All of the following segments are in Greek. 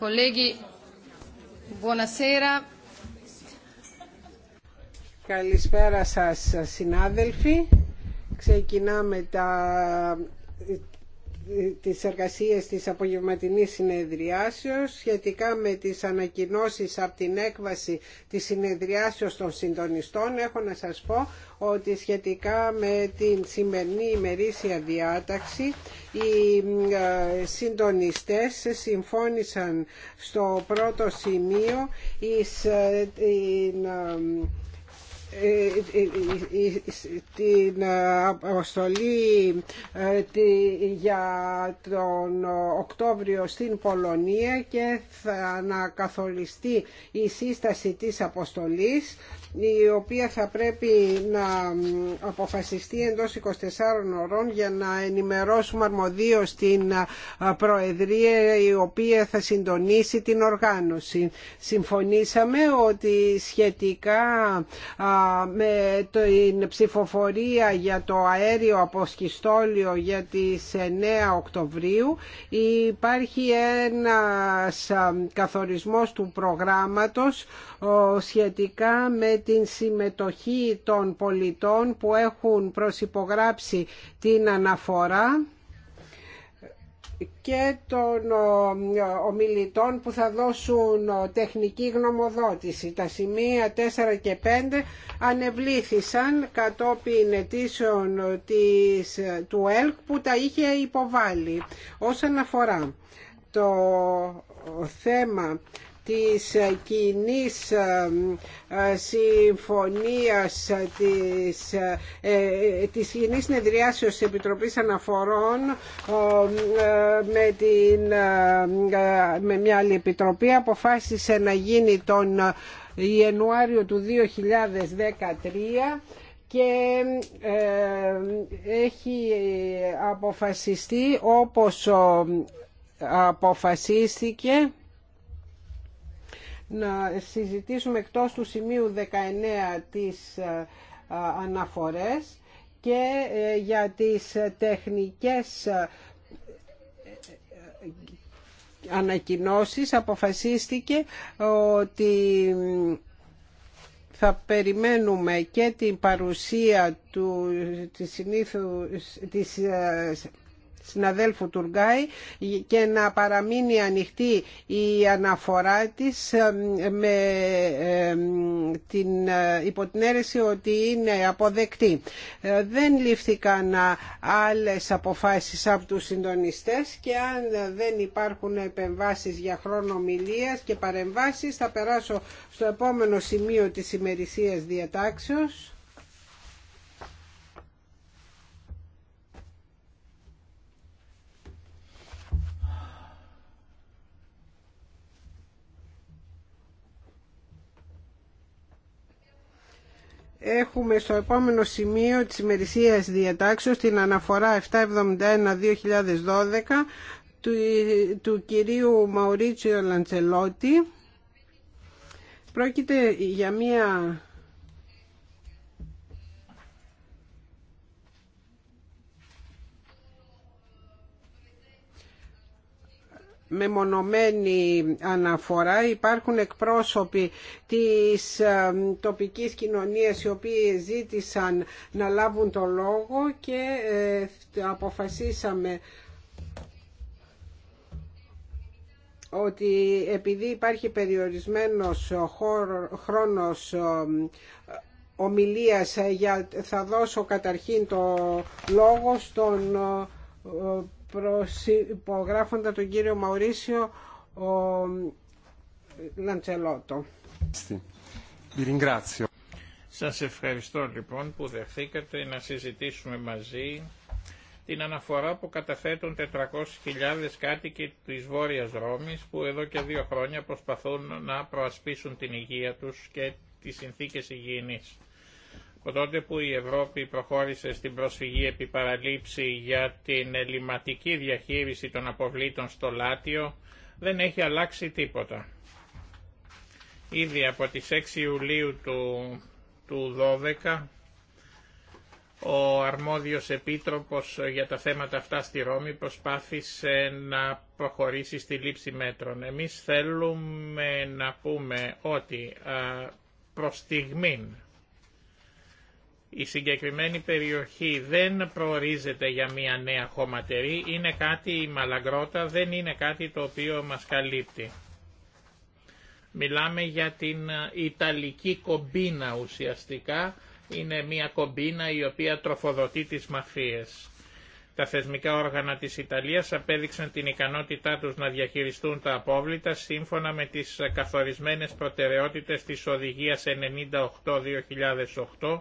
Colleghi, buonasera. Καλησπέρα σας συνάδελφοι. Ξεκινάμε τα τις εργασίες της απογευματινής συνεδριάσεως σχετικά με τις ανακοινώσεις από την έκβαση της συνεδριάσεως των συντονιστών έχω να σας πω ότι σχετικά με την σημερινή ημερήσια διάταξη οι ε, συντονιστές συμφώνησαν στο πρώτο σημείο εις ε, την ε, την αποστολή για τον Οκτώβριο στην Πολωνία και θα ανακαθοριστεί η σύσταση της αποστολής η οποία θα πρέπει να αποφασιστεί εντός 24 ώρων για να ενημερώσουμε αρμοδίως την Προεδρία η οποία θα συντονίσει την οργάνωση. Συμφωνήσαμε ότι σχετικά με την ψηφοφορία για το αέριο αποσκιστόλιο για τις 9 Οκτωβρίου υπάρχει ένας καθορισμός του προγράμματος σχετικά με την συμμετοχή των πολιτών που έχουν προσυπογράψει την αναφορά και των ομιλητών που θα δώσουν τεχνική γνωμοδότηση. Τα σημεία 4 και 5 ανεβλήθησαν κατόπιν αιτήσεων του ΕΛΚ που τα είχε υποβάλει. Όσον αφορά το θέμα της κοινή ε, ε, συμφωνίας της, ε, της κοινής συνεδριάσεως της Επιτροπής Αναφορών με, την, με μια άλλη επιτροπή αποφάσισε να γίνει τον Ιανουάριο του 2013 και έχει αποφασιστεί όπως αποφασίστηκε να συζητήσουμε εκτός του σημείου 19 τις ε, ε, αναφορές και ε, για τις τεχνικές ανακοινώσεις αποφασίστηκε ότι θα περιμένουμε και την παρουσία του, της, συνήθου, της συναδέλφου Τουργκάη και να παραμείνει ανοιχτή η αναφορά της ε, με ε, την ε, υποτινέρεση ότι είναι αποδεκτή. Δεν λήφθηκαν άλλες αποφάσεις από τους συντονιστές και αν δεν υπάρχουν επεμβάσεις για χρόνο ομιλίας και παρεμβάσεις θα περάσω στο επόμενο σημείο της ημερησίας διατάξεως Έχουμε στο επόμενο σημείο της ημερησίας διατάξεως την αναφορά 771-2012 του, του κυρίου Μαουρίτσιο Λαντσελότη. Πρόκειται για μία μεμονωμένη αναφορά υπάρχουν εκπρόσωποι της ε, τοπικής κοινωνίας οι οποίοι ζήτησαν να λάβουν το λόγο και ε, αποφασίσαμε ότι επειδή υπάρχει περιορισμένος χρόνος ε, ομιλίας θα δώσω καταρχήν το λόγο στον υπογράφοντα τον κύριο Μαουρίσιο ο Λαντσελότο. Σας ευχαριστώ λοιπόν που δεχθήκατε να συζητήσουμε μαζί την αναφορά που καταθέτουν 400.000 κάτοικοι της Βόρειας Ρώμης που εδώ και δύο χρόνια προσπαθούν να προασπίσουν την υγεία τους και τις συνθήκες υγιεινής. Από τότε που η Ευρώπη προχώρησε στην προσφυγή παραλήψη για την ελληματική διαχείριση των αποβλήτων στο Λάτιο, δεν έχει αλλάξει τίποτα. Ήδη από τις 6 Ιουλίου του, του 12, ο αρμόδιος επίτροπος για τα θέματα αυτά στη Ρώμη προσπάθησε να προχωρήσει στη λήψη μέτρων. Εμείς θέλουμε να πούμε ότι προς στιγμήν η συγκεκριμένη περιοχή δεν προορίζεται για μια νέα χωματερή, είναι κάτι η μαλαγκρότα, δεν είναι κάτι το οποίο μας καλύπτει. Μιλάμε για την ε, Ιταλική κομπίνα ουσιαστικά, είναι μια κομπίνα η οποία τροφοδοτεί τις μαφίες. Τα θεσμικά όργανα της Ιταλίας απέδειξαν την ικανότητά τους να διαχειριστούν τα απόβλητα σύμφωνα με τις ε, καθορισμένες προτεραιότητες της Οδηγίας 98-2008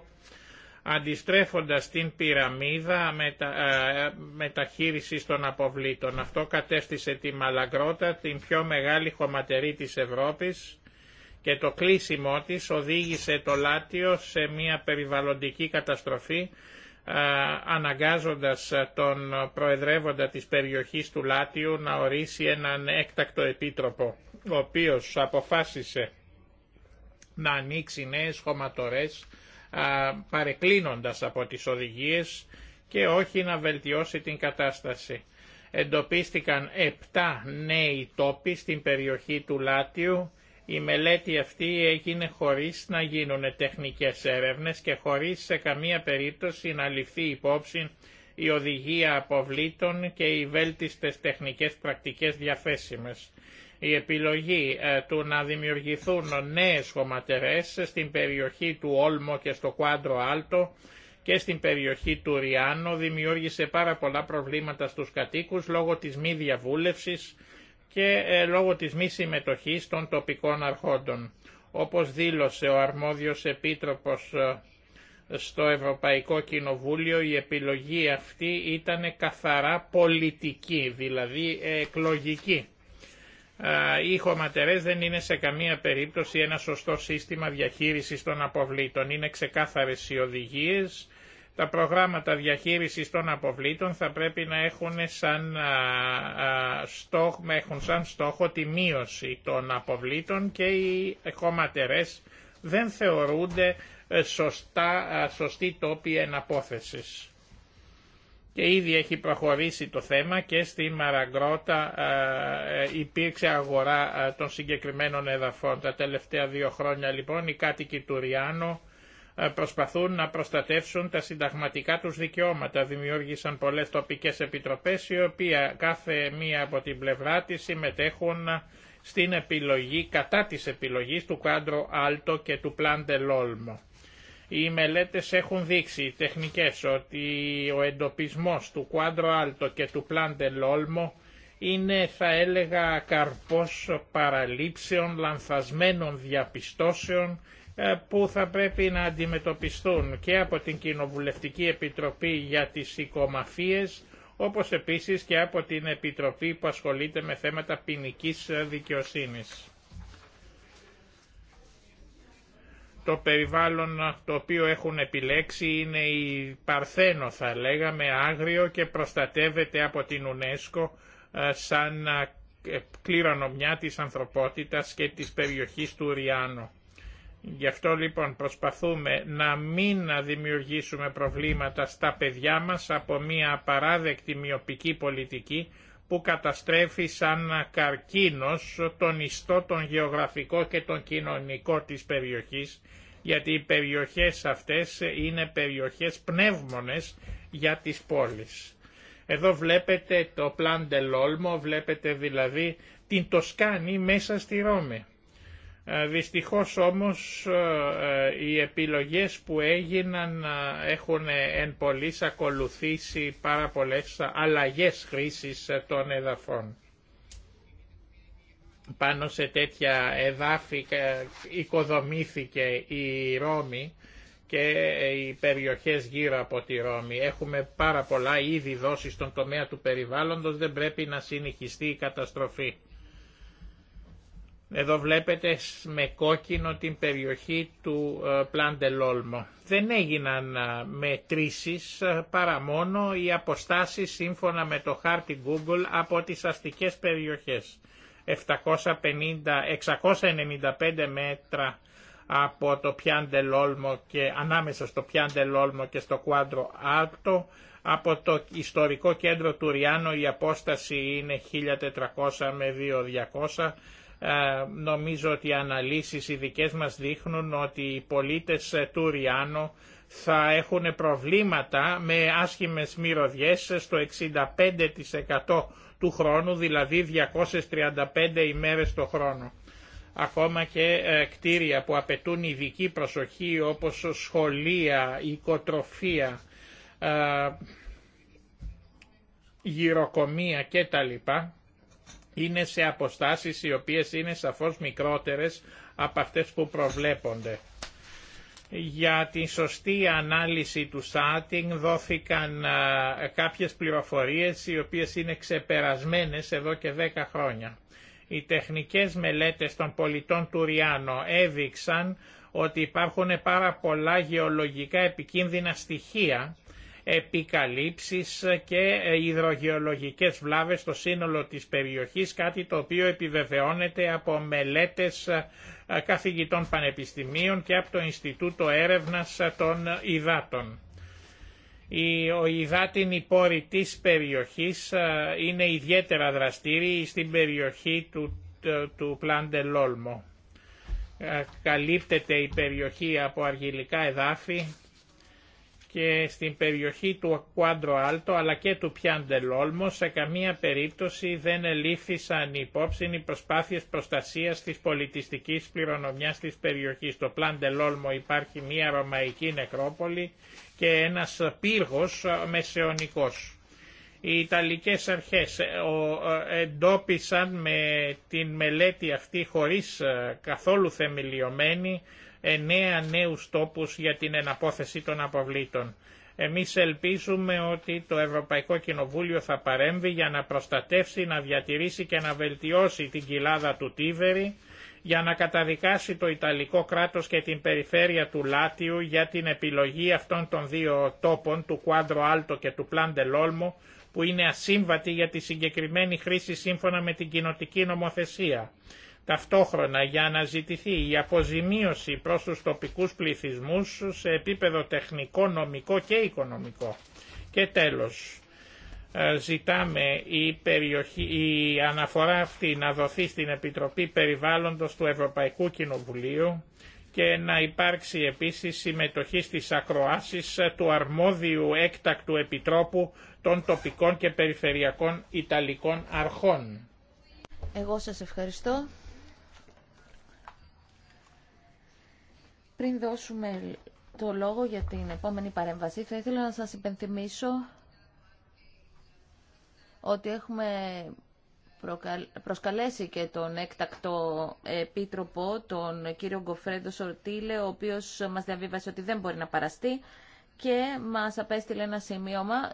αντιστρέφοντας την πυραμίδα μετα, ε, μεταχείρισης των αποβλήτων. Αυτό κατέστησε τη Μαλαγκρότα την πιο μεγάλη χωματερή της Ευρώπης και το κλείσιμό της οδήγησε το Λάτιο σε μια περιβαλλοντική καταστροφή ε, αναγκάζοντας τον προεδρεύοντα της περιοχής του Λάτιου να ορίσει έναν έκτακτο επίτροπο, ο οποίος αποφάσισε να ανοίξει νέες χωματορές παρεκκλίνοντας από τις οδηγίες και όχι να βελτιώσει την κατάσταση. Εντοπίστηκαν 7 νέοι τόποι στην περιοχή του Λάτιου. Η μελέτη αυτή έγινε χωρίς να γίνουν τεχνικές έρευνες και χωρίς σε καμία περίπτωση να ληφθεί υπόψη η οδηγία αποβλήτων και οι βέλτιστες τεχνικές πρακτικές διαθέσιμες. Η επιλογή ε, του να δημιουργηθούν νέες χωματερές στην περιοχή του Όλμο και στο Κουάντρο Άλτο και στην περιοχή του Ριάνο δημιούργησε πάρα πολλά προβλήματα στους κατοίκους λόγω της μη διαβούλευσης και ε, λόγω της μη συμμετοχής των τοπικών αρχόντων. Όπως δήλωσε ο αρμόδιος επίτροπος ε, στο Ευρωπαϊκό Κοινοβούλιο, η επιλογή αυτή ήταν καθαρά πολιτική, δηλαδή εκλογική. Ε, οι χωματερές δεν είναι σε καμία περίπτωση ένα σωστό σύστημα διαχείρισης των αποβλήτων. Είναι ξεκάθαρες οι οδηγίες. Τα προγράμματα διαχείρισης των αποβλήτων θα πρέπει να έχουν σαν, στόχο, έχουν σαν στόχο τη μείωση των αποβλήτων και οι χωματερές δεν θεωρούνται ε, σωστά, σωστοί τόποι εναπόθεσης και ήδη έχει προχωρήσει το θέμα και στη Μαραγκρότα ε, ε, υπήρξε αγορά ε, των συγκεκριμένων εδαφών. Τα τελευταία δύο χρόνια λοιπόν οι κάτοικοι του Ριάνο προσπαθούν να προστατεύσουν τα συνταγματικά τους δικαιώματα. Δημιούργησαν πολλές τοπικές επιτροπές οι οποίες κάθε μία από την πλευρά της συμμετέχουν στην επιλογή κατά της επιλογής του κάντρο Άλτο και του Πλάντε Λόλμο. Οι μελέτες έχουν δείξει, οι τεχνικές, ότι ο εντοπισμός του Quadro Alto και του Plan del είναι θα έλεγα καρπός παραλήψεων, λανθασμένων διαπιστώσεων ε, που θα πρέπει να αντιμετωπιστούν και από την Κοινοβουλευτική Επιτροπή για τις Οικομαφίες όπως επίσης και από την Επιτροπή που ασχολείται με θέματα ποινική δικαιοσύνης. το περιβάλλον το οποίο έχουν επιλέξει είναι η Παρθένο θα λέγαμε άγριο και προστατεύεται από την UNESCO ε, σαν ε, κληρονομιά της ανθρωπότητας και της περιοχής του Ριάνο. Γι' αυτό λοιπόν προσπαθούμε να μην δημιουργήσουμε προβλήματα στα παιδιά μας από μια απαράδεκτη μειοπική πολιτική που καταστρέφει σαν καρκίνος τον ιστό, τον γεωγραφικό και τον κοινωνικό της περιοχής, γιατί οι περιοχές αυτές είναι περιοχές πνεύμονες για τις πόλεις. Εδώ βλέπετε το Πλάν βλέπετε δηλαδή την Τοσκάνη μέσα στη Ρώμη. Ε, δυστυχώς όμως ε, ε, οι επιλογές που έγιναν έχουν εν πολλής ακολουθήσει πάρα πολλές αλλαγές χρήσης των εδαφών. Πάνω σε τέτοια εδάφη οικοδομήθηκε η Ρώμη και οι περιοχές γύρω από τη Ρώμη. Έχουμε πάρα πολλά ήδη δώσει στον τομέα του περιβάλλοντος, δεν πρέπει να συνεχιστεί η καταστροφή. Εδώ βλέπετε με κόκκινο την περιοχή του Λόλμο. Ε, Δεν έγιναν ε, μετρήσεις ε, παρά μόνο οι αποστάσεις σύμφωνα με το χάρτη Google από τις αστικές περιοχές. 750, 695 μέτρα από το Λόλμο και ανάμεσα στο Λόλμο και στο Κουάντρο Άρτο. Από το ιστορικό κέντρο του Ριάνο η απόσταση είναι 1400 με 2200 ε, νομίζω ότι οι αναλύσεις οι δικές μας δείχνουν ότι οι πολίτες ε, του Ριάνο θα έχουν προβλήματα με άσχημες μυρωδιές ε, στο 65% του χρόνου, δηλαδή 235 ημέρες το χρόνο. Ακόμα και κτίρια που απαιτούν ειδική προσοχή όπως σχολεία, οικοτροφία, γυροκομεία κτλ είναι σε αποστάσεις οι οποίες είναι σαφώς μικρότερες από αυτές που προβλέπονται. Για τη σωστή ανάλυση του Σάτινγκ δόθηκαν κάποιες πληροφορίες οι οποίες είναι ξεπερασμένες εδώ και 10 χρόνια. Οι τεχνικές μελέτες των πολιτών του Ριάνο έδειξαν ότι υπάρχουν πάρα πολλά γεωλογικά επικίνδυνα στοιχεία επικαλύψεις και υδρογεωλογικές βλάβες στο σύνολο της περιοχής, κάτι το οποίο επιβεβαιώνεται από μελέτες ε, καθηγητών πανεπιστημίων και από το Ινστιτούτο Έρευνας των Υδάτων. Ο οιδάτινη πόροι της περιοχής ε, είναι ιδιαίτερα δραστήριη στην περιοχή του, ε, του, Πλάντε Λόλμο. Καλύπτεται η περιοχή από αργυλικά εδάφη και στην περιοχή του Κουάντρο Άλτο αλλά και του Πιάντελόλμο σε καμία περίπτωση δεν ελήφθησαν υπόψη οι προσπάθειες προστασίας της πολιτιστικής τη της περιοχής. Το Πλάντελόλμο υπάρχει μια ρωμαϊκή νεκρόπολη και ένας πύργος μεσαιωνικός. Οι Ιταλικές αρχές ε, ε, εντόπισαν με την μελέτη αυτή χωρίς ε, καθόλου θεμελιωμένη εννέα νέους τόπους για την εναπόθεση των αποβλήτων. Εμείς ελπίζουμε ότι το Ευρωπαϊκό Κοινοβούλιο θα παρέμβει για να προστατεύσει, να διατηρήσει και να βελτιώσει την κοιλάδα του Τίβερη, για να καταδικάσει το Ιταλικό κράτος και την περιφέρεια του Λάτιου για την επιλογή αυτών των δύο τόπων, του Κουάντρο Άλτο και του Πλάντε Λόλμο, που είναι ασύμβατοι για τη συγκεκριμένη χρήση σύμφωνα με την κοινοτική νομοθεσία. Ταυτόχρονα για να ζητηθεί η αποζημίωση προς τους τοπικούς πληθυσμούς σε επίπεδο τεχνικό, νομικό και οικονομικό. Και τέλος, ε, ζητάμε η, περιοχή, αναφορά αυτή να δοθεί στην Επιτροπή Περιβάλλοντος του Ευρωπαϊκού Κοινοβουλίου και να υπάρξει επίσης συμμετοχή στις ακροάσεις του αρμόδιου έκτακτου επιτρόπου των τοπικών και περιφερειακών Ιταλικών αρχών. Εγώ σας ευχαριστώ. Πριν δώσουμε το λόγο για την επόμενη παρέμβαση, θα ήθελα να σας υπενθυμίσω ότι έχουμε προσκαλέσει και τον έκτακτο επίτροπο, τον κύριο Γκοφρέντο Σορτήλε, ο οποίος μας διαβίβασε ότι δεν μπορεί να παραστεί και μας απέστειλε ένα σημείωμα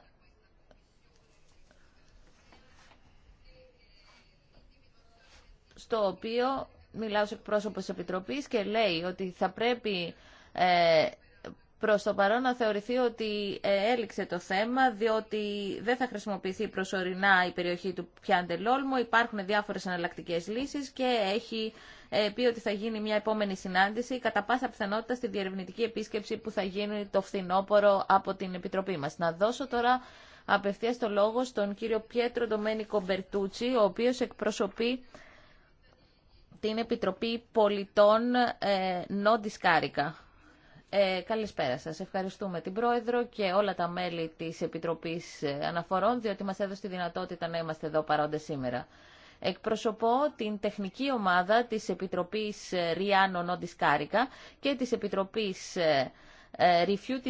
στο οποίο μιλάω σε πρόσωπο της Επιτροπής και λέει ότι θα πρέπει ε, προς το παρόν να θεωρηθεί ότι ε, έληξε το θέμα, διότι δεν θα χρησιμοποιηθεί προσωρινά η περιοχή του πιάντε Λόλμο, υπάρχουν διάφορες εναλλακτικέ λύσεις και έχει ε, πει ότι θα γίνει μια επόμενη συνάντηση, κατά πάσα πιθανότητα στη διερευνητική επίσκεψη που θα γίνει το φθινόπωρο από την Επιτροπή μας. Να δώσω τώρα απευθείας το λόγο στον κύριο Πιέτρο Ντομένικο Μπερτούτσι, ο οποίος εκπροσωπεί την Επιτροπή Πολιτών ε, Νόντις Κάρικα. Ε, καλησπέρα σας. Ευχαριστούμε την Πρόεδρο και όλα τα μέλη της Επιτροπής ε, Αναφορών, διότι μας έδωσε τη δυνατότητα να είμαστε εδώ παρόντες σήμερα. Εκπροσωπώ την τεχνική ομάδα της Επιτροπής ε, Ριάνο Νόντις Κάρικα και της Επιτροπής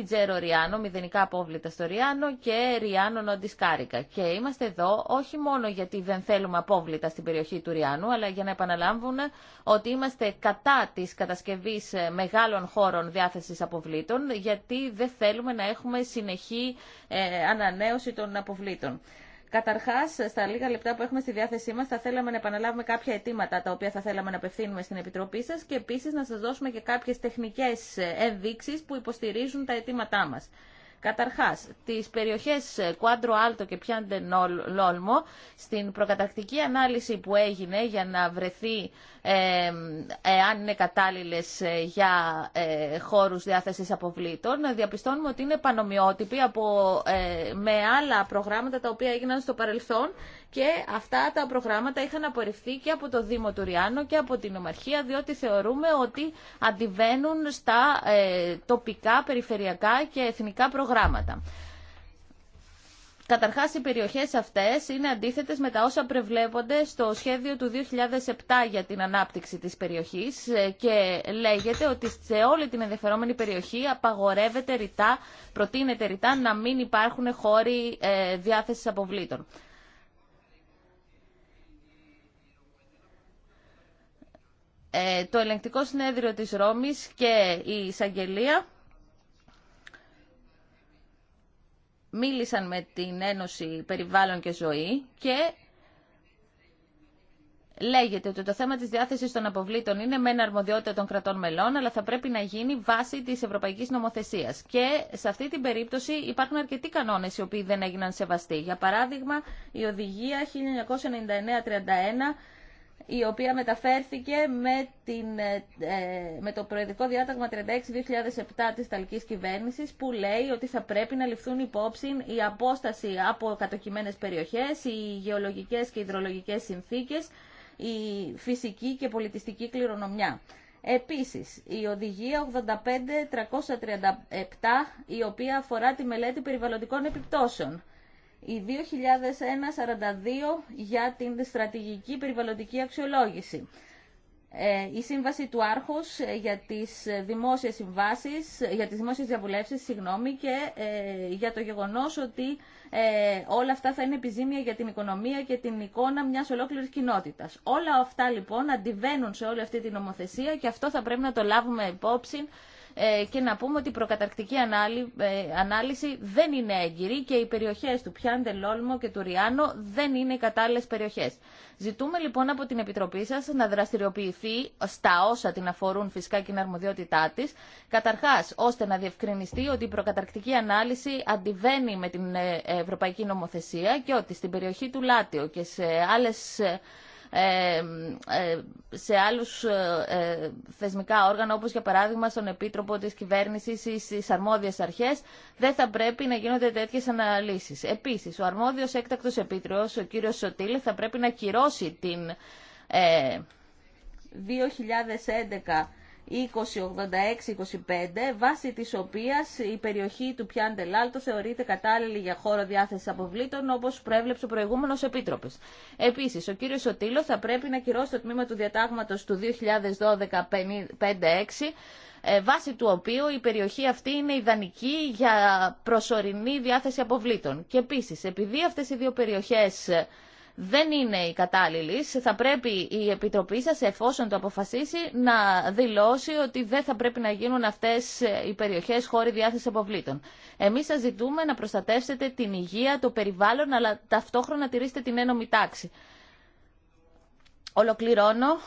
Τζέρο ε, Ριάνο, μηδενικά απόβλητα στο Ριάνο και Ριάνο Νοντισκάρικα. Και είμαστε εδώ όχι μόνο γιατί δεν θέλουμε απόβλητα στην περιοχή του Ριάνου, αλλά για να επαναλάμβουν ότι είμαστε κατά τη κατασκευή ε, μεγάλων χώρων διάθεσης αποβλήτων, γιατί δεν θέλουμε να έχουμε συνεχή ε, ανανέωση των αποβλήτων. Καταρχά, στα λίγα λεπτά που έχουμε στη διάθεσή μα, θα θέλαμε να επαναλάβουμε κάποια αιτήματα τα οποία θα θέλαμε να απευθύνουμε στην Επιτροπή σα και επίση να σα δώσουμε και κάποιε τεχνικέ ενδείξει που υποστηρίζουν τα αιτήματά μα. Καταρχάς, τις περιοχές ε, Κουάντρο Άλτο και Πιάντε Λόλμο, στην προκατακτική ανάλυση που έγινε για να βρεθεί ε, ε, αν είναι κατάλληλες για ε, χώρους διάθεσης αποβλήτων, διαπιστώνουμε ότι είναι πανομοιότυποι από, με άλλα προγράμματα τα οποία έγιναν στο παρελθόν και αυτά τα προγράμματα είχαν απορριφθεί και από το Δήμο του Ριάνο και από την Ομαρχία, διότι θεωρούμε ότι αντιβαίνουν στα ε, τοπικά, περιφερειακά και εθνικά προγράμματα. Καταρχάς, οι περιοχές αυτές είναι αντίθετες με τα όσα προβλέπονται στο σχέδιο του 2007 για την ανάπτυξη της περιοχής ε, και λέγεται ότι σε όλη την ενδιαφερόμενη περιοχή απαγορεύεται ρητά, προτείνεται ρητά να μην υπάρχουν χώροι ε, διάθεσης αποβλήτων. Ε, το ελεγκτικό συνέδριο της Ρώμης και η εισαγγελία μίλησαν με την Ένωση Περιβάλλον και Ζωή και Λέγεται ότι το θέμα της διάθεσης των αποβλήτων είναι μεν αρμοδιότητα των κρατών μελών, αλλά θα πρέπει να γίνει βάση της ευρωπαϊκής νομοθεσίας. Και σε αυτή την περίπτωση υπάρχουν αρκετοί κανόνες οι οποίοι δεν έγιναν σεβαστοί. Για παράδειγμα, η Οδηγία 1999-31 η οποία μεταφέρθηκε με, την, ε, ε, με το Προεδρικό Διάταγμα 36-2007 της Ταλικής Κυβέρνησης που λέει ότι θα πρέπει να ληφθούν υπόψη η απόσταση από κατοκιμένες περιοχές, οι γεωλογικές και υδρολογικές συνθήκες, η φυσική και πολιτιστική κληρονομιά. Επίσης, η οδηγία 85 85-337, η οποία αφορά τη μελέτη περιβαλλοντικών επιπτώσεων η 2001-42 για την στρατηγική περιβαλλοντική αξιολόγηση. Ε, η σύμβαση του Άρχους ε, για τις δημόσιες συμβάσεις, ε, για τις δημόσιες διαβουλεύσεις, συγγνώμη, και ε, για το γεγονός ότι ε, όλα αυτά θα είναι επιζήμια για την οικονομία και την εικόνα μιας ολόκληρης κοινότητας. Όλα αυτά λοιπόν αντιβαίνουν σε όλη αυτή την νομοθεσία και αυτό θα πρέπει να το λάβουμε υπόψη ε, και να πούμε ότι η προκαταρκτική ε, ανάλυση δεν είναι έγκυρη και οι περιοχές του Πιάντε Λόλμο και του Ριάνο δεν είναι κατάλληλε κατάλληλες περιοχές. Ζητούμε λοιπόν από την Επιτροπή σας να δραστηριοποιηθεί στα όσα την αφορούν φυσικά και την αρμοδιότητά της, καταρχάς ώστε να διευκρινιστεί ότι η προκαταρκτική ανάλυση αντιβαίνει με την ε, Ευρωπαϊκή Νομοθεσία και ότι στην περιοχή του Λάτιο και σε άλλες ε, σε άλλους ε, ε, θεσμικά όργανα, όπως για παράδειγμα στον Επίτροπο της Κυβέρνησης ή στις αρμόδιες αρχές, δεν θα πρέπει να γίνονται τέτοιες αναλύσεις. Επίσης, ο αρμόδιος έκτακτος επίτροπος, ο κύριος Σωτήλη, θα πρέπει να κυρώσει την 2011 2086-25, βάσει της οποίας η περιοχή του Πιάντελάλτο θεωρείται κατάλληλη για χώρο διάθεσης αποβλήτων, όπως προέβλεψε ο προηγούμενος Επίτροπης. Επίσης, ο κύριος Σωτήλο θα πρέπει να κυρώσει το τμήμα του διατάγματος του 2012-56, ε, βάσει του οποίου η περιοχή αυτή είναι ιδανική για προσωρινή διάθεση αποβλήτων. Και επίσης, επειδή αυτές οι δύο περιοχές δεν είναι η κατάλληλη, θα πρέπει η Επιτροπή σας, εφόσον το αποφασίσει, να δηλώσει ότι δεν θα πρέπει να γίνουν αυτές ε, οι περιοχές χώροι διάθεση αποβλήτων. Εμείς σας ζητούμε να προστατεύσετε την υγεία, το περιβάλλον, αλλά ταυτόχρονα τηρήσετε την ένωμη τάξη. Ολοκληρώνω.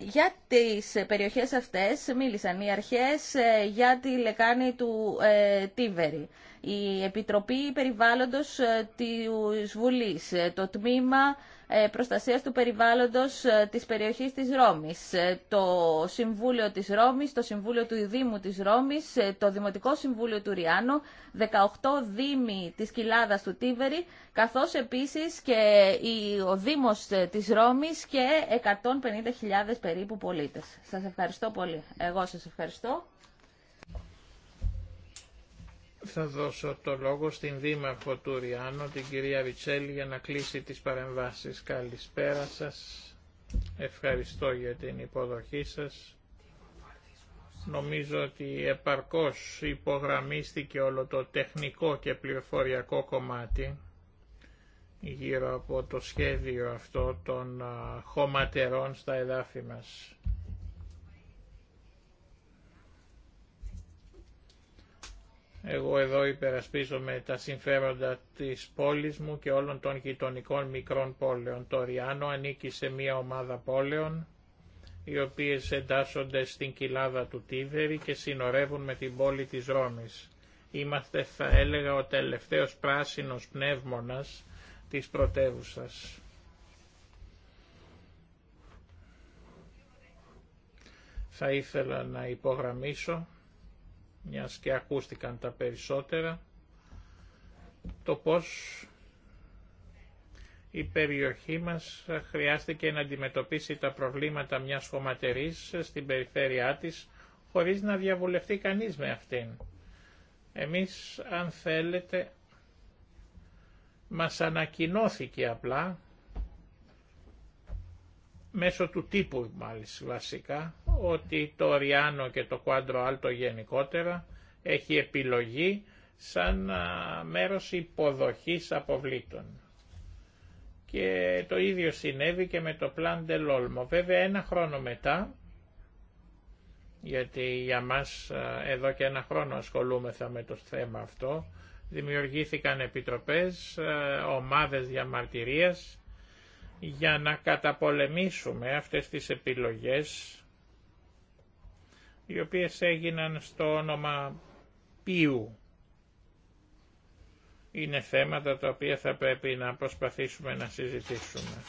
Για τις ε, περιοχές αυτές μίλησαν οι αρχές ε, για τη λεκάνη του Τίβερη η Επιτροπή Περιβάλλοντος ε, της Βουλής, ε, το Τμήμα ε, Προστασίας του Περιβάλλοντος της περιοχής της Ρώμης, το Συμβούλιο της Ρώμης, το Συμβούλιο του Δήμου της Ρώμης, το Δημοτικό Συμβούλιο του Ριάνου, 18 Δήμοι της Κοιλάδας του Τίβερη, καθώς επίσης και ο Δήμος της Ρώμης και 150.000 περίπου πολίτες. Σας ευχαριστώ πολύ. Εγώ σας ευχαριστώ. Θα δώσω το λόγο στην Δήμαρχο του Ριάνο, την κυρία Ριτσέλη, για να κλείσει τις παρεμβάσεις. Καλησπέρα σας. Ευχαριστώ για την υποδοχή σας. Νομίζω ότι επαρκώς υπογραμμίστηκε όλο το τεχνικό και πληροφοριακό κομμάτι γύρω από το σχέδιο αυτό των χωματερών στα εδάφη μας. Εγώ εδώ υπερασπίζομαι τα συμφέροντα της πόλης μου και όλων των γειτονικών μικρών πόλεων. Το Ριάνο ανήκει σε μια ομάδα πόλεων οι οποίες εντάσσονται στην κοιλάδα του Τίβερη και συνορεύουν με την πόλη της Ρώμης. Είμαστε, θα έλεγα, ο τελευταίος πράσινος πνεύμονας της πρωτεύουσα. Θα ήθελα να υπογραμμίσω μιας και ακούστηκαν τα περισσότερα, το πώς η περιοχή μας χρειάστηκε να αντιμετωπίσει τα προβλήματα μιας χωματερής στην περιφέρειά της, χωρίς να διαβουλευτεί κανείς με αυτήν. Εμείς, αν θέλετε, μας ανακοινώθηκε απλά μέσω του τύπου μάλιστα βασικά ότι το Ριάνο και το Κουάντρο Άλτο γενικότερα έχει επιλογή σαν μέρος υποδοχής αποβλήτων. Και το ίδιο συνέβη και με το Πλάν Τελόλμο. Βέβαια ένα χρόνο μετά, γιατί για μας εδώ και ένα χρόνο ασχολούμεθα με το θέμα αυτό, δημιουργήθηκαν επιτροπές, ομάδες διαμαρτυρίας για να καταπολεμήσουμε αυτές τις επιλογές οι οποίες έγιναν στο όνομα πίου Είναι θέματα τα οποία θα πρέπει να προσπαθήσουμε να συζητήσουμε.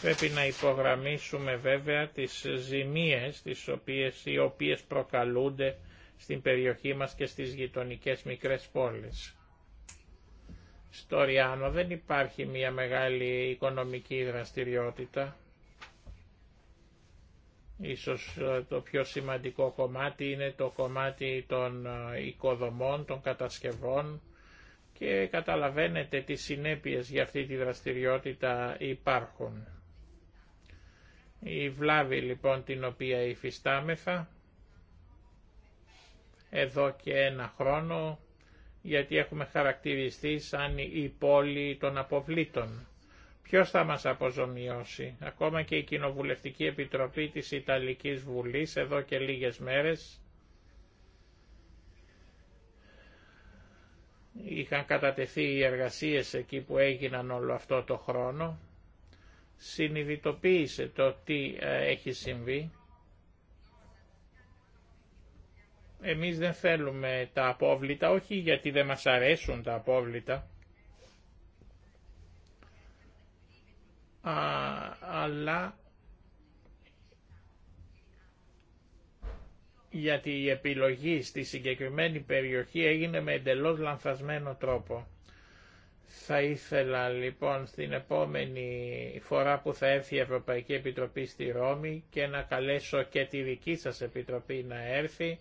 Πρέπει να υπογραμμίσουμε βέβαια τις ζημίες τις οποίες, οι οποίες προκαλούνται στην περιοχή μας και στις γειτονικές μικρές πόλεις. Στο Ριάνο δεν υπάρχει μια μεγάλη οικονομική δραστηριότητα. Ίσως ε, το πιο σημαντικό κομμάτι είναι το κομμάτι των ε, οικοδομών, των κατασκευών και καταλαβαίνετε τι συνέπειες για αυτή τη δραστηριότητα υπάρχουν. Η βλάβη λοιπόν την οποία υφιστάμεθα εδώ και ένα χρόνο γιατί έχουμε χαρακτηριστεί σαν η πόλη των αποβλήτων. Ποιος θα μας αποζομιώσει, ακόμα και η Κοινοβουλευτική Επιτροπή της Ιταλικής Βουλής εδώ και λίγες μέρες είχαν κατατεθεί οι εργασίες εκεί που έγιναν όλο αυτό το χρόνο, συνειδητοποίησε το τι ε, έχει συμβεί Εμείς δεν θέλουμε τα απόβλητα, όχι γιατί δεν μας αρέσουν τα απόβλητα, αλλά γιατί η επιλογή στη συγκεκριμένη περιοχή έγινε με εντελώς λανθασμένο τρόπο. Θα ήθελα λοιπόν στην επόμενη φορά που θα έρθει η Ευρωπαϊκή Επιτροπή στη Ρώμη και να καλέσω και τη δική σας Επιτροπή να έρθει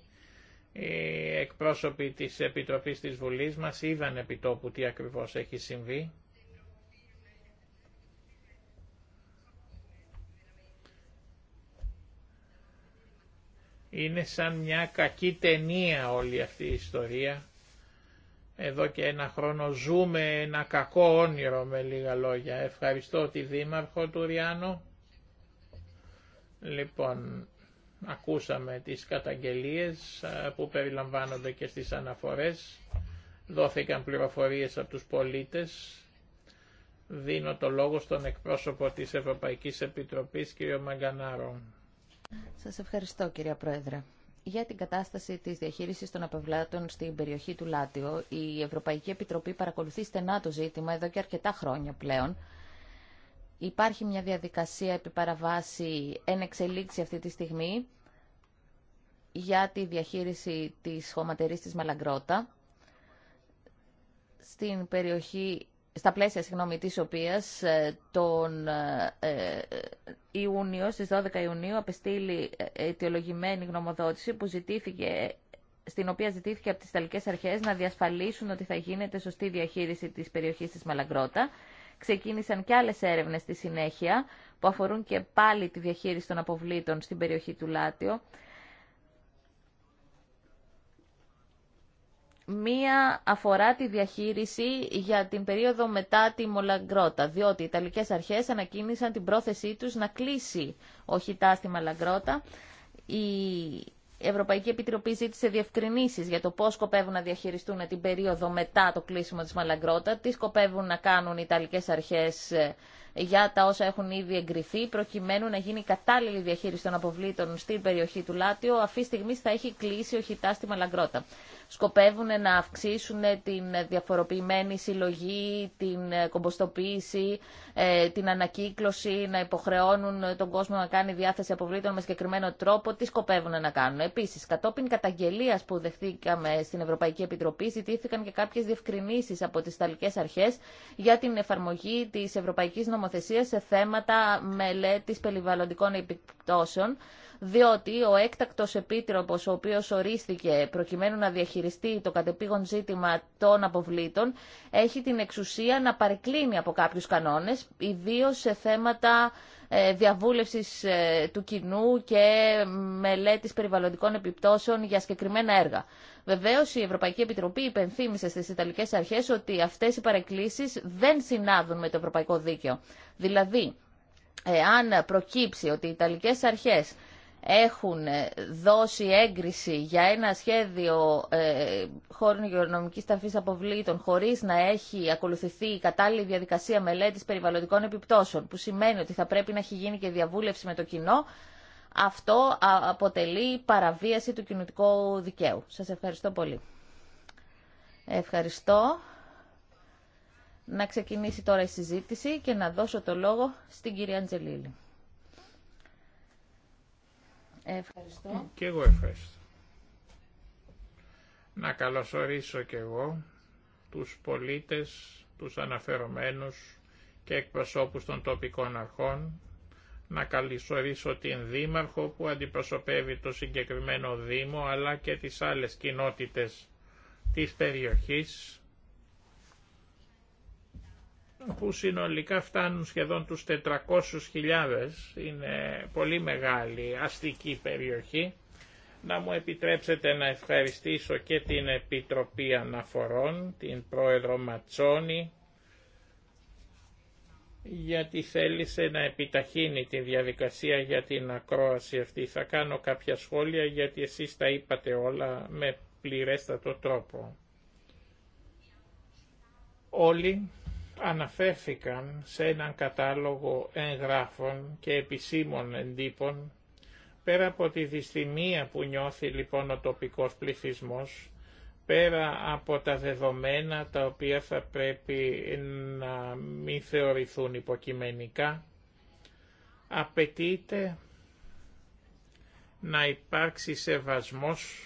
οι ε, εκπρόσωποι της Επιτροπής της Βουλής μας είδαν επιτόπου τι ακριβώς έχει συμβεί. Είναι σαν μια κακή ταινία όλη αυτή η ιστορία. Εδώ και ένα χρόνο ζούμε ένα κακό όνειρο με λίγα λόγια. Ευχαριστώ τη Δήμαρχο του Ριάνο. Λοιπόν, Ακούσαμε τις καταγγελίες που περιλαμβάνονται και στις αναφορές. Δόθηκαν πληροφορίες από τους πολίτες. Δίνω το λόγο στον εκπρόσωπο της Ευρωπαϊκής Επιτροπής, κύριο Μαγκανάρο. Σας ευχαριστώ, κυρία Πρόεδρε για την κατάσταση τη διαχείριση των απευλάτων στην περιοχή του Λάτιο. Η Ευρωπαϊκή Επιτροπή παρακολουθεί στενά το ζήτημα εδώ και αρκετά χρόνια πλέον Υπάρχει μια διαδικασία επί παραβάση εν εξελίξη αυτή τη στιγμή για τη διαχείριση της χωματερής της Μαλαγκρότα στην περιοχή, στα πλαίσια συγγνώμη, της οποίας ε, τον ε, ε, Ιούνιο, στις 12 Ιουνίου απεστήλει αιτιολογημένη γνωμοδότηση που ζητήθηκε στην οποία ζητήθηκε από τις Ιταλικές Αρχές να διασφαλίσουν ότι θα γίνεται σωστή διαχείριση της περιοχής της Μαλαγκρότα Ξεκίνησαν και άλλες έρευνες στη συνέχεια που αφορούν και πάλι τη διαχείριση των αποβλήτων στην περιοχή του Λάτιο. Μία αφορά τη διαχείριση για την περίοδο μετά τη Μολαγκρότα, διότι οι Ιταλικές αρχές ανακοίνησαν την πρόθεσή τους να κλείσει ο χιτά στη Μολαγκρότα. Η η Ευρωπαϊκή Επιτροπή ζήτησε διευκρινήσεις για το πώς σκοπεύουν να διαχειριστούν την περίοδο μετά το κλείσιμο της Μαλαγκρότα, τι σκοπεύουν να κάνουν οι Ιταλικές αρχές ε, για τα όσα έχουν ήδη εγκριθεί, προκειμένου να γίνει κατάλληλη διαχείριση των αποβλήτων στην περιοχή του Λάτιο. Αυτή τη στιγμή θα έχει κλείσει ο Χιτά στη Μαλαγκρότα σκοπεύουν να αυξήσουν την διαφοροποιημένη συλλογή, την κομποστοποίηση, ε, την ανακύκλωση, να υποχρεώνουν τον κόσμο να κάνει διάθεση αποβλήτων με συγκεκριμένο τρόπο. Τι σκοπεύουν να κάνουν. Επίση, κατόπιν καταγγελία που δεχτήκαμε στην Ευρωπαϊκή Επιτροπή, ζητήθηκαν και κάποιε διευκρινήσει από τι Ιταλικέ Αρχέ για την εφαρμογή τη Ευρωπαϊκή Νομοθεσία σε θέματα μελέτη περιβαλλοντικών επιπτώσεων, διότι ο έκτακτο επίτροπο, ο οποίο ορίστηκε προκειμένου να διαχειριστεί διαχειριστεί το κατεπήγον ζήτημα των αποβλήτων έχει την εξουσία να παρεκκλίνει από κάποιους κανόνες, ιδίως σε θέματα ε, διαβούλευσης ε, του κοινού και μελέτης περιβαλλοντικών επιπτώσεων για συγκεκριμένα έργα. Βεβαίως, η Ευρωπαϊκή Επιτροπή υπενθύμησε στις Ιταλικές Αρχές ότι αυτές οι παρεκκλήσεις δεν συνάδουν με το Ευρωπαϊκό Δίκαιο. Δηλαδή, εάν προκύψει ότι οι Ιταλικές Αρχές έχουν δώσει έγκριση για ένα σχέδιο ε, χώρων υγειονομική ταφή αποβλήτων χωρί να έχει ακολουθηθεί η κατάλληλη διαδικασία μελέτη περιβαλλοντικών επιπτώσεων, που σημαίνει ότι θα πρέπει να έχει γίνει και διαβούλευση με το κοινό, αυτό αποτελεί παραβίαση του κοινωτικού δικαίου. Σας ευχαριστώ πολύ. Ευχαριστώ. Να ξεκινήσει τώρα η συζήτηση και να δώσω το λόγο στην κυρία Αντζελίλη. Ευχαριστώ. Και εγώ ευχαριστώ. Να καλωσορίσω και εγώ τους πολίτες, τους αναφερομένους και εκπροσώπους των τοπικών αρχών, να καλωσορίσω την Δήμαρχο που αντιπροσωπεύει το συγκεκριμένο Δήμο αλλά και τις άλλες κοινότητες της περιοχής που συνολικά φτάνουν σχεδόν τους 400.000, είναι πολύ μεγάλη αστική περιοχή. Να μου επιτρέψετε να ευχαριστήσω και την Επιτροπή Αναφορών, την Πρόεδρο Ματσόνη, γιατί θέλησε να επιταχύνει τη διαδικασία για την ακρόαση αυτή. Θα κάνω κάποια σχόλια γιατί εσείς τα είπατε όλα με πληρέστατο τρόπο. Όλοι αναφέρθηκαν σε έναν κατάλογο εγγράφων και επισήμων εντύπων, πέρα από τη δυστημία που νιώθει λοιπόν ο τοπικός πληθυσμός, πέρα από τα δεδομένα τα οποία θα πρέπει να μην θεωρηθούν υποκειμενικά, απαιτείται να υπάρξει σεβασμός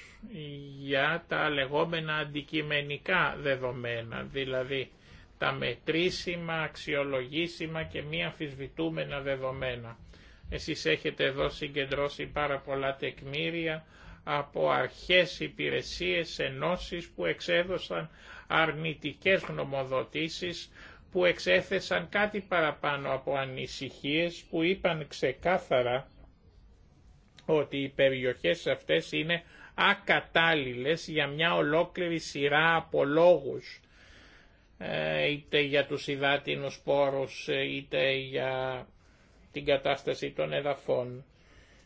για τα λεγόμενα αντικειμενικά δεδομένα, δηλαδή τα μετρήσιμα, αξιολογήσιμα και μη αμφισβητούμενα δεδομένα. Εσείς έχετε εδώ συγκεντρώσει πάρα πολλά τεκμήρια από αρχές υπηρεσίες, ενώσεις που εξέδωσαν αρνητικές γνωμοδοτήσεις, που εξέθεσαν κάτι παραπάνω από ανησυχίες, που είπαν ξεκάθαρα ότι οι περιοχές αυτές είναι ακατάλληλες για μια ολόκληρη σειρά από λόγους ε, είτε για τους υδάτινους πόρους, ε, είτε για την κατάσταση των εδαφών,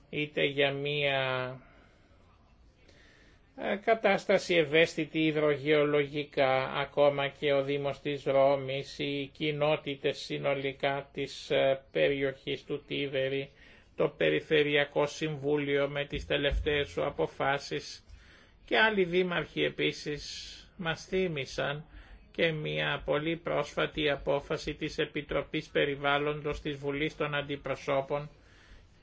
είτε για μία ε, κατάσταση ευαίσθητη υδρογεολογικά, ακόμα και ο Δήμος της Ρώμης, οι κοινότητες συνολικά της περιοχής του Τίβερη, το Περιφερειακό Συμβούλιο με τις τελευταίες σου αποφάσεις και άλλοι δήμαρχοι επίσης μας θύμισαν και μια πολύ πρόσφατη απόφαση της Επιτροπής Περιβάλλοντος της Βουλής των Αντιπροσώπων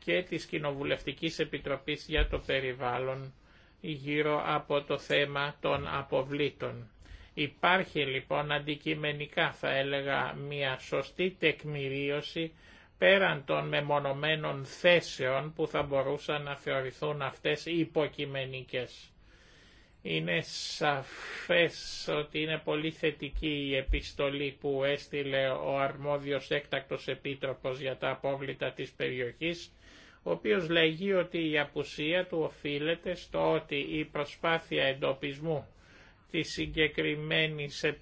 και της Κοινοβουλευτικής Επιτροπής για το Περιβάλλον γύρω από το θέμα των αποβλήτων. Υπάρχει λοιπόν αντικειμενικά θα έλεγα μια σωστή τεκμηρίωση πέραν των μεμονωμένων θέσεων που θα μπορούσαν να θεωρηθούν αυτές υποκειμενικές. Είναι σαφές ότι είναι πολύ θετική η επιστολή που έστειλε ο αρμόδιος έκτακτος επίτροπος για τα απόβλητα της περιοχής, ο οποίος λέγει ότι η απουσία του οφείλεται στο ότι η προσπάθεια εντοπισμού της συγκεκριμένης ε,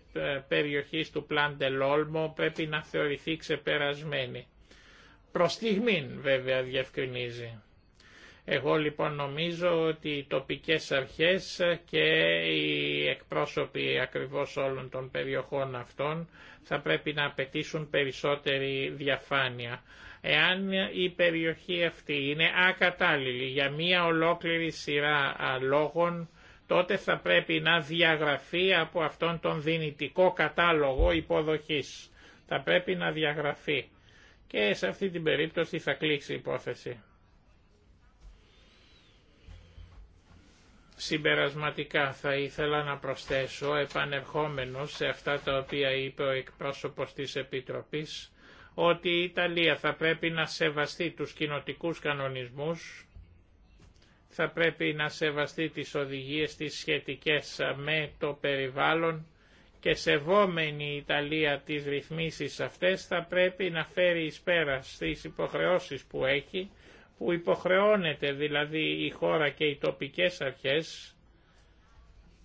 περιοχής του Πλάντελόλμο πρέπει να θεωρηθεί ξεπερασμένη. Προς στιγμήν βέβαια διευκρινίζει. Εγώ λοιπόν νομίζω ότι οι τοπικές αρχές και οι εκπρόσωποι ακριβώς όλων των περιοχών αυτών θα πρέπει να απαιτήσουν περισσότερη διαφάνεια. Εάν η περιοχή αυτή είναι ακατάλληλη για μία ολόκληρη σειρά λόγων, τότε θα πρέπει να διαγραφεί από αυτόν τον δυνητικό κατάλογο υποδοχής. Θα πρέπει να διαγραφεί. Και σε αυτή την περίπτωση θα κλείσει η υπόθεση. Συμπερασματικά θα ήθελα να προσθέσω, επανερχόμενος σε αυτά τα οποία είπε ο εκπρόσωπος της Επιτροπής, ότι η Ιταλία θα πρέπει να σεβαστεί τους κοινοτικούς κανονισμούς, θα πρέπει να σεβαστεί τις οδηγίες της σχετικές με το περιβάλλον και σεβόμενη η Ιταλία τις ρυθμίσεις αυτές θα πρέπει να φέρει εις πέρα στις υποχρεώσεις που έχει που υποχρεώνεται δηλαδή η χώρα και οι τοπικές αρχές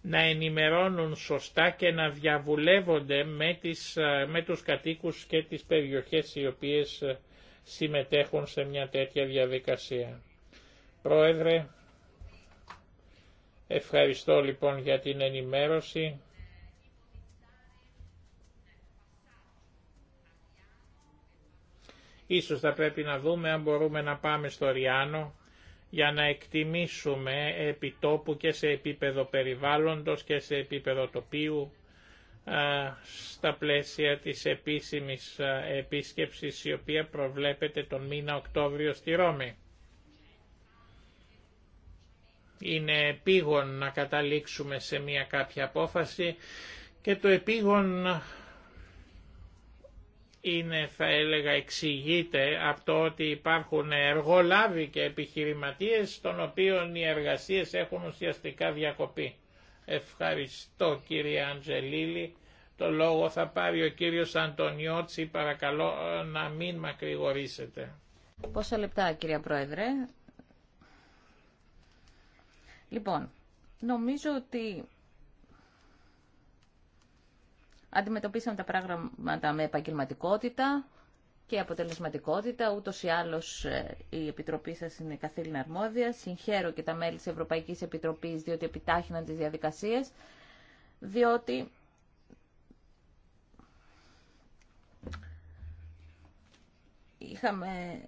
να ενημερώνουν σωστά και να διαβουλεύονται με, τις, με τους κατοίκους και τις περιοχές οι οποίες συμμετέχουν σε μια τέτοια διαδικασία. Πρόεδρε, ευχαριστώ λοιπόν για την ενημέρωση. Ίσως θα πρέπει να δούμε αν μπορούμε να πάμε στο Ριάνο για να εκτιμήσουμε επιτόπου και σε επίπεδο περιβάλλοντος και σε επίπεδο τοπίου στα πλαίσια της επίσημης επίσκεψης η οποία προβλέπεται τον μήνα Οκτώβριο στη Ρώμη. Είναι επίγον να καταλήξουμε σε μια κάποια απόφαση και το επίγον είναι θα έλεγα εξηγείται από το ότι υπάρχουν εργολάβοι και επιχειρηματίες των οποίων οι εργασίες έχουν ουσιαστικά διακοπεί. Ευχαριστώ κύριε Αντζελίλη. Το λόγο θα πάρει ο κύριος Αντωνιώτση. Παρακαλώ ε, να μην μακρηγορήσετε. Πόσα λεπτά κύριε Πρόεδρε. Λοιπόν, νομίζω ότι Αντιμετωπίσαμε τα πράγματα με επαγγελματικότητα και αποτελεσματικότητα. Ούτω ή άλλω ε, η Επιτροπή σα είναι καθήλυνα αρμόδια. Συγχαίρω και τα μέλη τη Ευρωπαϊκή Επιτροπή διότι επιτάχυναν τι διαδικασίε. Διότι είχαμε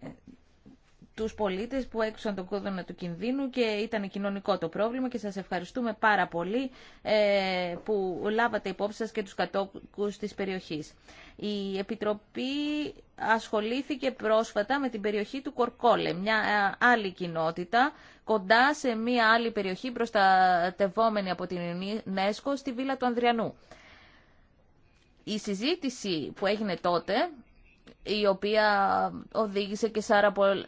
τους πολίτες που έξω τον κόδωνα του κινδύνου και ήταν κοινωνικό το πρόβλημα και σας ευχαριστούμε πάρα πολύ ε, που λάβατε υπόψη σας και τους κατόκους της περιοχής. Η Επιτροπή ασχολήθηκε πρόσφατα με την περιοχή του Κορκόλε, μια ε, άλλη κοινότητα, κοντά σε μια άλλη περιοχή προστατευόμενη από την UNESCO στη Βίλα του Ανδριανού. Η συζήτηση που έγινε τότε η οποία οδήγησε και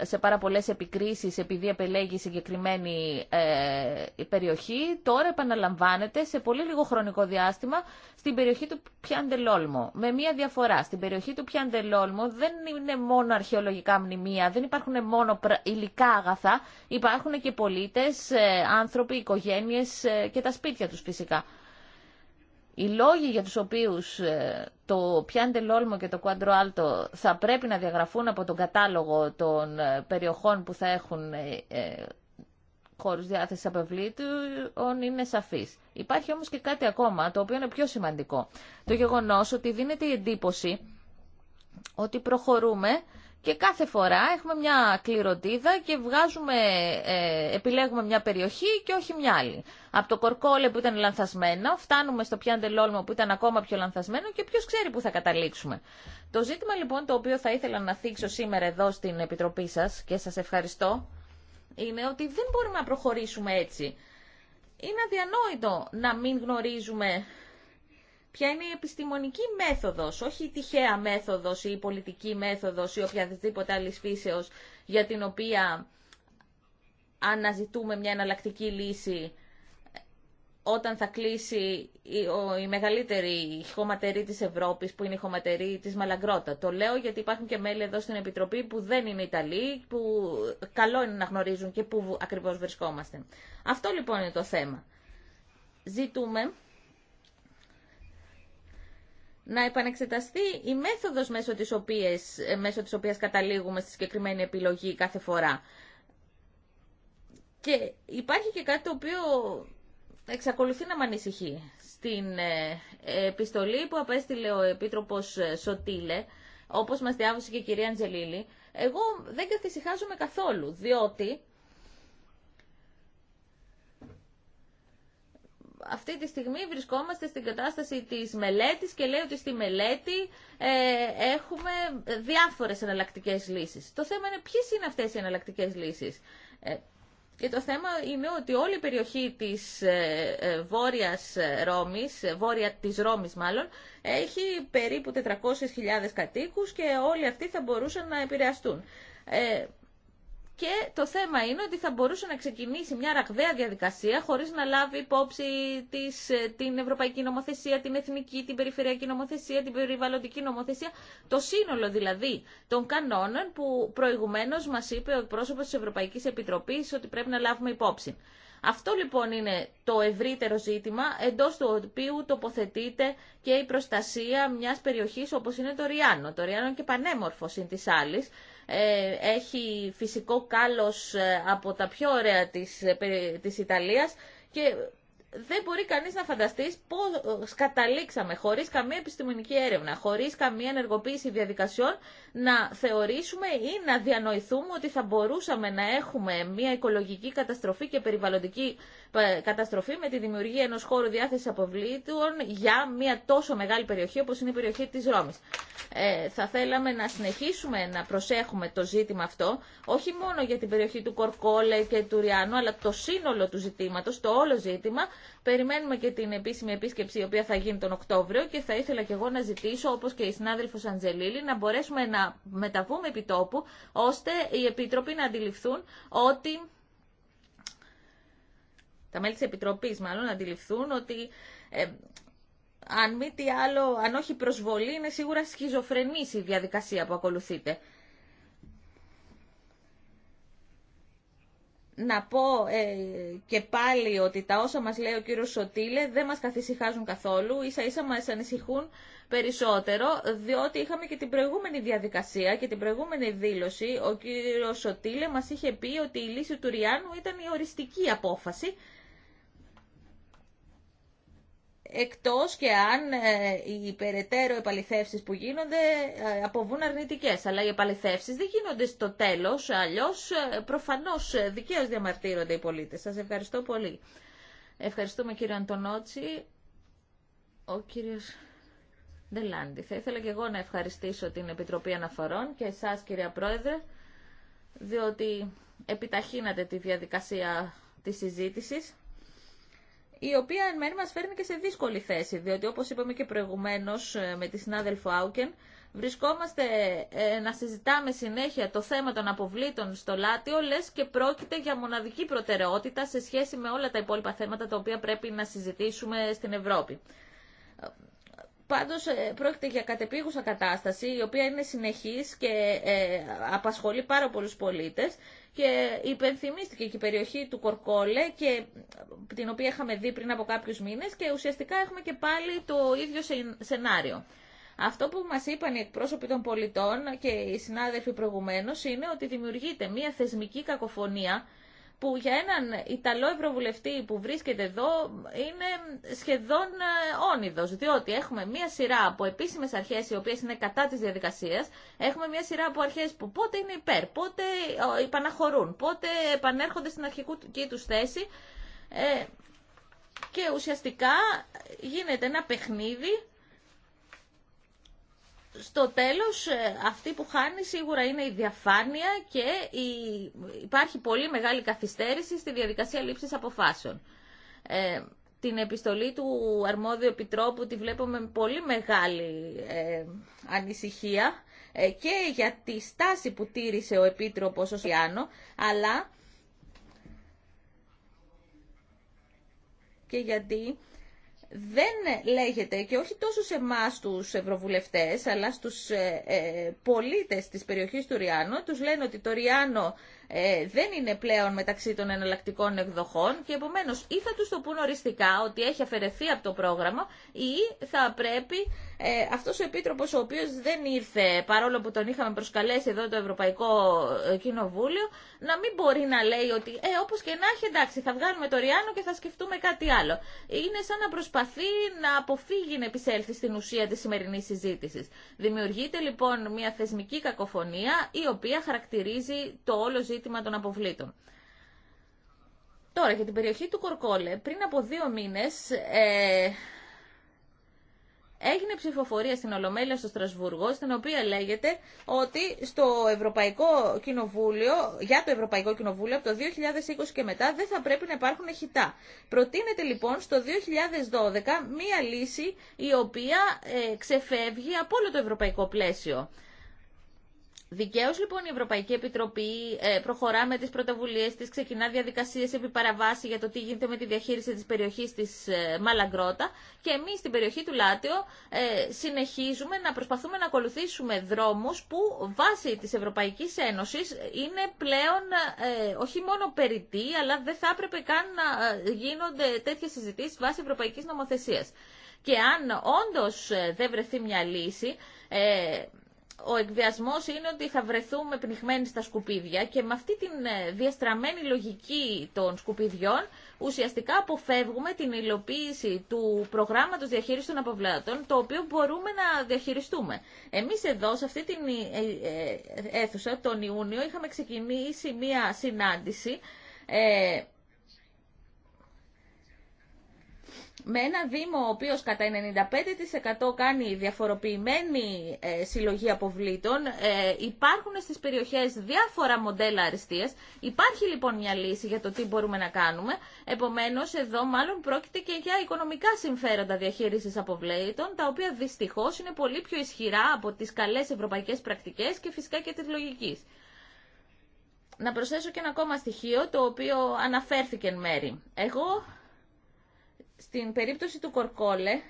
σε πάρα πολλές επικρίσεις επειδή επελέγει συγκεκριμένη ε, περιοχή, τώρα επαναλαμβάνεται σε πολύ λίγο χρονικό διάστημα στην περιοχή του Πιάντελόλμο. Με μία διαφορά. Στην περιοχή του Πιάντελόλμο δεν είναι μόνο αρχαιολογικά μνημεία, δεν υπάρχουν μόνο υλικά αγαθά, υπάρχουν και πολίτες, ε, άνθρωποι, οικογένειες ε, και τα σπίτια τους φυσικά οι λόγοι για τους οποίους ε, το Πιάντε Λόλμο και το Κουάντρο Άλτο θα πρέπει να διαγραφούν από τον κατάλογο των ε, περιοχών που θα έχουν ε, χώρους διάθεση απευλήτου είναι σαφής. Υπάρχει όμως και κάτι ακόμα το οποίο είναι πιο σημαντικό. Το γεγονός ότι δίνεται η εντύπωση ότι προχωρούμε και κάθε φορά έχουμε μια κληροτίδα και βγάζουμε, ε, επιλέγουμε μια περιοχή και όχι μια άλλη. Από το κορκόλε που ήταν λανθασμένο, φτάνουμε στο πιάντελόλμο που ήταν ακόμα πιο λανθασμένο και ποιο ξέρει που θα καταλήξουμε. Το ζήτημα λοιπόν το οποίο θα ήθελα να θίξω σήμερα εδώ στην Επιτροπή σας και σας ευχαριστώ, είναι ότι δεν μπορούμε να προχωρήσουμε έτσι. Είναι αδιανόητο να μην γνωρίζουμε ποια είναι η επιστημονική μέθοδος, όχι η τυχαία μέθοδος ή η πολιτική μέθοδος ή οποιαδήποτε άλλη φύσεως για την οποία αναζητούμε μια εναλλακτική λύση όταν θα κλείσει η, μεγαλύτερη χωματερή της Ευρώπης, που είναι η χωματερή της Μαλαγκρότα. Το λέω γιατί υπάρχουν και μέλη εδώ στην Επιτροπή που δεν είναι Ιταλοί, που καλό είναι να γνωρίζουν και πού ακριβώς βρισκόμαστε. Αυτό λοιπόν είναι το θέμα. Ζητούμε να επανεξεταστεί η μέθοδος μέσω της, οποίας, ε, μέσω της οποίας καταλήγουμε στη συγκεκριμένη επιλογή κάθε φορά. Και υπάρχει και κάτι το οποίο εξακολουθεί να με ανησυχεί. Στην ε, επιστολή που απέστειλε ο Επίτροπος ε, Σωτήλε, όπως μας διάβασε και η κυρία Αντζελίλη, εγώ δεν καθησυχάζομαι καθόλου, διότι αυτή τη στιγμή βρισκόμαστε στην κατάσταση της μελέτης και λέει ότι στη μελέτη ε, έχουμε διάφορες εναλλακτικέ λύσεις. Το θέμα είναι ποιες είναι αυτές οι εναλλακτικέ λύσεις. Ε, και το θέμα είναι ότι όλη η περιοχή της ε, ε Βόρειας Ρώμης, Βόρεια της Ρώμης μάλλον, έχει περίπου 400.000 κατοίκους και όλοι αυτοί θα μπορούσαν να επηρεαστούν. Και το θέμα είναι ότι θα μπορούσε να ξεκινήσει μια ραγδαία διαδικασία χωρί να λάβει υπόψη της, ε, την ευρωπαϊκή νομοθεσία, την εθνική, την περιφερειακή νομοθεσία, την περιβαλλοντική νομοθεσία, το σύνολο δηλαδή των κανόνων που προηγουμένω μα είπε ο πρόσωπο τη Ευρωπαϊκή Επιτροπή ότι πρέπει να λάβουμε υπόψη. Αυτό λοιπόν είναι το ευρύτερο ζήτημα εντό του οποίου τοποθετείται και η προστασία μια περιοχή, όπω είναι το Ριάνο. Το Ριάνο είναι και πανέμορφο συν τη άλλη. Ε, έχει φυσικό κάλος ε, από τα πιο ωραία της, ε, της Ιταλίας και δεν μπορεί κανείς να φανταστείς πώς καταλήξαμε χωρίς καμία επιστημονική έρευνα, χωρίς καμία ενεργοποίηση διαδικασιών να θεωρήσουμε ή να διανοηθούμε ότι θα μπορούσαμε να έχουμε μια οικολογική καταστροφή και περιβαλλοντική ε, καταστροφή με τη δημιουργία ενός χώρου διάθεσης αποβλήτων για μια τόσο μεγάλη περιοχή όπως είναι η περιοχή της Ρώμης. Ε, θα θέλαμε να συνεχίσουμε να προσέχουμε το ζήτημα αυτό, όχι μόνο για την περιοχή του Κορκόλε και του Ριάνου, αλλά το σύνολο του ζητήματος, το όλο ζήτημα, Περιμένουμε και την επίσημη επίσκεψη η οποία θα γίνει τον Οκτώβριο και θα ήθελα και εγώ να ζητήσω όπως και η συνάδελφος Αντζελίλη να μπορέσουμε να μεταβούμε επιτόπου ώστε οι επίτροποι να αντιληφθούν ότι τα μέλη της Επιτροπής μάλλον να αντιληφθούν ότι ε, αν μη τι άλλο, αν όχι προσβολή, είναι σίγουρα σχιζοφρενής η διαδικασία που ακολουθείτε. να πω ε, και πάλι ότι τα όσα μας λέει ο κύριος Σωτήλε δεν μας καθησυχάζουν καθόλου, ίσα ίσα μας ανησυχούν περισσότερο, διότι είχαμε και την προηγούμενη διαδικασία και την προηγούμενη δήλωση. Ο κύριος Σωτήλε μας είχε πει ότι η λύση του Ριάννου ήταν η οριστική απόφαση εκτός και αν ε, οι περαιτέρω επαληθεύσεις που γίνονται ε, αποβούν αρνητικές. Αλλά οι επαληθεύσεις δεν γίνονται στο τέλος, αλλιώς ε, προφανώς δικαίως διαμαρτύρονται οι πολίτες. Σας ευχαριστώ πολύ. Ευχαριστούμε κύριο Αντωνότσι. Ο κύριος Δελάντη. Θα ήθελα και εγώ να ευχαριστήσω την Επιτροπή Αναφορών και εσάς κυρία Πρόεδρε, διότι επιταχύνατε τη διαδικασία της συζήτησης η οποία εν μέρει μας φέρνει και σε δύσκολη θέση, διότι όπως είπαμε και προηγουμένως ε, με τη συνάδελφο Άουκεν, βρισκόμαστε ε, να συζητάμε συνέχεια το θέμα των αποβλήτων στο Λάτιο, λες και πρόκειται για μοναδική προτεραιότητα σε σχέση με όλα τα υπόλοιπα θέματα τα οποία πρέπει να συζητήσουμε στην Ευρώπη. Πάντως ε, πρόκειται για κατεπίγουσα κατάσταση η οποία είναι συνεχής και ε, απασχολεί πάρα πολλούς πολίτες και υπενθυμίστηκε και η περιοχή του Κορκόλε και την οποία είχαμε δει πριν από κάποιους μήνες και ουσιαστικά έχουμε και πάλι το ίδιο σενάριο. Αυτό που μας είπαν οι εκπρόσωποι των πολιτών και οι συνάδελφοι προηγουμένως είναι ότι δημιουργείται μια θεσμική κακοφωνία που για έναν Ιταλό Ευρωβουλευτή που βρίσκεται εδώ είναι σχεδόν ε, όνειδος, διότι έχουμε μία σειρά από επίσημες αρχές οι οποίες είναι κατά της διαδικασίας, έχουμε μία σειρά από αρχές που πότε είναι υπέρ, πότε υπαναχωρούν, πότε επανέρχονται στην αρχική τους θέση ε, και ουσιαστικά γίνεται ένα παιχνίδι στο τέλος ε, αυτή που χάνει σίγουρα είναι η διαφάνεια και η... υπάρχει πολύ μεγάλη καθυστέρηση στη διαδικασία λήψης αποφάσεων. Ε, την επιστολή του αρμόδιου επιτρόπου τη βλέπουμε με πολύ μεγάλη ε, ανησυχία ε, και για τη στάση που τήρησε ο επίτροπος ο Σιάνο, αλλά και γιατί δεν λέγεται και όχι τόσο σε εμά τους ευρωβουλευτές αλλά στους ε, ε, πολίτες της περιοχής του Ριάνο τους λένε ότι το Ριάνο ε, δεν είναι πλέον μεταξύ των εναλλακτικών εκδοχών και επομένω ή θα του το πούν οριστικά ότι έχει αφαιρεθεί από το πρόγραμμα ή θα πρέπει ε, αυτός ο επίτροπο ο οποίο δεν ήρθε παρόλο που τον είχαμε προσκαλέσει εδώ το Ευρωπαϊκό ε, Κοινοβούλιο να μην μπορεί να λέει ότι ε, όπως και να έχει εντάξει θα βγάλουμε το Ριάνο και θα σκεφτούμε κάτι άλλο. Είναι σαν να προσπαθεί να αποφύγει να επισέλθει στην ουσία τη σημερινή συζήτηση. Δημιουργείται λοιπόν μια θεσμική κακοφωνία η οποία χαρακτηρίζει το όλο ζήτημα ζήτημα των αποβλήτων. Τώρα, για την περιοχή του Κορκόλε, πριν από δύο μήνες ε, έγινε ψηφοφορία στην Ολομέλεια στο Στρασβούργο, στην οποία λέγεται ότι στο Ευρωπαϊκό Κοινοβούλιο, για το Ευρωπαϊκό Κοινοβούλιο από το 2020 και μετά δεν θα πρέπει να υπάρχουν χιτά. Προτείνεται λοιπόν στο 2012 μία λύση η οποία ε, ξεφεύγει από όλο το ευρωπαϊκό πλαίσιο. Δικαίω λοιπόν η Ευρωπαϊκή Επιτροπή ε, προχωρά με τι πρωτοβουλίε τη, ξεκινά διαδικασίε επί παραβάση για το τι γίνεται με τη διαχείριση τη περιοχή τη ε, Μαλαγκρότα και εμεί στην περιοχή του Λάτιο ε, συνεχίζουμε να προσπαθούμε να ακολουθήσουμε δρόμου που βάσει τη Ευρωπαϊκή Ένωση είναι πλέον όχι μόνο περιττή, αλλά δεν θα έπρεπε καν να γίνονται τέτοιε συζητήσει βάσει Ευρωπαϊκή Νομοθεσία. Και αν όντω δεν βρεθεί μια λύση, ο εκβιασμός είναι ότι θα βρεθούμε πνιχμένοι στα σκουπίδια και με αυτή την ε, διαστραμμένη λογική των σκουπιδιών ουσιαστικά αποφεύγουμε την υλοποίηση του προγράμματος διαχείρισης των αποβλάτων το οποίο μπορούμε να διαχειριστούμε. Εμείς εδώ σε αυτή την ε, ε, αίθουσα τον Ιούνιο είχαμε ξεκινήσει μία συνάντηση με ένα Δήμο ο οποίος κατά 95% κάνει διαφοροποιημένη ε, συλλογή αποβλήτων, ε, υπάρχουν στις περιοχές διάφορα μοντέλα αριστείας. Υπάρχει λοιπόν μια λύση για το τι μπορούμε να κάνουμε. Επομένως εδώ μάλλον πρόκειται και για οικονομικά συμφέροντα διαχείρισης αποβλήτων, τα οποία δυστυχώς είναι πολύ πιο ισχυρά από τις καλές ευρωπαϊκές πρακτικές και φυσικά και της λογικής. Να προσθέσω και ένα ακόμα στοιχείο, το οποίο αναφέρθηκε εν μέρη. Εγώ στην περίπτωση του Κορκόλε,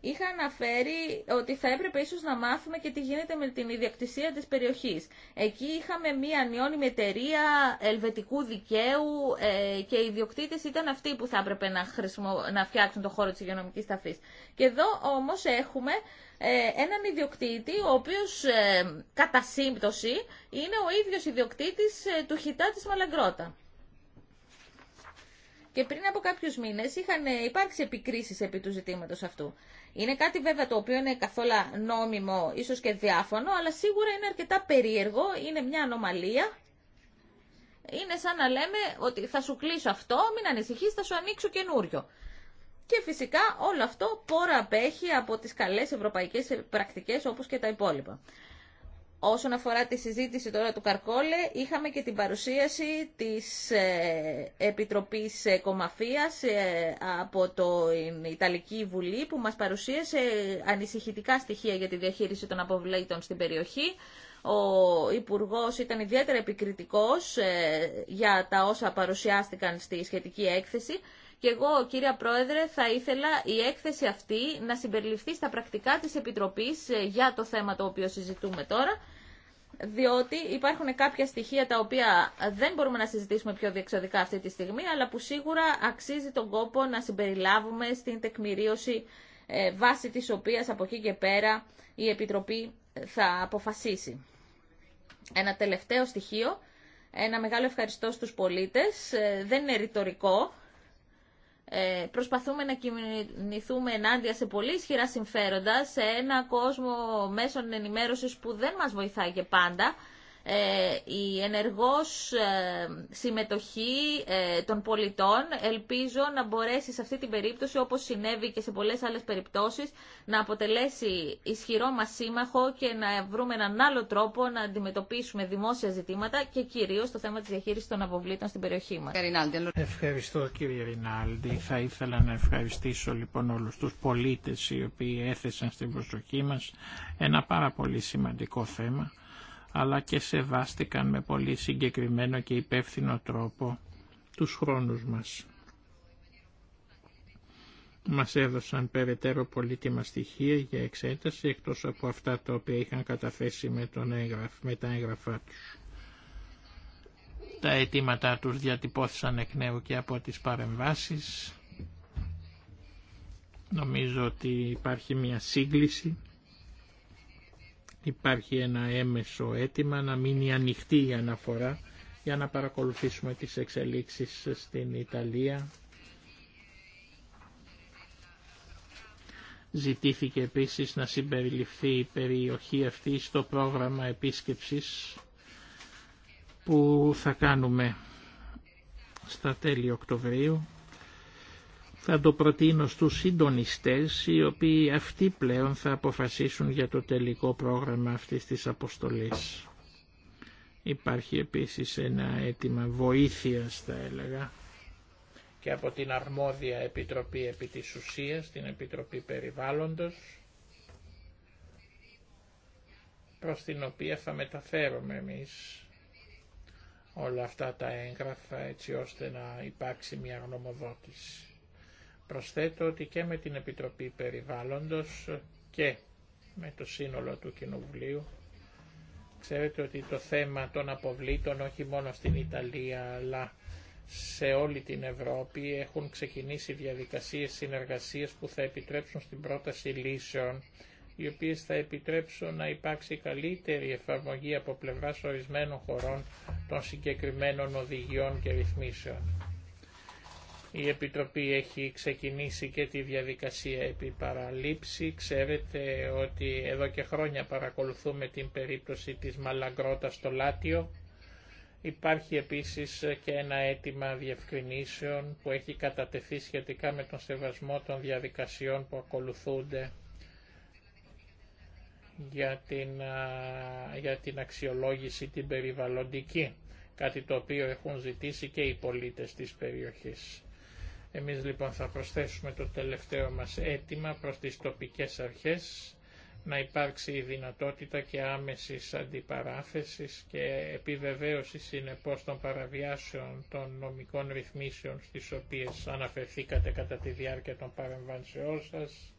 είχα αναφέρει ότι θα έπρεπε ίσως να μάθουμε και τι γίνεται με την ιδιοκτησία της περιοχής. Εκεί είχαμε μία ανιώνυμη εταιρεία ελβετικού δικαίου ε, και οι ιδιοκτήτες ήταν αυτοί που θα έπρεπε να, να φτιάξουν το χώρο της υγειονομικής ταφής. Και εδώ όμως έχουμε ε, έναν ιδιοκτήτη ο οποίος ε, κατά σύμπτωση είναι ο ίδιος ιδιοκτήτης ε, του χιτά της Μαλαγκρότα και πριν από κάποιου μήνε είχαν ε, υπάρξει επικρίσεις επί του ζητήματο αυτού. Είναι κάτι βέβαια το οποίο είναι καθόλου νόμιμο, ίσω και διάφωνο, αλλά σίγουρα είναι αρκετά περίεργο, είναι μια ανομαλία. Είναι σαν να λέμε ότι θα σου κλείσω αυτό, μην ανησυχεί, θα σου ανοίξω καινούριο. Και φυσικά όλο αυτό πόρα απέχει από τις καλές ευρωπαϊκές πρακτικές όπως και τα υπόλοιπα. Όσον αφορά τη συζήτηση τώρα του Καρκόλε, είχαμε και την παρουσίαση της ε, Επιτροπής ε, Κομαφίας ε, από την Ιταλική Βουλή που μας παρουσίασε ανησυχητικά στοιχεία για τη διαχείριση των αποβλήτων στην περιοχή. Ο Υπουργό ήταν ιδιαίτερα επικριτικός για τα όσα παρουσιάστηκαν στη σχετική έκθεση και εγώ, κυρία Πρόεδρε, θα ήθελα η έκθεση αυτή να συμπεριληφθεί στα πρακτικά της Επιτροπής ε, για το θέμα το οποίο συζητούμε τώρα, διότι υπάρχουν κάποια στοιχεία τα οποία δεν μπορούμε να συζητήσουμε πιο διεξοδικά αυτή τη στιγμή, αλλά που σίγουρα αξίζει τον κόπο να συμπεριλάβουμε στην τεκμηρίωση ε, βάση της οποίας από εκεί και πέρα η Επιτροπή ε, θα αποφασίσει. Ένα τελευταίο στοιχείο, ένα μεγάλο ευχαριστώ στους πολίτες, δεν είναι ρητορικό, ε, προσπαθούμε να κινηθούμε ενάντια σε πολύ ισχυρά συμφέροντα, σε ένα κόσμο μέσων ενημέρωσης που δεν μας βοηθάει και πάντα ε, η ενεργός ε, συμμετοχή ε, των πολιτών. Ελπίζω να μπορέσει σε αυτή την περίπτωση, όπως συνέβη και σε πολλές άλλες περιπτώσεις, να αποτελέσει ισχυρό μας σύμμαχο και να βρούμε έναν άλλο τρόπο να αντιμετωπίσουμε δημόσια ζητήματα και κυρίως το θέμα της διαχείρισης των αποβλήτων στην περιοχή μας. Ευχαριστώ κύριε Ρινάλντι. Θα ήθελα να ευχαριστήσω λοιπόν όλους τους πολίτες οι οποίοι έθεσαν στην προσοχή μας ένα πάρα πολύ σημαντικό θέμα αλλά και σεβάστηκαν με πολύ συγκεκριμένο και υπεύθυνο τρόπο τους χρόνους μας. Μας έδωσαν περαιτέρω πολύτιμα στοιχεία για εξέταση εκτός από αυτά τα οποία είχαν καταθέσει με, τον έγγραφ, με τα έγγραφά τους. Τα αιτήματά τους διατυπώθησαν εκ νέου και από τις παρεμβάσεις. Νομίζω ότι υπάρχει μια σύγκληση υπάρχει ένα έμεσο αίτημα να μείνει ανοιχτή η αναφορά για να παρακολουθήσουμε τις εξελίξεις στην Ιταλία. Ζητήθηκε επίσης να συμπεριληφθεί η περιοχή αυτή στο πρόγραμμα επίσκεψης που θα κάνουμε στα τέλη Οκτωβρίου. Θα το προτείνω στους συντονιστές οι οποίοι αυτοί πλέον θα αποφασίσουν για το τελικό πρόγραμμα αυτής της αποστολής. Υπάρχει επίσης ένα αίτημα βοήθειας θα έλεγα και από την αρμόδια Επιτροπή επί την Επιτροπή Περιβάλλοντος, προς την οποία θα μεταφέρουμε εμείς όλα αυτά τα έγγραφα έτσι ώστε να υπάρξει μια γνωμοδότηση. Προσθέτω ότι και με την Επιτροπή Περιβάλλοντος και με το σύνολο του Κοινοβουλίου ξέρετε ότι το θέμα των αποβλήτων όχι μόνο στην Ιταλία αλλά σε όλη την Ευρώπη έχουν ξεκινήσει διαδικασίες συνεργασίες που θα επιτρέψουν στην πρόταση λύσεων οι οποίες θα επιτρέψουν να υπάρξει καλύτερη εφαρμογή από πλευράς ορισμένων χωρών των συγκεκριμένων οδηγιών και ρυθμίσεων. Η Επιτροπή έχει ξεκινήσει και τη διαδικασία επί παραλήψη. Ξέρετε ότι εδώ και χρόνια παρακολουθούμε την περίπτωση της Μαλαγκρότα στο Λάτιο. Υπάρχει επίσης και ένα αίτημα διευκρινήσεων που έχει κατατεθεί σχετικά με τον σεβασμό των διαδικασιών που ακολουθούνται για την, για την αξιολόγηση την περιβαλλοντική, κάτι το οποίο έχουν ζητήσει και οι πολίτες της περιοχής. Εμείς λοιπόν θα προσθέσουμε το τελευταίο μας αίτημα προς τις τοπικές αρχές να υπάρξει η δυνατότητα και άμεσης αντιπαράθεσης και επιβεβαίωση συνεπώς των παραβιάσεων των νομικών ρυθμίσεων στις οποίες αναφερθήκατε κατά τη διάρκεια των παρεμβάνσεών σας.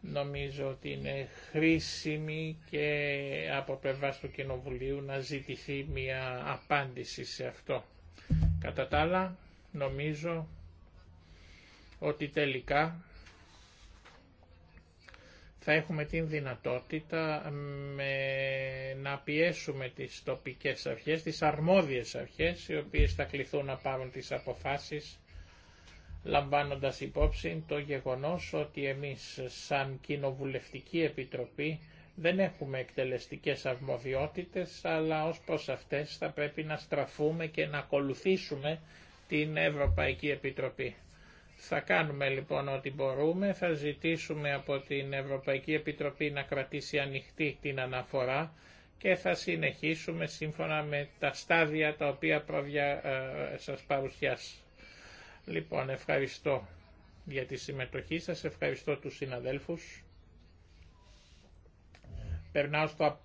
Νομίζω ότι είναι χρήσιμη και από πλευρά του Κοινοβουλίου να ζητηθεί μια απάντηση σε αυτό. Κατά τα άλλα, νομίζω ότι τελικά θα έχουμε την δυνατότητα με να πιέσουμε τις τοπικές αρχές, τις αρμόδιες αρχές, οι οποίες θα κληθούν να πάρουν τις αποφάσεις, λαμβάνοντας υπόψη το γεγονός ότι εμείς σαν Κοινοβουλευτική Επιτροπή δεν έχουμε εκτελεστικές αρμοδιότητες, αλλά ως προς αυτές θα πρέπει να στραφούμε και να ακολουθήσουμε την Ευρωπαϊκή Επιτροπή. Θα κάνουμε λοιπόν ό,τι μπορούμε, θα ζητήσουμε από την Ευρωπαϊκή Επιτροπή να κρατήσει ανοιχτή την αναφορά και θα συνεχίσουμε σύμφωνα με τα στάδια τα οποία προβια... Ε, σας παρουσιάσει. Λοιπόν, ευχαριστώ για τη συμμετοχή σας, ευχαριστώ τους συναδέλφους. Περνάω στο,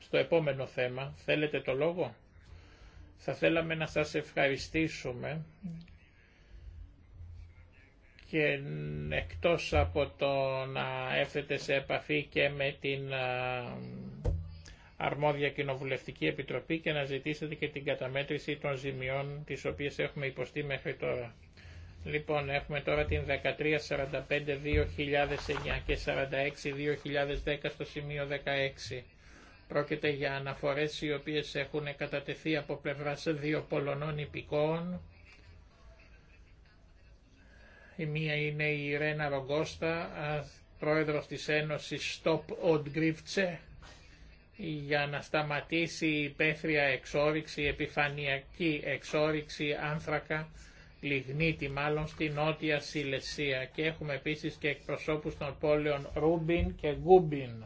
στο επόμενο θέμα. Θέλετε το λόγο? Θα θέλαμε να σας ευχαριστήσουμε και εκτός από το να έρθετε σε επαφή και με την αρμόδια κοινοβουλευτική επιτροπή και να ζητήσετε και την καταμέτρηση των ζημιών τις οποίες έχουμε υποστεί μέχρι τώρα. Λοιπόν, έχουμε τώρα την 1345-2009 και 46-2010 στο σημείο 16. Πρόκειται για αναφορές οι οποίες έχουν κατατεθεί από πλευράς δύο Πολωνών υπηκόων. Η μία είναι η Ρένα Ρογκώστα, πρόεδρος της Ένωσης Stop Odgrifce, για να σταματήσει η υπαίθρια εξόριξη, επιφανειακή εξόριξη άνθρακα, λιγνίτη μάλλον, στη Νότια Σιλεσία. Και έχουμε επίσης και εκπροσώπους των πόλεων Ρούμπιν και Γκούμπιν.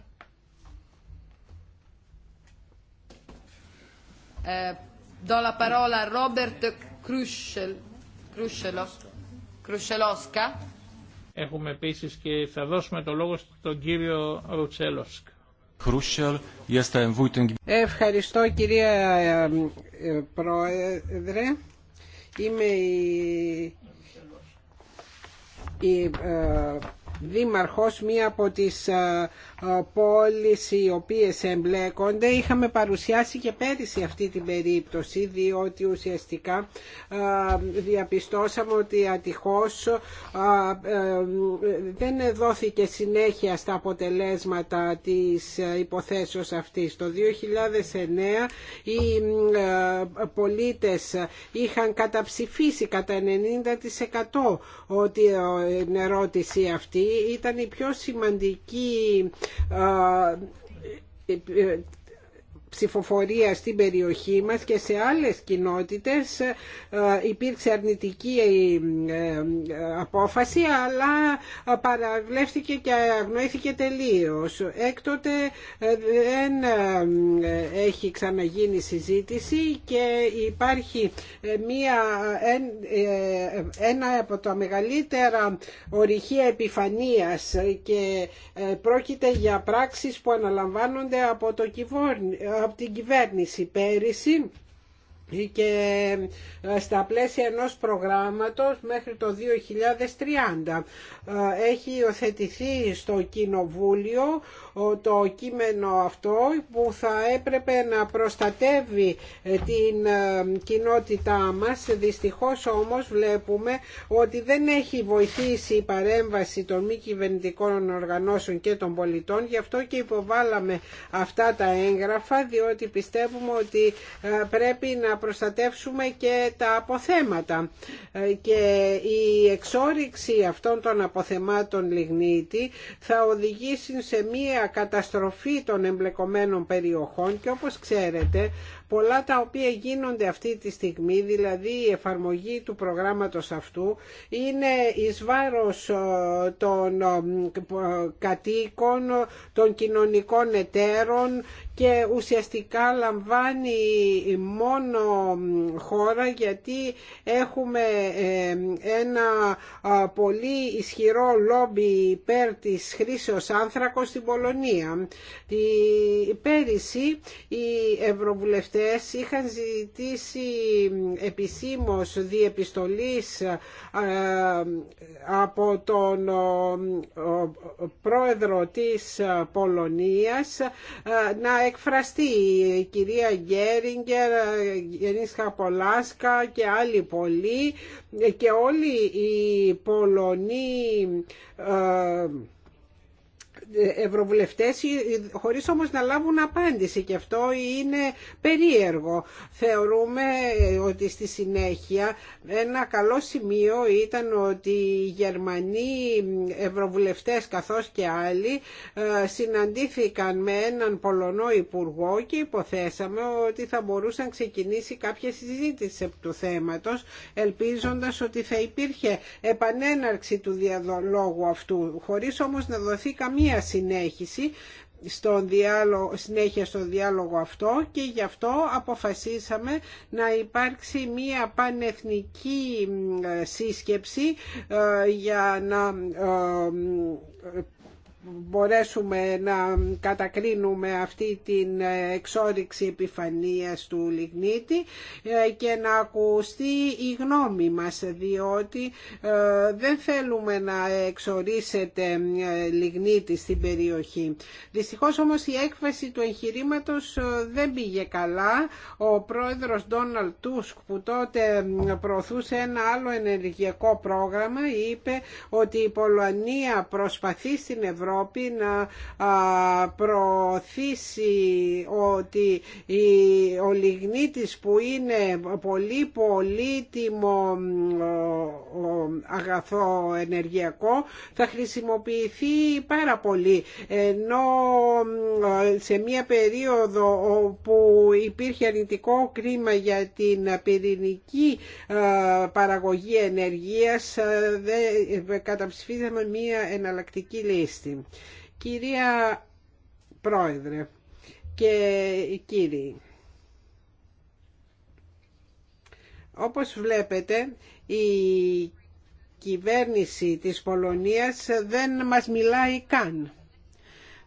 Eh, do la parola Κρουσελόσκα. Έχουμε επίση και θα δώσουμε το λόγο στον κύριο Ρουτσέλοσκ. Ευχαριστώ κυρία ε, ε, Πρόεδρε. Είμαι η, η ε, δήμαρχος μία από τις ε, πόλεις οι οποίες εμπλέκονται. Είχαμε παρουσιάσει και πέρυσι αυτή την περίπτωση διότι ουσιαστικά διαπιστώσαμε ότι ατυχώς ε, δεν δόθηκε συνέχεια στα αποτελέσματα της υποθέσεως αυτής. Το 2009 οι ε, πολίτες είχαν καταψηφίσει κατά 90% ότι ε, η ερώτηση αυτή ήταν η πιο σημαντική α, ε, πρόβλημα ε, ψηφοφορία στην περιοχή μας και σε άλλες κοινότητες ε, υπήρξε αρνητική ε, ε, απόφαση αλλά παραβλέφθηκε και αγνοήθηκε τελείως. Έκτοτε δεν έχει ξαναγίνει συζήτηση και υπάρχει μία, ένα από τα μεγαλύτερα ορυχεία επιφανείας και πρόκειται για πράξεις που αναλαμβάνονται από το, κυβόρνη, από την κυβέρνηση πέρυσι και ε, στα πλαίσια ενός προγράμματος μέχρι το 2030. Ε, έχει υιοθετηθεί στο Κοινοβούλιο το κείμενο αυτό που θα έπρεπε να προστατεύει ε, την κοινότητά μας. Δυστυχώς όμως βλέπουμε ότι δεν έχει βοηθήσει η παρέμβαση των μη κυβερνητικών οργανώσεων και των πολιτών. Γι' αυτό και υποβάλαμε αυτά τα έγγραφα διότι πιστεύουμε ότι πρέπει να να προστατεύσουμε και τα αποθέματα ε, και η εξόριξη αυτών των αποθεμάτων λιγνίτη θα οδηγήσει σε μία καταστροφή των εμπλεκομένων περιοχών και όπως ξέρετε πολλά τα οποία γίνονται αυτή τη στιγμή, δηλαδή η εφαρμογή του προγράμματος αυτού είναι εις βάρος ε, των ε, κατοίκων, των κοινωνικών εταίρων και ουσιαστικά λαμβάνει μόνο χώρα γιατί έχουμε ε, ένα πολύ ισχυρό λόμπι υπέρ της χρήσεως άνθρακος στην Πολωνία. Πέρυσι οι ευρωβουλευτέ είχαν ζητήσει επισήμως διεπιστολής ε, από τον ε, πρόεδρο της Πολωνίας ε, να εκφραστεί η κυρία Γκέριγκερ, κυρία Πολάσκα και άλλοι πολλοί και όλοι οι Πολωνοί ευρωβουλευτές χωρίς όμως να λάβουν απάντηση και αυτό είναι περίεργο. Θεωρούμε ε, ότι στη συνέχεια ένα καλό σημείο ήταν ότι οι Γερμανοί ευρωβουλευτές καθώς και άλλοι ε, συναντήθηκαν με έναν Πολωνό Υπουργό και υποθέσαμε ότι θα μπορούσαν ξεκινήσει κάποια συζήτηση του θέματος ελπίζοντας ότι θα υπήρχε επανέναρξη του διαλόγου αυτού χωρίς όμως να δοθεί καμία συνέχιση στον διάλογο, συνέχεια στο διάλογο αυτό και γι' αυτό αποφασίσαμε να υπάρξει μία πανεθνική ε, σύσκεψη ε, για να ε, μπορέσουμε να κατακρίνουμε αυτή την εξόριξη επιφανίας του λιγνίτη ε, και να ακουστεί η γνώμη μας διότι ε, δεν θέλουμε να εξορίσετε ε, λιγνίτη στην περιοχή. Δυστυχώς όμως η έκφραση του εγχειρήματο δεν πήγε καλά. Ο πρόεδρος Ντόναλτ Τούσκ που τότε προωθούσε ένα άλλο ενεργειακό πρόγραμμα είπε ότι η Πολωνία προσπαθεί στην Ευρώπη Ευρώπη να προωθήσει ότι ο λιγνίτης που είναι πολύ πολύτιμο αγαθό ενεργειακό θα χρησιμοποιηθεί πάρα πολύ ενώ σε μια περίοδο όπου υπήρχε αρνητικό κρίμα για την πυρηνική παραγωγή ενεργείας καταψηφίσαμε μια εναλλακτική λίστη. Κυρία Πρόεδρε και κύριοι, όπως βλέπετε η κυβέρνηση της Πολωνίας δεν μας μιλάει καν.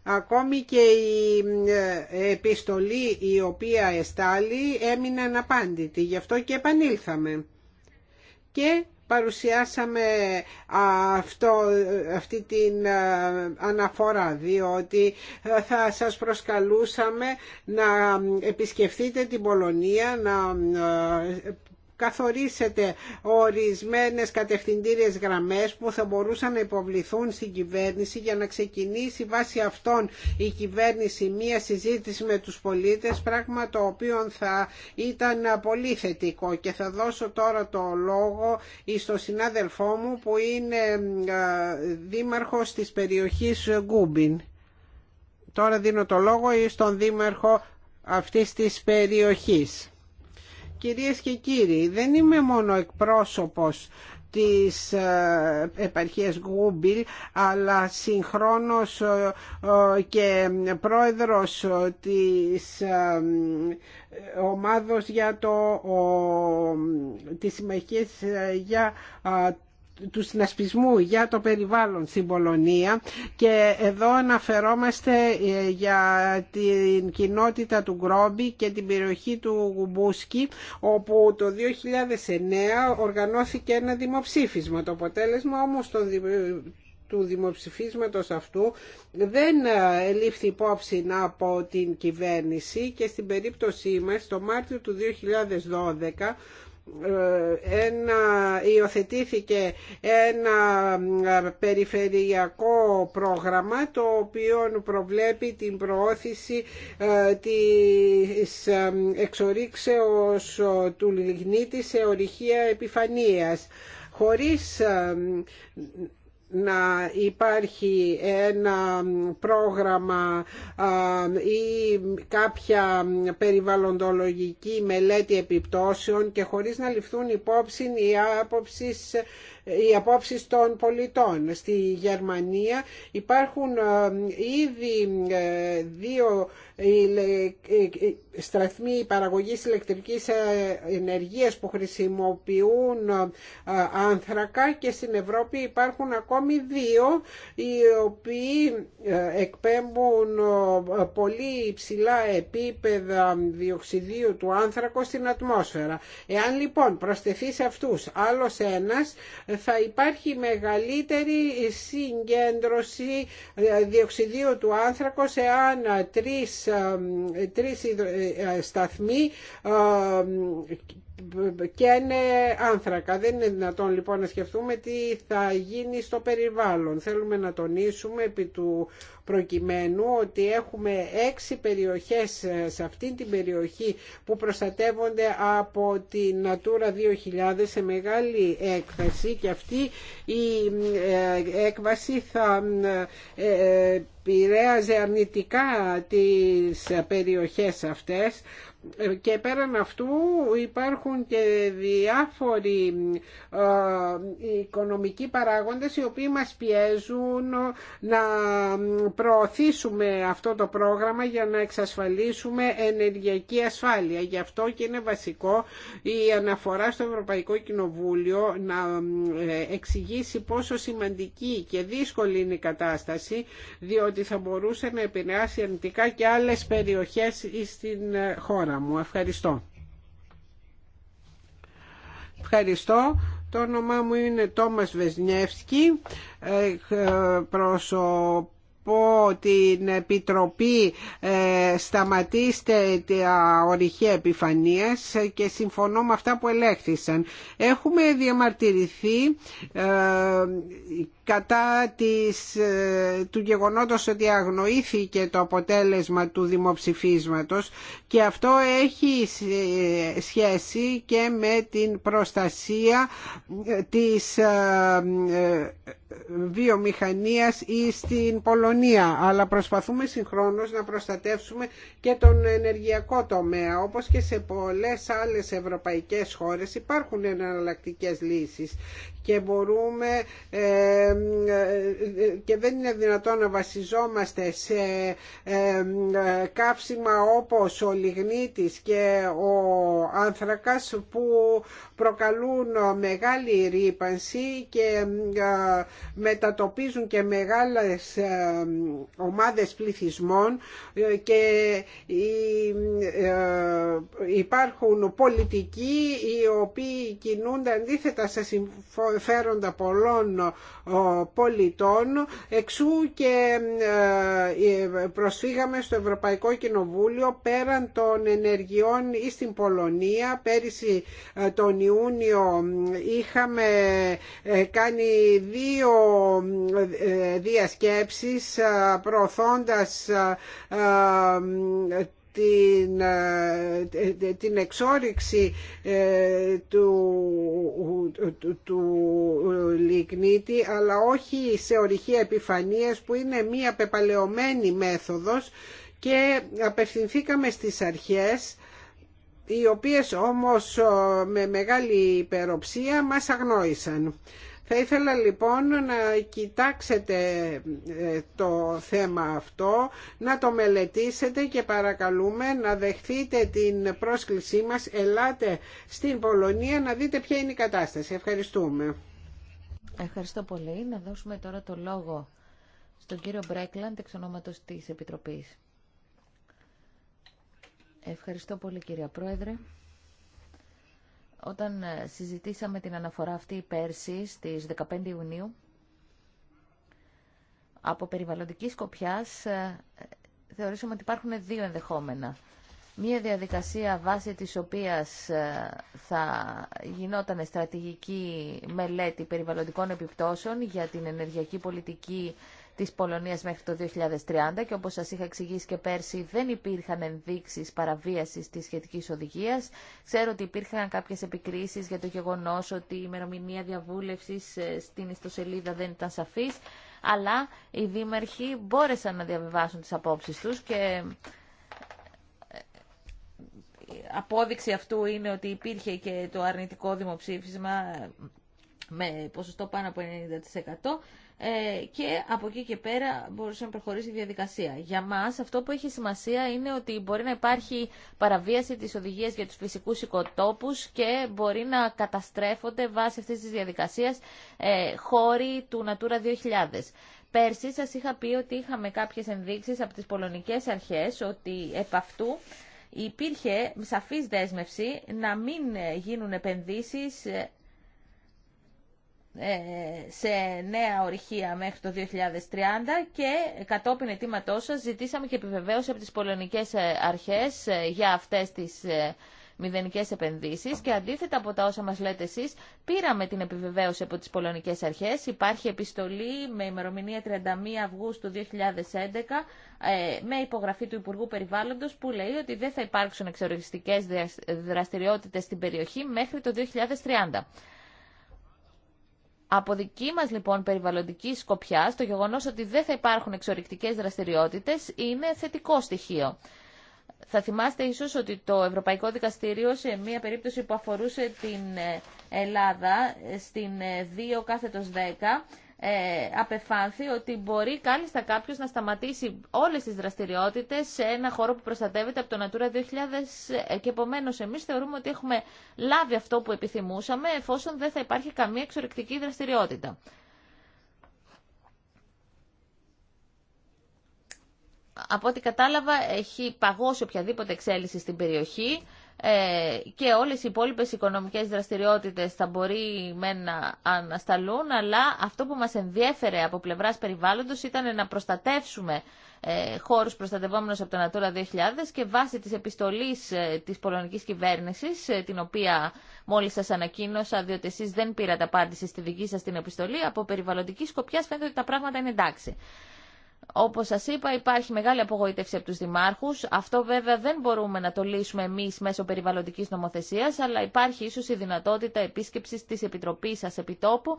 Ακόμη και η ε, επιστολή η οποία εστάλει έμεινε αναπάντητη, γι' αυτό και επανήλθαμε. Και παρουσιάσαμε αυτό, αυτή την ε, αναφορά διότι ε, θα σας προσκαλούσαμε να ε, επισκεφτείτε την Πολωνία να καθορίσετε ορισμένες κατευθυντήριες γραμμές που θα μπορούσαν να υποβληθούν στην κυβέρνηση για να ξεκινήσει βάσει αυτών η κυβέρνηση μία συζήτηση με τους πολίτες πράγμα το οποίο θα ήταν πολύ θετικό και θα δώσω τώρα το λόγο στο συνάδελφό μου που είναι δήμαρχος της περιοχής Γκούμπιν. Τώρα δίνω το λόγο στον δήμαρχο αυτής της περιοχής. Κυρίες και κύριοι, δεν είμαι μόνο εκπρόσωπος της ε, επαρχίας Γκούμπιλ αλλά συγχρόνως ε, ε, και πρόεδρος της ομάδος για το, ο, τις συμμαχίες για του συνασπισμού για το περιβάλλον στην Πολωνία και εδώ αναφερόμαστε ε, για την κοινότητα του Γκρόμπι και την περιοχή του Γουμπούσκι όπου το 2009 οργανώθηκε ένα δημοψήφισμα. Το αποτέλεσμα όμως του δημοψηφίσματος αυτού δεν ελήφθη υπόψη από την κυβέρνηση και στην περίπτωσή μας το Μάρτιο του 2012 ένα, υιοθετήθηκε ένα ε, περιφερειακό πρόγραμμα το οποίο προβλέπει την προώθηση ε, της ε, εξορίξεως του λιγνίτη σε ορυχία επιφανείας χωρίς να υπάρχει ένα πρόγραμμα ή κάποια περιβαλλοντολογική μελέτη επιπτώσεων και χωρίς να ληφθούν υπόψη οι άποψεις οι απόψεις των πολιτών. Στη Γερμανία υπάρχουν ε, ήδη ε, δύο ε, στραθμοί παραγωγής ηλεκτρικής ενεργείας που χρησιμοποιούν άνθρακα και στην Ευρώπη υπάρχουν ακόμη δύο οι οποίοι εκπέμπουν πολύ υψηλά επίπεδα διοξιδίου του άνθρακο στην ατμόσφαιρα. Εάν λοιπόν προσθεθεί σε αυτούς άλλος ένας θα υπάρχει μεγαλύτερη συγκέντρωση ε, διοξιδίου του άνθρακος εάν τρεις, ε, τρεις ε, σταθμοί και είναι άνθρακα. Δεν είναι δυνατόν λοιπόν να σκεφτούμε τι θα γίνει στο περιβάλλον. Θέλουμε να τονίσουμε επί του προκειμένου ότι έχουμε έξι περιοχές σε αυτή την περιοχή που προστατεύονται από τη Natura 2000 σε μεγάλη έκθεση και αυτή η ε, έκβαση θα ε, ε, επηρέαζε αρνητικά τις περιοχές αυτές και πέραν αυτού υπάρχουν και διάφοροι ε, οικονομικοί παράγοντες οι οποίοι μας πιέζουν να προωθήσουμε αυτό το πρόγραμμα για να εξασφαλίσουμε ενεργειακή ασφάλεια. Γι' αυτό και είναι βασικό η αναφορά στο Ευρωπαϊκό Κοινοβούλιο να ε, εξηγήσει πόσο σημαντική και δύσκολη είναι η κατάσταση διότι θα μπορούσε να επηρεάσει αρνητικά και άλλες περιοχές στην ε, χώρα μου. Ευχαριστώ. Ευχαριστώ. Το όνομά μου είναι Τόμας Βεσνιεύσκη, ε, Προσωπώ την Επιτροπή ε, σταματήστε τη ορυχεία επιφανίες και συμφωνώ με αυτά που ελέγχθησαν. Έχουμε διαμαρτυρηθεί ε, κατά της, ε, του γεγονότος ότι αγνοήθηκε το αποτέλεσμα του δημοψηφίσματος και αυτό έχει ε, σχέση και με την προστασία ε, της βιομηχανίας ή στην Πολωνία αλλά προσπαθούμε συγχρόνως να προστατεύσουμε και τον ενεργειακό τομέα όπως και σε πολλές άλλες ευρωπαϊκές χώρες υπάρχουν εναλλακτικές λύσεις και μπορούμε και δεν είναι δυνατόν να βασιζόμαστε σε ε, κάψιμα όπως ο λιγνίτης και ο άνθρακας που προκαλούν μεγάλη ρήπανση και ε, μετατοπίζουν και μεγάλες ε, ομάδες πληθυσμών και υπάρχουν πολιτικοί οι οποίοι κινούνται αντίθετα σε συμφέροντα πολλών πολιτών εξού και ε, ε, προσφύγαμε στο Ευρωπαϊκό Κοινοβούλιο πέραν των ενεργειών ή στην Πολωνία πέρυσι ε, τον Ιούνιο είχαμε κάνει δύο διασκέψεις προωθώντας την, ε, την εξόριξη ε, του, του, λιγνίτη αλλά όχι σε ορυχεία επιφανίες που είναι μία πεπαλαιωμένη μέθοδος και απευθυνθήκαμε στις αρχές οι οποίες όμως ε, με μεγάλη υπεροψία μας αγνόησαν. Θα ήθελα λοιπόν να κοιτάξετε ε, το θέμα αυτό, να το μελετήσετε και παρακαλούμε να δεχθείτε την πρόσκλησή μας. Ελάτε στην Πολωνία να δείτε ποια είναι η κατάσταση. Ευχαριστούμε. Ευχαριστώ πολύ. Να δώσουμε τώρα το λόγο στον κύριο Μπρέκλαντ, εξ ονόματος της Επιτροπής. Ευχαριστώ πολύ κυρία Πρόεδρε. Όταν ε, συζητήσαμε την αναφορά αυτή πέρσι στις 15 Ιουνίου, από περιβαλλοντική σκοπιάς ε, θεωρήσαμε ότι υπάρχουν δύο ενδεχόμενα. Μία διαδικασία βάσει της οποίας ε, θα γινόταν στρατηγική μελέτη περιβαλλοντικών επιπτώσεων για την ενεργειακή πολιτική της Πολωνίας μέχρι το 2030 και όπως σας είχα εξηγήσει και πέρσι δεν υπήρχαν ενδείξεις παραβίασης της σχετικής οδηγίας. Ξέρω ότι υπήρχαν κάποιες επικρίσεις για το γεγονός ότι η ημερομηνία διαβούλευσης ε, στην ιστοσελίδα δεν ήταν σαφής, αλλά οι δήμαρχοι μπόρεσαν να διαβιβάσουν τις απόψεις τους και ε, απόδειξη αυτού είναι ότι υπήρχε και το αρνητικό δημοψήφισμα με ποσοστό πάνω από 90%. Ε, και από εκεί και πέρα μπορούσε να προχωρήσει η διαδικασία. Για μας αυτό που έχει σημασία είναι ότι μπορεί να υπάρχει παραβίαση της οδηγίας για του φυσικού οικοτόπου και μπορεί να καταστρέφονται βάσει αυτής της διαδικασίας ε, χώροι του Natura 2000. Πέρσι σας είχα πει ότι είχαμε κάποιες ενδείξεις από τις πολωνικές αρχές ότι επ' αυτού υπήρχε σαφής δέσμευση να μην γίνουν επενδύσεις ε, ε, σε νέα ορυχεία μέχρι το 2030 και κατόπιν ετήματός σας ζητήσαμε και επιβεβαίωση από τις πολωνικές ε, αρχές ε, για αυτές τις μηδενικές επενδύσεις και αντίθετα από τα όσα μας λέτε εσείς πήραμε την επιβεβαίωση από τις πολωνικές αρχές υπάρχει επιστολή με ημερομηνία 31 Αυγούστου 2011 με υπογραφή του Υπουργού Περιβάλλοντος που λέει ότι δεν θα υπάρξουν εξοριστικές δραστηριότητες στην περιοχή μέχρι το 2030. Από δική μας λοιπόν περιβαλλοντική σκοπιά, το γεγονός ότι δεν θα υπάρχουν εξορυκτικές δραστηριότητες είναι θετικό στοιχείο. Θα θυμάστε ίσως ότι το Ευρωπαϊκό Δικαστήριο σε μια περίπτωση που αφορούσε την ε, Ελλάδα ε, στην 2 ε, κάθετος 10 ε, απεφάνθη ότι μπορεί κάλλιστα κάποιο να σταματήσει όλε τι δραστηριότητε σε ένα χώρο που προστατεύεται από το Natura 2000 ε, και επομένω εμεί θεωρούμε ότι έχουμε λάβει αυτό που επιθυμούσαμε εφόσον δεν θα υπάρχει καμία εξορρεκτική δραστηριότητα. Από ό,τι κατάλαβα έχει παγώσει οποιαδήποτε εξέλιξη στην περιοχή. Ε, και όλες οι υπόλοιπες οικονομικές δραστηριότητες θα μπορεί με να ανασταλούν, αλλά αυτό που μας ενδιέφερε από πλευράς περιβάλλοντος ήταν να προστατεύσουμε ε, χώρους προστατευόμενους από το Natura 2000 και βάσει της επιστολής ε, της πολωνικής κυβέρνησης, την οποία μόλις σας ανακοίνωσα, διότι εσείς δεν πήρατε απάντηση στη δική σας την επιστολή, από περιβαλλοντική σκοπιά φαίνεται ότι τα πράγματα είναι εντάξει. Όπω σα είπα υπάρχει μεγάλη απογοήτευση από του Δημάρχου. Αυτό βέβαια δεν μπορούμε να το λύσουμε εμεί μέσω περιβαλλοντική νομοθεσία, αλλά υπάρχει ίσω η δυνατότητα επίσκεψης της Επιτροπής σας επιτόπου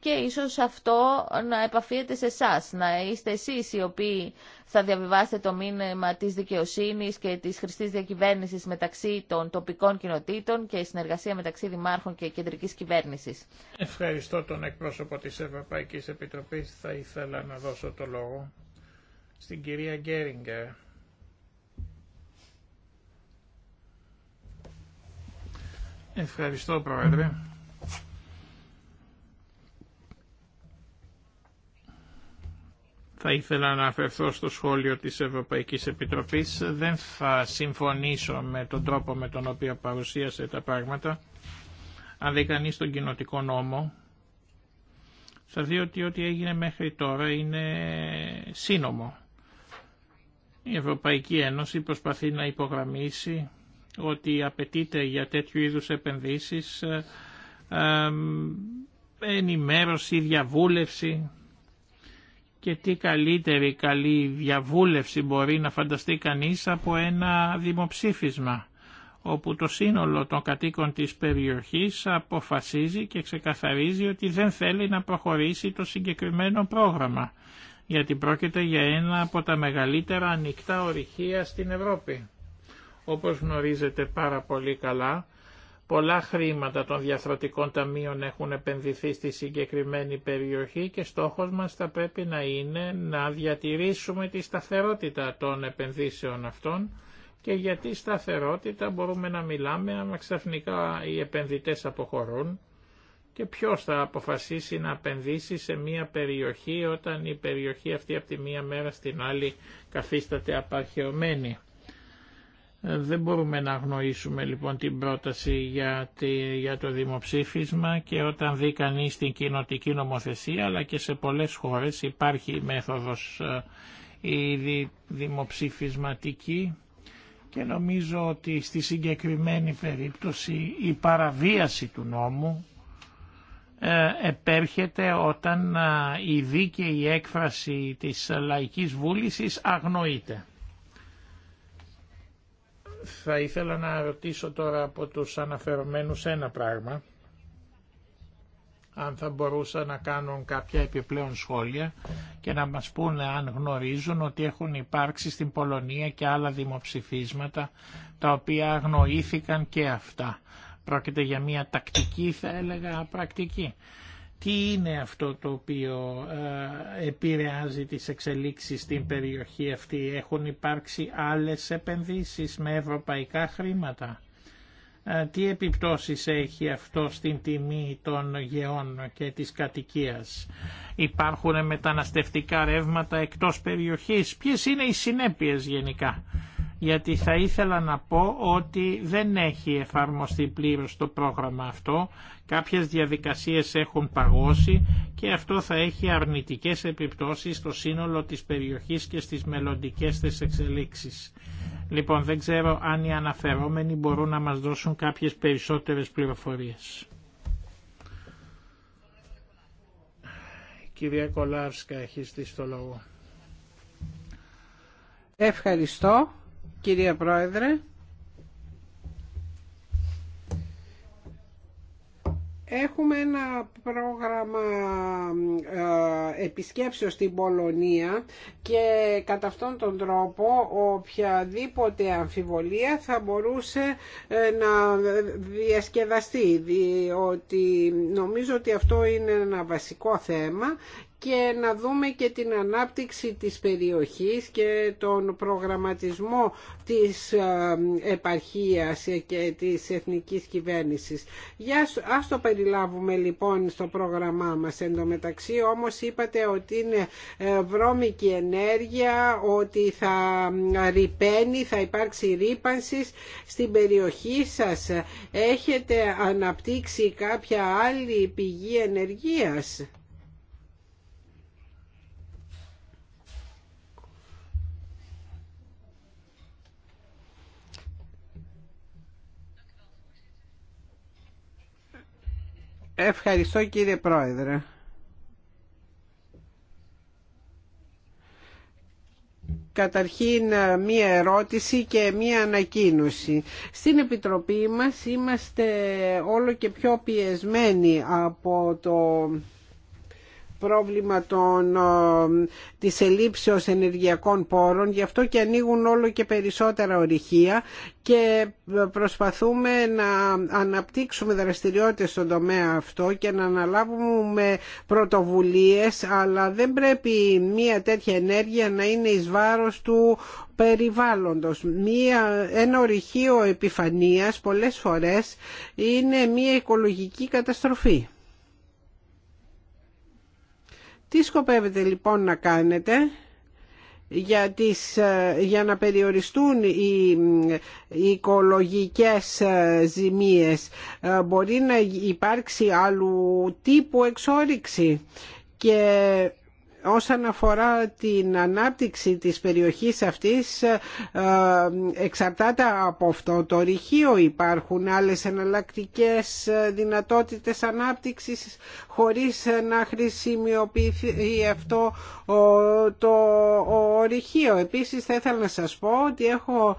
και ίσω αυτό να επαφίεται σε εσά, να είστε εσεί οι οποίοι θα διαβιβάσετε το μήνυμα τη δικαιοσύνη και τη χρηστή διακυβέρνηση μεταξύ των τοπικών κοινοτήτων και η συνεργασία μεταξύ δημάρχων και κεντρική κυβέρνηση. Ευχαριστώ τον εκπρόσωπο τη Ευρωπαϊκή Επιτροπής. Θα ήθελα να δώσω το λόγο στην κυρία Γκέριγκερ. Ευχαριστώ Πρόεδρε. Θα ήθελα να αφαιρθώ στο σχόλιο της Ευρωπαϊκής Επιτροπής. Δεν θα συμφωνήσω με τον τρόπο με τον οποίο παρουσίασε τα πράγματα. Αν δει κανεί τον κοινοτικό νόμο, θα δει ότι ό,τι έγινε μέχρι τώρα είναι σύνομο. Η Ευρωπαϊκή Ένωση προσπαθεί να υπογραμμίσει ότι απαιτείται για τέτοιου είδους επενδύσεις ε, ε, ενημέρωση, διαβούλευση και τι καλύτερη καλή διαβούλευση μπορεί να φανταστεί κανείς από ένα δημοψήφισμα όπου το σύνολο των κατοίκων της περιοχής αποφασίζει και ξεκαθαρίζει ότι δεν θέλει να προχωρήσει το συγκεκριμένο πρόγραμμα γιατί πρόκειται για ένα από τα μεγαλύτερα ανοιχτά ορυχεία στην Ευρώπη. Όπως γνωρίζετε πάρα πολύ καλά, πολλά χρήματα των διαθροτικών ταμείων έχουν επενδυθεί στη συγκεκριμένη περιοχή και στόχος μας θα πρέπει να είναι να διατηρήσουμε τη σταθερότητα των επενδύσεων αυτών και γιατί σταθερότητα μπορούμε να μιλάμε αν ξαφνικά οι επενδυτές αποχωρούν και ποιος θα αποφασίσει να επενδύσει σε μια περιοχή όταν η περιοχή αυτή από τη μία μέρα στην άλλη καθίσταται απαρχαιωμένη. Ε, δεν μπορούμε να αγνοήσουμε λοιπόν την πρόταση για, για το δημοψήφισμα και όταν δει κανεί την κοινοτική νομοθεσία αλλά και σε πολλές χώρες υπάρχει η μέθοδος ε, η δημοψηφισματική και νομίζω ότι στη συγκεκριμένη περίπτωση η παραβίαση του νόμου ε, επέρχεται όταν ε, η δίκαιη έκφραση της λαϊκής βούλησης αγνοείται. Θα ήθελα να ρωτήσω τώρα από τους αναφερομένους ένα πράγμα, αν θα μπορούσαν να κάνουν κάποια επιπλέον σχόλια και να μας πούνε αν γνωρίζουν ότι έχουν υπάρξει στην Πολωνία και άλλα δημοψηφίσματα τα οποία αγνοήθηκαν και αυτά Πρόκειται για μια τακτική θα έλεγα πρακτική. Τι είναι αυτό το οποίο ε, επηρεάζει τις εξελίξεις στην περιοχή αυτή. Έχουν υπάρξει άλλες επενδύσεις με ευρωπαϊκά χρήματα. Ε, τι επιπτώσεις έχει αυτό στην τιμή των γεών και της κατοικίας. Υπάρχουν μεταναστευτικά ρεύματα εκτός περιοχής. Ποιες είναι οι συνέπειες γενικά γιατί θα ήθελα να πω ότι δεν έχει εφαρμοστεί πλήρως το πρόγραμμα αυτό, κάποιες διαδικασίες έχουν παγώσει και αυτό θα έχει αρνητικές επιπτώσεις στο σύνολο της περιοχής και στις μελλοντικέ της εξελίξεις. Λοιπόν, δεν ξέρω αν οι αναφερόμενοι μπορούν να μας δώσουν κάποιες περισσότερες πληροφορίες. Κυρία Κολάρσκα, έχεις δει στο λόγο. Ευχαριστώ κυρία Πρόεδρε. Έχουμε ένα πρόγραμμα ε, επισκέψεως στην Πολωνία και κατά αυτόν τον τρόπο οποιαδήποτε αμφιβολία θα μπορούσε ε, να διασκεδαστεί διότι νομίζω ότι αυτό είναι ένα βασικό θέμα και να δούμε και την ανάπτυξη της περιοχής και τον προγραμματισμό της ε, επαρχίας και της εθνικής κυβέρνησης. Για ας το περιλάβουμε λοιπόν στο πρόγραμμά μας. εντωμεταξύ. όμως είπατε ότι είναι βρώμικη ενέργεια, ότι θα ρηπαίνει, θα υπάρξει ρήπανση στην περιοχή σας. Έχετε αναπτύξει κάποια άλλη πηγή ενεργείας. Ευχαριστώ κύριε Πρόεδρε. Καταρχήν μία ερώτηση και μία ανακοίνωση. Στην Επιτροπή μας είμαστε όλο και πιο πιεσμένοι από το πρόβλημα των, ε, της ελλείψεως ενεργειακών πόρων, γι' αυτό και ανοίγουν όλο και περισσότερα ορυχεία και ε, προσπαθούμε να αναπτύξουμε δραστηριότητες στον τομέα αυτό και να αναλάβουμε πρωτοβουλίες, αλλά δεν πρέπει μια τέτοια ενέργεια να είναι εις βάρος του περιβάλλοντος. Μία, ένα ορυχείο επιφανείας πολλές φορές είναι μια ενα ορυχειο επιφανιας πολλες φορες καταστροφή. Τι σκοπεύετε λοιπόν να κάνετε για, τις, ε, για να περιοριστούν οι, ε, οι οικολογικές ε, ζημίες. Μπορεί να υπάρξει άλλου τύπου εξόριξη και όσον αφορά την ανάπτυξη της περιοχής αυτής εξαρτάται από αυτό το ρηχείο υπάρχουν άλλες εναλλακτικές δυνατότητες ανάπτυξης χωρίς να χρησιμοποιηθεί αυτό το ορυχείο. Επίσης θα ήθελα να σας πω ότι έχω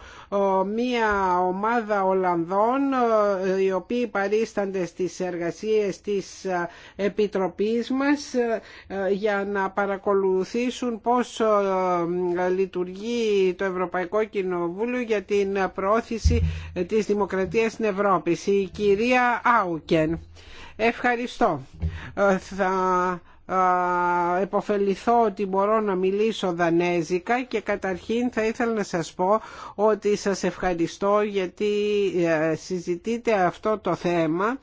μία ομάδα Ολλανδών οι οποίοι παρίστανται στις εργασίες της ε, Επιτροπής μας ε, για να παρακολουθήσουν πώς ε, λειτουργεί το Ευρωπαϊκό Κοινοβούλιο για την πρόθεση της δημοκρατίας στην Ευρώπη. Η κυρία Άουκεν. Ευχαριστώ. Ε, θα ε, εποφεληθώ ότι μπορώ να μιλήσω δανέζικα και καταρχήν θα ήθελα να σας πω ότι σας ευχαριστώ γιατί ε, συζητείτε αυτό το θέμα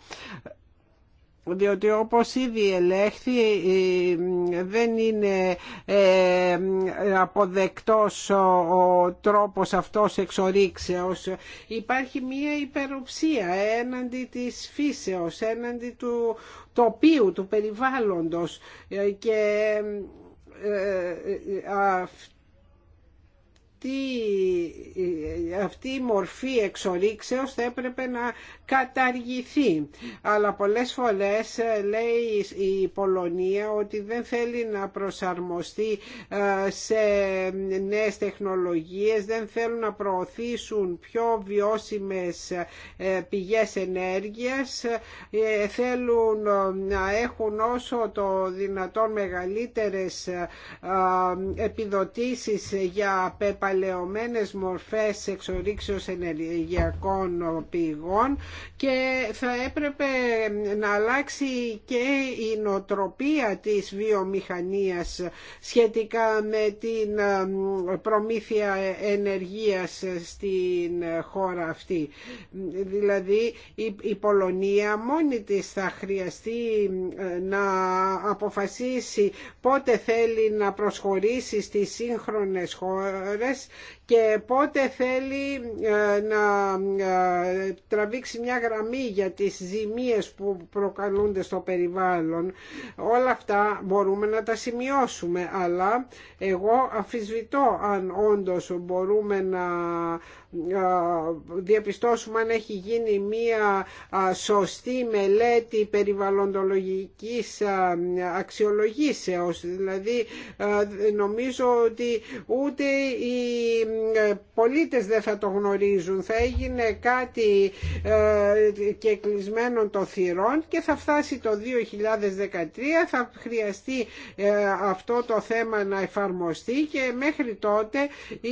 διότι όπως ήδη ελέγχθη δεν είναι ε, αποδεκτός ο τρόπος αυτός εξορίξεως. Υπάρχει μία υπεροψία έναντι της φύσεως, έναντι του τοπίου, του περιβάλλοντος ε, και ε, αυτή η μορφή εξορίξεως θα έπρεπε να καταργηθεί. Αλλά πολλές φορές ε, λέει η Πολωνία ότι δεν θέλει να προσαρμοστεί ε, σε νέες τεχνολογίες, δεν θέλουν να προωθήσουν πιο βιώσιμες ε, πηγές ενέργειας, θέλουν να έχουν όσο το δυνατόν μεγαλύτερες επιδοτήσεις για πεπαλαιωμένες μορφές εξορίξεως ενεργειακών πηγών και θα έπρεπε να αλλάξει και η νοτροπία της βιομηχανίας σχετικά με την προμήθεια ενεργείας στην χώρα αυτή. Δηλαδή η Πολωνία μόνη της θα χρειαστεί να αποφασίσει πότε θέλει να προσχωρήσει στις σύγχρονες χώρες και πότε θέλει ε, να ε, τραβήξει μια γραμμή για τις ζημίες που προκαλούνται στο περιβάλλον. Όλα αυτά μπορούμε να τα σημειώσουμε, αλλά εγώ αφισβητώ αν όντως μπορούμε να διαπιστώσουμε αν έχει γίνει μία σωστή μελέτη περιβαλλοντολογικής αξιολογήσεως. Δηλαδή νομίζω ότι ούτε οι ε, πολίτες δεν θα το γνωρίζουν. Θα έγινε κάτι ε, και κλεισμένο το θυρών και θα φτάσει το 2013, θα χρειαστεί ε, αυτό το θέμα να εφαρμοστεί και μέχρι τότε η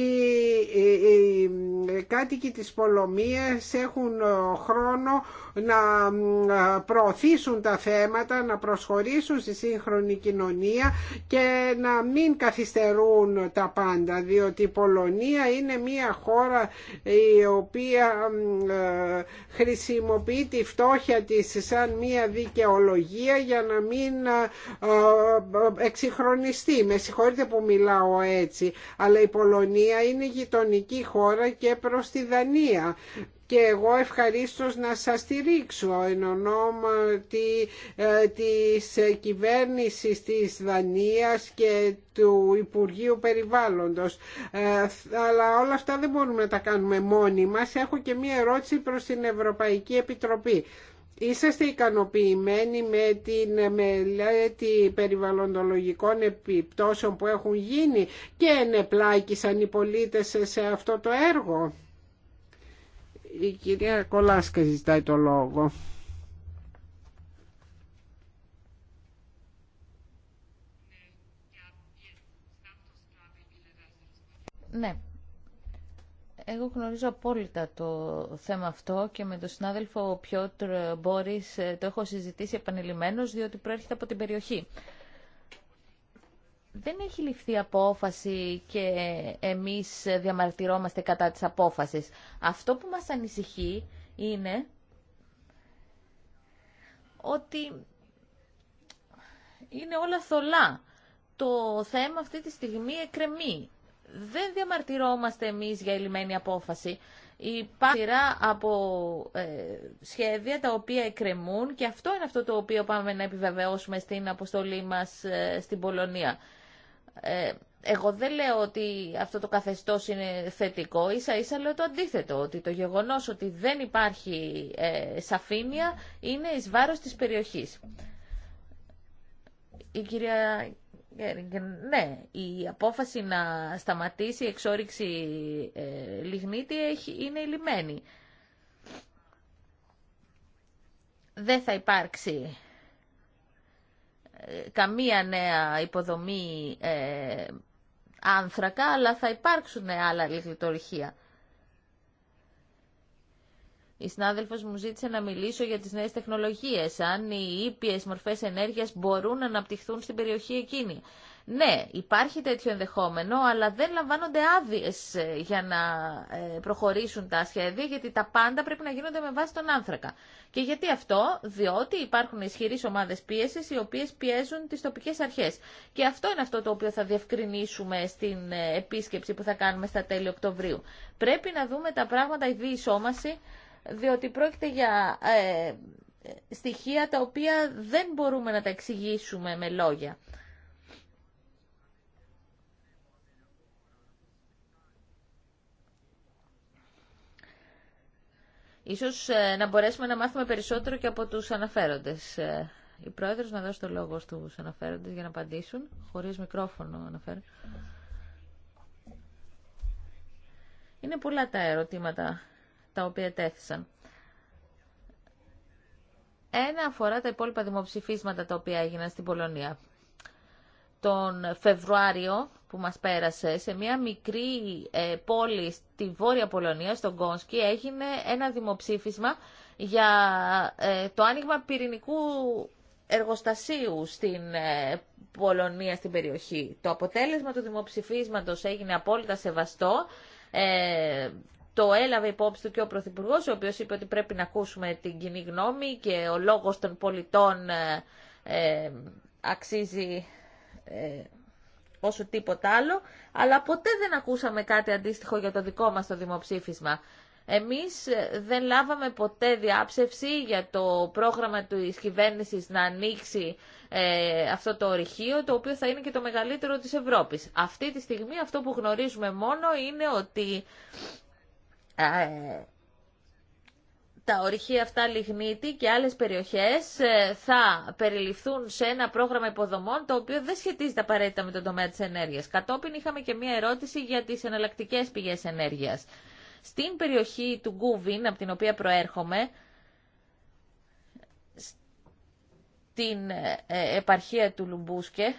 κάτοικοι της Πολωμίας έχουν ε, χρόνο να ε, προωθήσουν τα θέματα, να προσχωρήσουν στη σύγχρονη κοινωνία και να μην καθυστερούν τα πάντα, διότι η Πολωνία είναι μια χώρα η οποία ε, χρησιμοποιεί τη φτώχεια της σαν μια δικαιολογία για να μην εξυγχρονιστεί. Με συγχωρείτε που μιλάω έτσι, αλλά η Πολωνία είναι γειτονική χώρα και προς τη Δανία και εγώ ευχαρίστως να σα στηρίξω εν ονόματι ε, της κυβέρνησης της Δανίας και του Υπουργείου Περιβάλλοντος. Ε, αλλά όλα αυτά δεν μπορούμε να τα κάνουμε μόνοι μας. Έχω και μία ερώτηση προ την Ευρωπαϊκή Επιτροπή. Είσαστε ικανοποιημένοι με την μελέτη περιβαλλοντολογικών επιπτώσεων που έχουν γίνει και ενεπλάκησαν οι πολίτες σε αυτό το έργο. Η κυρία Κολάσκα ζητάει το λόγο. Ναι, εγώ γνωρίζω απόλυτα το θέμα αυτό και με τον συνάδελφο Πιότρ Μπόρις ε, το έχω συζητήσει επανειλημμένως διότι προέρχεται από την περιοχή. Δεν έχει ληφθεί απόφαση και εμείς διαμαρτυρόμαστε κατά της απόφασης. Αυτό που μας ανησυχεί είναι ότι είναι όλα θολά. Το θέμα αυτή τη στιγμή εκκρεμεί δεν διαμαρτυρόμαστε εμείς για ηλυμένη απόφαση. Υπάρχει σειρά από ε, σχέδια τα οποία εκκρεμούν και αυτό είναι αυτό το οποίο πάμε να επιβεβαιώσουμε στην αποστολή μας ε, στην Πολωνία. Ε, εγώ δεν λέω ότι αυτό το καθεστώς είναι θετικό, ίσα ίσα λέω το αντίθετο, ότι το γεγονός ότι δεν υπάρχει σαφήνεια είναι εις βάρος της περιοχής. Η ναι, η απόφαση να σταματήσει η εξόριξη ε, λιγνίτη έχει, είναι λιμένη. Δεν θα υπάρξει ε, καμία νέα υποδομή ε, άνθρακα, αλλά θα υπάρξουν άλλα λιγνητορυχεία. Η συνάδελφο μου ζήτησε να μιλήσω για τι νέε τεχνολογίε. αν οι ήπιες μορφέ ενέργεια μπορούν να αναπτυχθούν στην περιοχή εκείνη. Ναι, υπάρχει τέτοιο ενδεχόμενο, αλλά δεν λαμβάνονται άδειε ε, για να ε, προχωρήσουν τα σχέδια, γιατί τα πάντα πρέπει να γίνονται με βάση τον άνθρακα. Και γιατί αυτό, διότι υπάρχουν ισχυρέ ομάδε πίεση, οι οποίε πιέζουν τι τοπικέ αρχέ. Και αυτό είναι αυτό το οποίο θα διευκρινίσουμε στην ε, επίσκεψη που θα κάνουμε στα τέλη Οκτωβρίου. Πρέπει να δούμε τα πράγματα η διεισόμαση διότι πρόκειται για ε, στοιχεία τα οποία δεν μπορούμε να τα εξηγήσουμε με λόγια. Ίσως ε, να μπορέσουμε να μάθουμε περισσότερο και από τους αναφέροντες. Ε, η πρόεδρος να δώσει το λόγο στους αναφέροντες για να απαντήσουν, χωρίς μικρόφωνο αναφέρει. Είναι πολλά τα ερωτήματα τα οποία τέθησαν. Ένα αφορά τα υπόλοιπα δημοψηφίσματα τα οποία έγιναν στην Πολωνία. Τον Φεβρουάριο που μας πέρασε, σε μια μικρή ε, πόλη στη Βόρεια Πολωνία, στον Κόνσκι, έγινε ένα δημοψήφισμα για ε, το άνοιγμα πυρηνικού εργοστασίου στην ε, Πολωνία, στην περιοχή. Το αποτέλεσμα του δημοψηφίσματος έγινε απόλυτα σεβαστό. Το έλαβε υπόψη του και ο Πρωθυπουργό, ο οποίος είπε ότι πρέπει να ακούσουμε την κοινή γνώμη και ο λόγος των πολιτών ε, ε, αξίζει ε, όσο τίποτα άλλο, αλλά ποτέ δεν ακούσαμε κάτι αντίστοιχο για το δικό μας το δημοψήφισμα. Εμείς ε, δεν λάβαμε ποτέ διάψευση για το πρόγραμμα της κυβέρνηση να ανοίξει ε, αυτό το ορυχείο, το οποίο θα είναι και το μεγαλύτερο της Ευρώπης. Αυτή τη στιγμή αυτό που γνωρίζουμε μόνο είναι ότι ε, τα ορυχεία αυτά λιγνίτη και άλλες περιοχές ε, θα περιληφθούν σε ένα πρόγραμμα υποδομών το οποίο δεν σχετίζεται απαραίτητα με τον τομέα της ενέργειας. Κατόπιν είχαμε και μία ερώτηση για τις εναλλακτικέ πηγές ενέργειας. Στην περιοχή του Γκούβιν, από την οποία προέρχομαι, στην ε, επαρχία του Λουμπούσκε,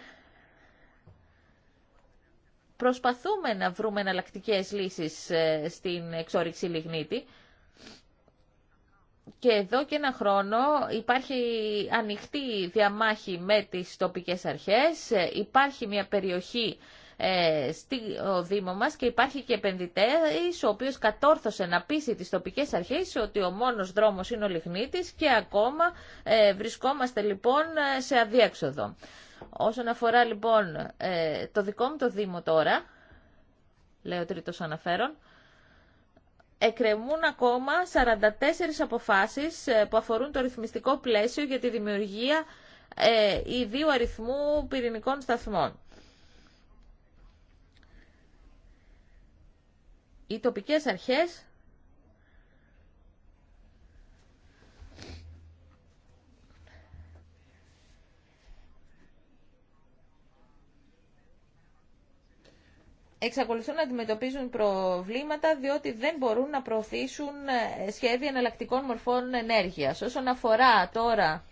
προσπαθούμε να βρούμε εναλλακτικέ λύσεις ε, στην εξόριξη λιγνίτη. Και εδώ και ένα χρόνο υπάρχει ανοιχτή διαμάχη με τις τοπικές αρχές, ε, υπάρχει μια περιοχή ε, στο Δήμο μας και υπάρχει και επενδυτές ο οποίος κατόρθωσε να πείσει τις τοπικές αρχές ότι ο μόνος δρόμος είναι ο Λιγνίτης και ακόμα βρισκόμαστε λοιπόν σε αδίέξοδο. Όσον αφορά λοιπόν ε, το δικό μου το Δήμο τώρα, λέω τρίτος αναφέρον, εκκρεμούν ακόμα 44 αποφάσεις ε, που αφορούν το ρυθμιστικό πλαίσιο για τη δημιουργία ε, ιδίου αριθμού πυρηνικών σταθμών. Οι τοπικές αρχές εξακολουθούν να αντιμετωπίζουν προβλήματα διότι δεν μπορούν να προωθήσουν ε, σχέδια εναλλακτικών μορφών ενέργειας. Όσον αφορά τώρα...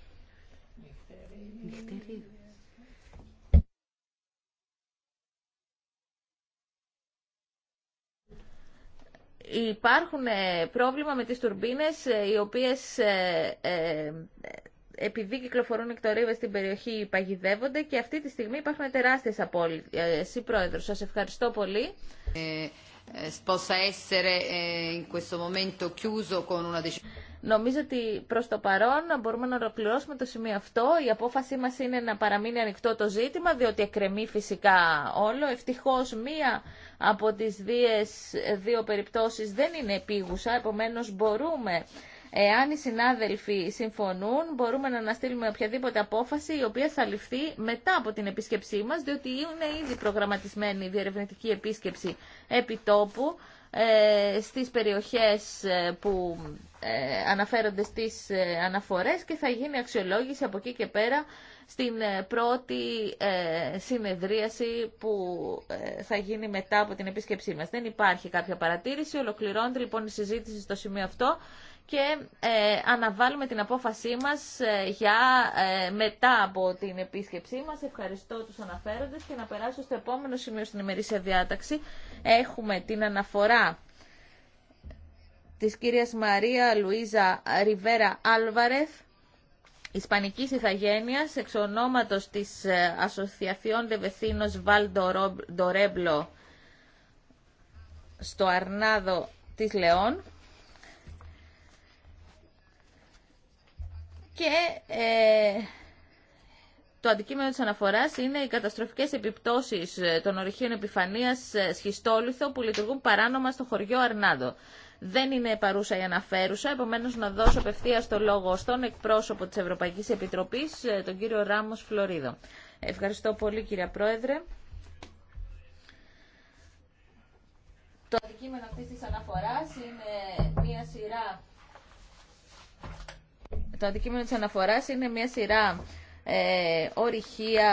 Υπάρχουν ε, πρόβλημα με τις τουρμπίνες ε, οι οποίες επειδή κυκλοφορούν εκτορύβες στην περιοχή παγιδεύονται και αυτή τη στιγμή υπάρχουν τεράστιες απώλειες. Ε, εσύ Πρόεδρος, σας ευχαριστώ πολύ. Ε, ε, Νομίζω ότι προ το παρόν μπορούμε να ολοκληρώσουμε το σημείο αυτό. Η απόφασή μα είναι να παραμείνει ανοιχτό το ζήτημα, διότι εκκρεμεί φυσικά όλο. Ευτυχώ μία από τι δύο περιπτώσει δεν είναι επίγουσα, επομένω μπορούμε Εάν οι συνάδελφοι συμφωνούν, μπορούμε να αναστείλουμε οποιαδήποτε απόφαση η οποία θα ληφθεί μετά από την επίσκεψή μα, διότι είναι ήδη προγραμματισμένη η διερευνητική επίσκεψη επιτόπου ε, στις περιοχές ε, που ε, αναφέρονται στις ε, αναφορές και θα γίνει αξιολόγηση από εκεί και πέρα στην πρώτη συνεδρίαση που θα γίνει μετά από την επίσκεψή μας. Δεν υπάρχει κάποια παρατήρηση. Ολοκληρώνεται λοιπόν η συζήτηση στο σημείο αυτό και ε, αναβάλουμε την απόφασή μας ε, για ε, μετά από την επίσκεψή μας. Ευχαριστώ τους αναφέροντες και να περάσω στο επόμενο σημείο στην ημερήσια διάταξη. Έχουμε την αναφορά της κυρίας Μαρία Λουίζα Ριβέρα Άλβαρεθ, Ισπανικής Ιθαγένειας, εξ ονόματος της Ασοσιαθιών Δεβεθίνος Βαλντορέμπλο στο Αρνάδο της Λεόν. και ε, το αντικείμενο της αναφοράς είναι οι καταστροφικές επιπτώσεις ε, των ορυχείων επιφανείας ε, σχιστόλιθο που λειτουργούν παράνομα στο χωριό Αρνάδο. Δεν είναι παρούσα η αναφέρουσα, επομένως να δώσω απευθεία το λόγο στον εκπρόσωπο της Ευρωπαϊκής Επιτροπής, τον κύριο Ράμος Φλωρίδο. Ευχαριστώ πολύ κύριε Πρόεδρε. Το αντικείμενο αυτής της αναφοράς είναι μία σειρά το αντικείμενο της αναφοράς είναι μια σειρά ε, ορυχεία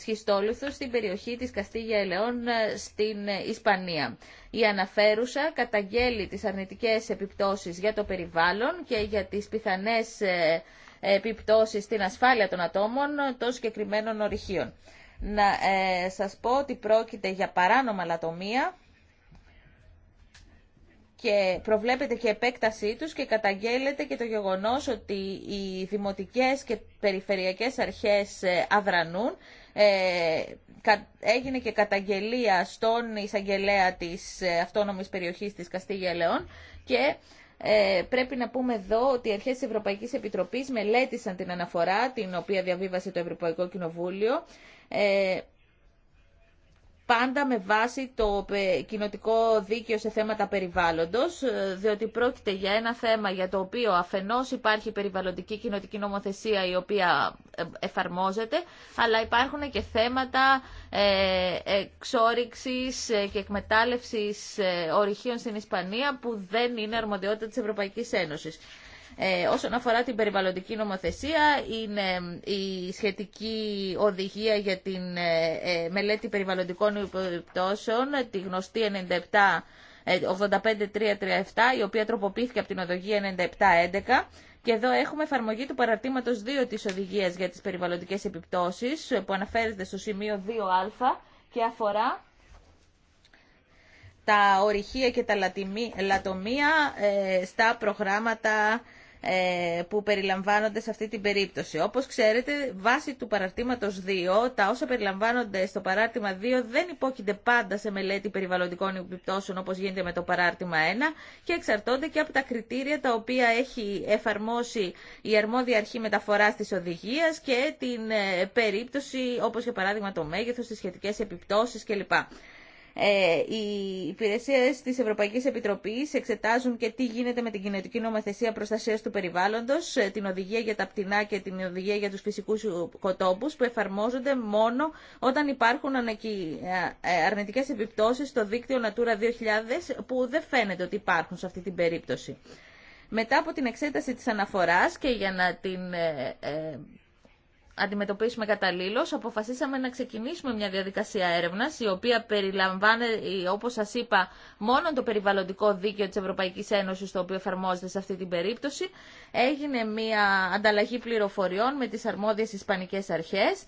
σχιστόλουθου στην περιοχή της Καστίγια Ελαιών ε, στην ε, Ισπανία. Η αναφέρουσα καταγγέλει τις αρνητικές επιπτώσεις για το περιβάλλον και για τις πιθανές ε, επιπτώσεις στην ασφάλεια των ατόμων των συγκεκριμένων ορυχείων. Να ε, σας πω ότι πρόκειται για παράνομα λατομία και προβλέπεται και επέκτασή τους και καταγγέλλεται και το γεγονός ότι οι δημοτικές και περιφερειακές αρχές ε, αδρανούν. Ε, έγινε και καταγγελία στον εισαγγελέα της ε, αυτόνομης περιοχής της Καστίγια Λεών και ε, πρέπει να πούμε εδώ ότι οι αρχές της Ευρωπαϊκής Επιτροπής μελέτησαν την αναφορά την οποία διαβίβασε το Ευρωπαϊκό Κοινοβούλιο πάντα με βάση το κοινοτικό δίκαιο σε θέματα περιβάλλοντος, ε, διότι πρόκειται για ένα θέμα για το οποίο αφενός υπάρχει περιβαλλοντική κοινοτική νομοθεσία η οποία ε, εφαρμόζεται, αλλά υπάρχουν και θέματα ε, εξόριξης και εκμετάλλευσης ορυχείων στην Ισπανία που δεν είναι αρμοδιότητα της Ευρωπαϊκής Ένωσης. Ε, όσον αφορά την περιβαλλοντική νομοθεσία, είναι η σχετική οδηγία για την ε, ε, μελέτη περιβαλλοντικών επιπτώσεων, τη γνωστή 97 85337, η οποία τροποποιήθηκε από την οδηγία 9711. Και εδώ έχουμε εφαρμογή του παραρτήματο 2 τη οδηγία για τι περιβαλλοντικέ επιπτώσει που αναφέρεται στο σημείο 2α και αφορά τα ορυχεία και τα λατομεία στα προγράμματα ε, που περιλαμβάνονται σε αυτή την περίπτωση. Όπως ξέρετε, βάσει του παραρτήματος 2, τα όσα περιλαμβάνονται στο παράρτημα 2 δεν υπόκεινται πάντα σε μελέτη περιβαλλοντικών επιπτώσεων όπως γίνεται με το παράρτημα 1 και εξαρτώνται και από τα κριτήρια τα οποία έχει εφαρμόσει η αρμόδια αρχή μεταφοράς της οδηγίας και την ε, περίπτωση όπως για παράδειγμα το μέγεθος, τις σχετικές επιπτώσεις κλπ. Ε, οι υπηρεσίε τη Ευρωπαϊκή Επιτροπή εξετάζουν και τι γίνεται με την κοινωτική νομοθεσία προστασία του περιβάλλοντο, ε, την οδηγία για τα πτηνά και την οδηγία για του φυσικού κοτόπους που εφαρμόζονται μόνο όταν υπάρχουν ε, αρνητικέ επιπτώσει στο δίκτυο Natura 2000 που δεν φαίνεται ότι υπάρχουν σε αυτή την περίπτωση. Μετά από την εξέταση της αναφοράς και για να την αντιμετωπίσουμε καταλήλω, αποφασίσαμε να ξεκινήσουμε μια διαδικασία έρευνας, η οποία περιλαμβάνει, όπως σας είπα, μόνο το περιβαλλοντικό δίκαιο της Ευρωπαϊκής Ένωσης, το οποίο εφαρμόζεται σε αυτή την περίπτωση. Έγινε μια ανταλλαγή πληροφοριών με τις αρμόδιε ισπανικές αρχές.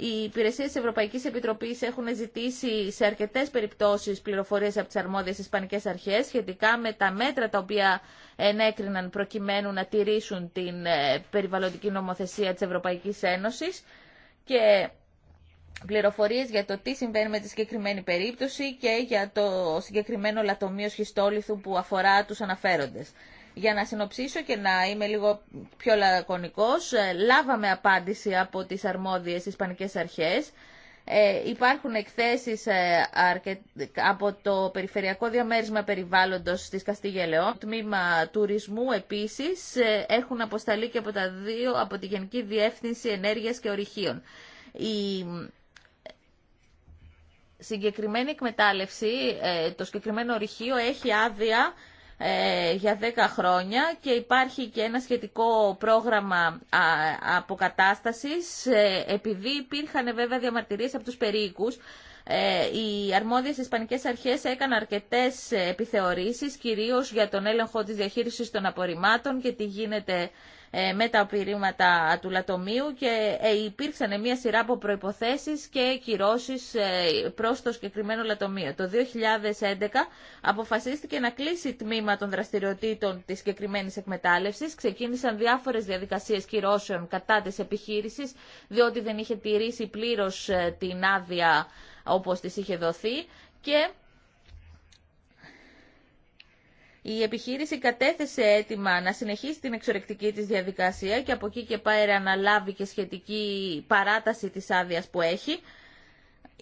Οι υπηρεσίε τη Ευρωπαϊκή Επιτροπή έχουν ζητήσει σε αρκετέ περιπτώσει πληροφορίε από τι αρμόδιε Ισπανικέ Αρχέ σχετικά με τα μέτρα τα οποία ενέκριναν προκειμένου να τηρήσουν την ε, περιβαλλοντική νομοθεσία τη Ευρωπαϊκή Ένωση και πληροφορίες για το τι συμβαίνει με τη συγκεκριμένη περίπτωση και για το συγκεκριμένο λατομείο σχιστόλιθου που αφορά του αναφέροντες. Για να συνοψίσω και να είμαι λίγο πιο λακωνικός, ε, λάβαμε απάντηση από τις αρμόδιες ισπανικές αρχές. Ε, υπάρχουν εκθέσεις ε, από το Περιφερειακό Διαμέρισμα Περιβάλλοντος της Καστίγια Το τμήμα τουρισμού επίσης ε, έχουν αποσταλεί και από τα δύο από τη Γενική Διεύθυνση Ενέργειας και Ορυχείων. Η συγκεκριμένη εκμετάλλευση, το συγκεκριμένο ορυχείο έχει άδεια ε, για 10 χρόνια και υπάρχει και ένα σχετικό πρόγραμμα αποκατάστασης ε, επειδή υπήρχαν βέβαια διαμαρτυρίες από τους περίοικους ε, οι αρμόδιες ισπανικές αρχές έκαναν αρκετές επιθεωρήσεις κυρίως για τον έλεγχο της διαχείρισης των απορριμμάτων και τι γίνεται ε, με τα πυρήματα του λατομείου και ε, υπήρξαν μια σειρά από προϋποθέσεις και κυρώσεις ε, προς το συγκεκριμένο λατομείο. Το 2011 αποφασίστηκε να κλείσει τμήμα των δραστηριοτήτων της συγκεκριμένη εκμετάλλευσης. Ξεκίνησαν διάφορες διαδικασίες κυρώσεων κατά της επιχείρησης, διότι δεν είχε τηρήσει πλήρως την άδεια όπως της είχε δοθεί και η επιχείρηση κατέθεσε αίτημα να συνεχίσει την εξορεκτική της διαδικασία και από εκεί και πάει λάβει και σχετική παράταση της άδειας που έχει.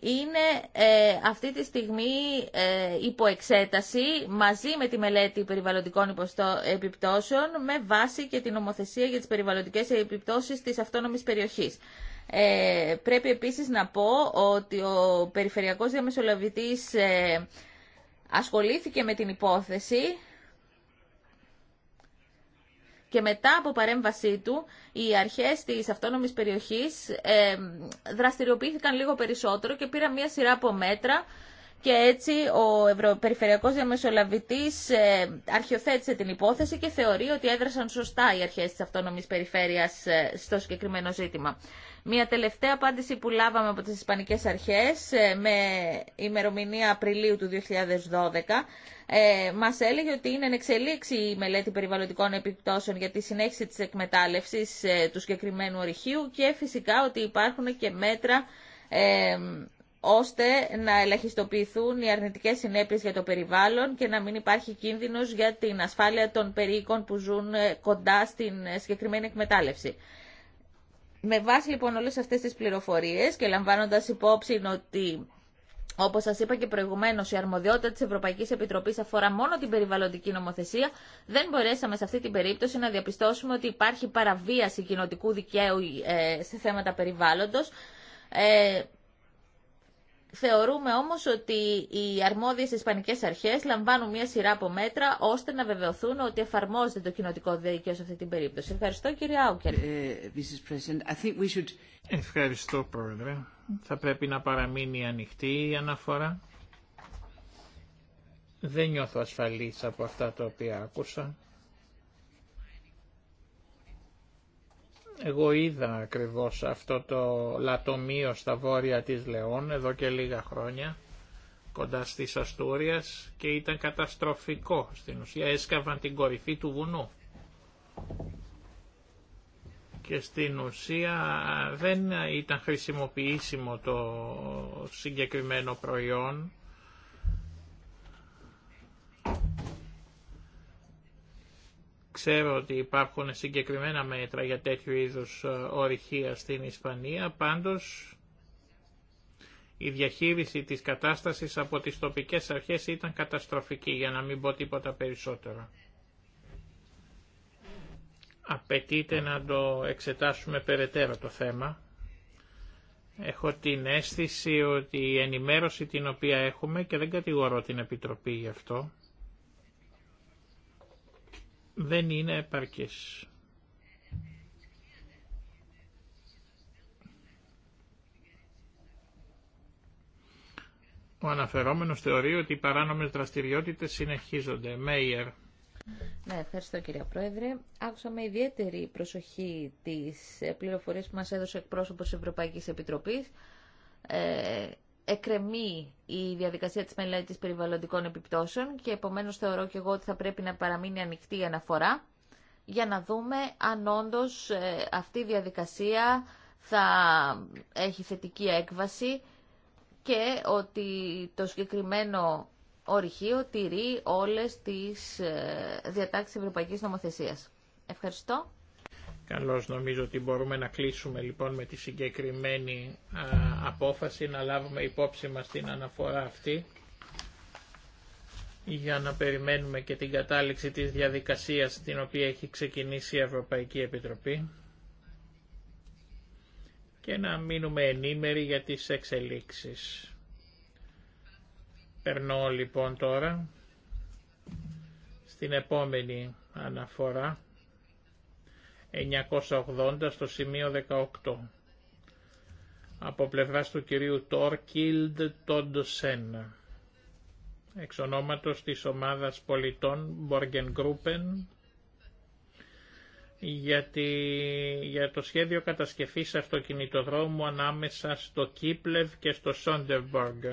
Είναι ε, αυτή τη στιγμή ε, υποεξέταση μαζί με τη μελέτη περιβαλλοντικών υποστό, επιπτώσεων με βάση και την ομοθεσία για τις περιβαλλοντικές επιπτώσεις της αυτόνομης περιοχής. Ε, πρέπει επίσης να πω ότι ο Περιφερειακός Διαμεσολαβητής ασχολήθηκε με την υπόθεση και μετά από παρέμβασή του οι αρχές της αυτόνομη περιοχής δραστηριοποιήθηκαν λίγο περισσότερο και πήραν μια σειρά από μέτρα και έτσι ο Ευρωπεριφερειακός Διαμεσολαβητής ε, αρχιοθέτησε την υπόθεση και θεωρεί ότι έδρασαν σωστά οι αρχές της αυτόνομης περιφέρειας ε, στο συγκεκριμένο ζήτημα. Μια τελευταία απάντηση που λάβαμε από τις Ισπανικές Αρχές ε, με ημερομηνία Απριλίου του 2012 μας έλεγε ότι είναι εξελίξη η μελέτη περιβαλλοντικών επιπτώσεων για τη συνέχιση της εκμετάλλευσης του συγκεκριμένου ορυχείου και φυσικά ότι υπάρχουν και μέτρα ε, ώστε να ελαχιστοποιηθούν οι αρνητικές συνέπειες για το περιβάλλον και να μην υπάρχει κίνδυνος για την ασφάλεια των περίοικων που ζουν ε, κοντά στην ε, συγκεκριμένη εκμετάλλευση. Με βάση λοιπόν όλες αυτές τις πληροφορίες και λαμβάνοντας υπόψη ότι όπως σας είπα και προηγουμένως, η αρμοδιότητα της Ευρωπαϊκής Επιτροπής αφορά μόνο την περιβαλλοντική νομοθεσία. Δεν μπορέσαμε σε αυτή την περίπτωση να διαπιστώσουμε ότι υπάρχει παραβίαση κοινοτικού δικαίου ε, σε θέματα περιβάλλοντος. Θεωρούμε όμως ότι οι αρμόδιες ισπανικές αρχές λαμβάνουν μια σειρά από μέτρα ώστε να βεβαιωθούν ότι εφαρμόζεται το κοινοτικό δίκαιο σε αυτή την περίπτωση. Ευχαριστώ κύριε Άουκερ. Ε, Ευχαριστώ πρόεδρε. Θα πρέπει να παραμείνει ανοιχτή η αναφορά. Δεν νιώθω ασφαλής από αυτά τα οποία άκουσα. Εγώ είδα ακριβώς αυτό το λατομείο στα βόρεια της Λεών εδώ και λίγα χρόνια κοντά στις Αστούριας και ήταν καταστροφικό στην ουσία. Έσκαβαν την κορυφή του βουνού. Και στην ουσία δεν ήταν χρησιμοποιήσιμο το συγκεκριμένο προϊόν Ξέρω ότι υπάρχουν συγκεκριμένα μέτρα για τέτοιου είδους ε, ορυχία στην Ισπανία, πάντως η διαχείριση της κατάστασης από τις τοπικές αρχές ήταν καταστροφική, για να μην πω τίποτα περισσότερο. Απαιτείται να το εξετάσουμε περαιτέρω το θέμα. Έχω την αίσθηση ότι η ενημέρωση την οποία έχουμε, και δεν κατηγορώ την Επιτροπή γι' αυτό, δεν είναι επαρκές. Ο αναφερόμενος θεωρεί ότι οι παράνομες δραστηριότητες συνεχίζονται. Μέιερ. Ναι, ευχαριστώ κύριε Πρόεδρε. Άκουσα με ιδιαίτερη προσοχή τις πληροφορίες που μας έδωσε εκπρόσωπος Ευρωπαϊκής Επιτροπής. Ε, εκρεμεί η διαδικασία της μελέτης περιβαλλοντικών επιπτώσεων και επομένως θεωρώ και εγώ ότι θα πρέπει να παραμείνει ανοιχτή η αναφορά για να δούμε αν όντως ε, αυτή η διαδικασία θα έχει θετική έκβαση και ότι το συγκεκριμένο ορυχείο τηρεί όλες τις ε, διατάξεις Ευρωπαϊκής Νομοθεσίας. Ευχαριστώ. Καλώς νομίζω ότι μπορούμε να κλείσουμε λοιπόν με τη συγκεκριμένη απόφαση να λάβουμε υπόψη μας την αναφορά αυτή για να περιμένουμε και την κατάληξη της διαδικασίας την οποία έχει ξεκινήσει η Ευρωπαϊκή Επιτροπή και να μείνουμε ενήμεροι για τις εξελίξεις. Περνώ λοιπόν τώρα στην επόμενη αναφορά 980 στο σημείο 18 από πλευράς του κυρίου Τόρκιλντ Τόντσεν, εξ ονόματος της ομάδας πολιτών Μποργεν γιατί για το σχέδιο κατασκευής αυτοκινητοδρόμου ανάμεσα στο Κίπλευ και στο Σόντεβοργκ.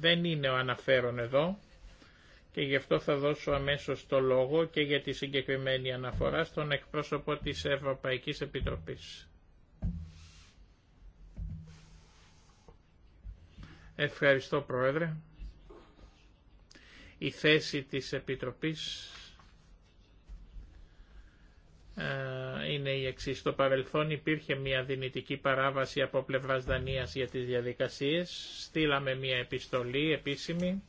Δεν είναι ο αναφέρον εδώ και γι' αυτό θα δώσω αμέσως το λόγο και για τη συγκεκριμένη αναφορά στον εκπρόσωπο της Ευρωπαϊκής Επιτροπής. Ευχαριστώ Πρόεδρε. Η θέση της Επιτροπής ε, είναι η εξή. Στο παρελθόν υπήρχε μια δυνητική παράβαση από πλευράς Δανίας για τις διαδικασίες. Στείλαμε μια επιστολή επίσημη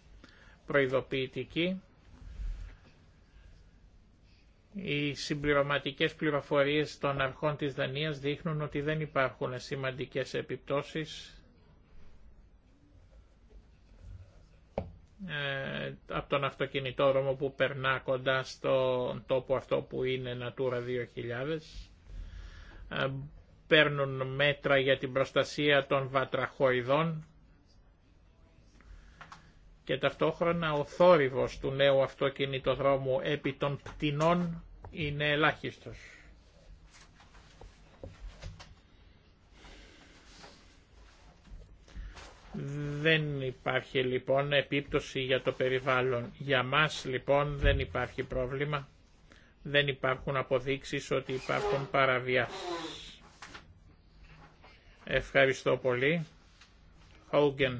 προειδοποιητική. Οι συμπληρωματικές πληροφορίες των αρχών της Δανίας δείχνουν ότι δεν υπάρχουν σημαντικές επιπτώσεις ε, από τον αυτοκινητόδρομο που περνά κοντά στον τόπο αυτό που είναι Natura 2000. Ε, παίρνουν μέτρα για την προστασία των βατραχοειδών και ταυτόχρονα ο θόρυβος του νέου αυτοκινητοδρόμου επί των πτηνών είναι ελάχιστος. Δεν υπάρχει λοιπόν επίπτωση για το περιβάλλον. Για μας λοιπόν δεν υπάρχει πρόβλημα. Δεν υπάρχουν αποδείξεις ότι υπάρχουν παραβιάσεις. Ευχαριστώ πολύ. Hogan.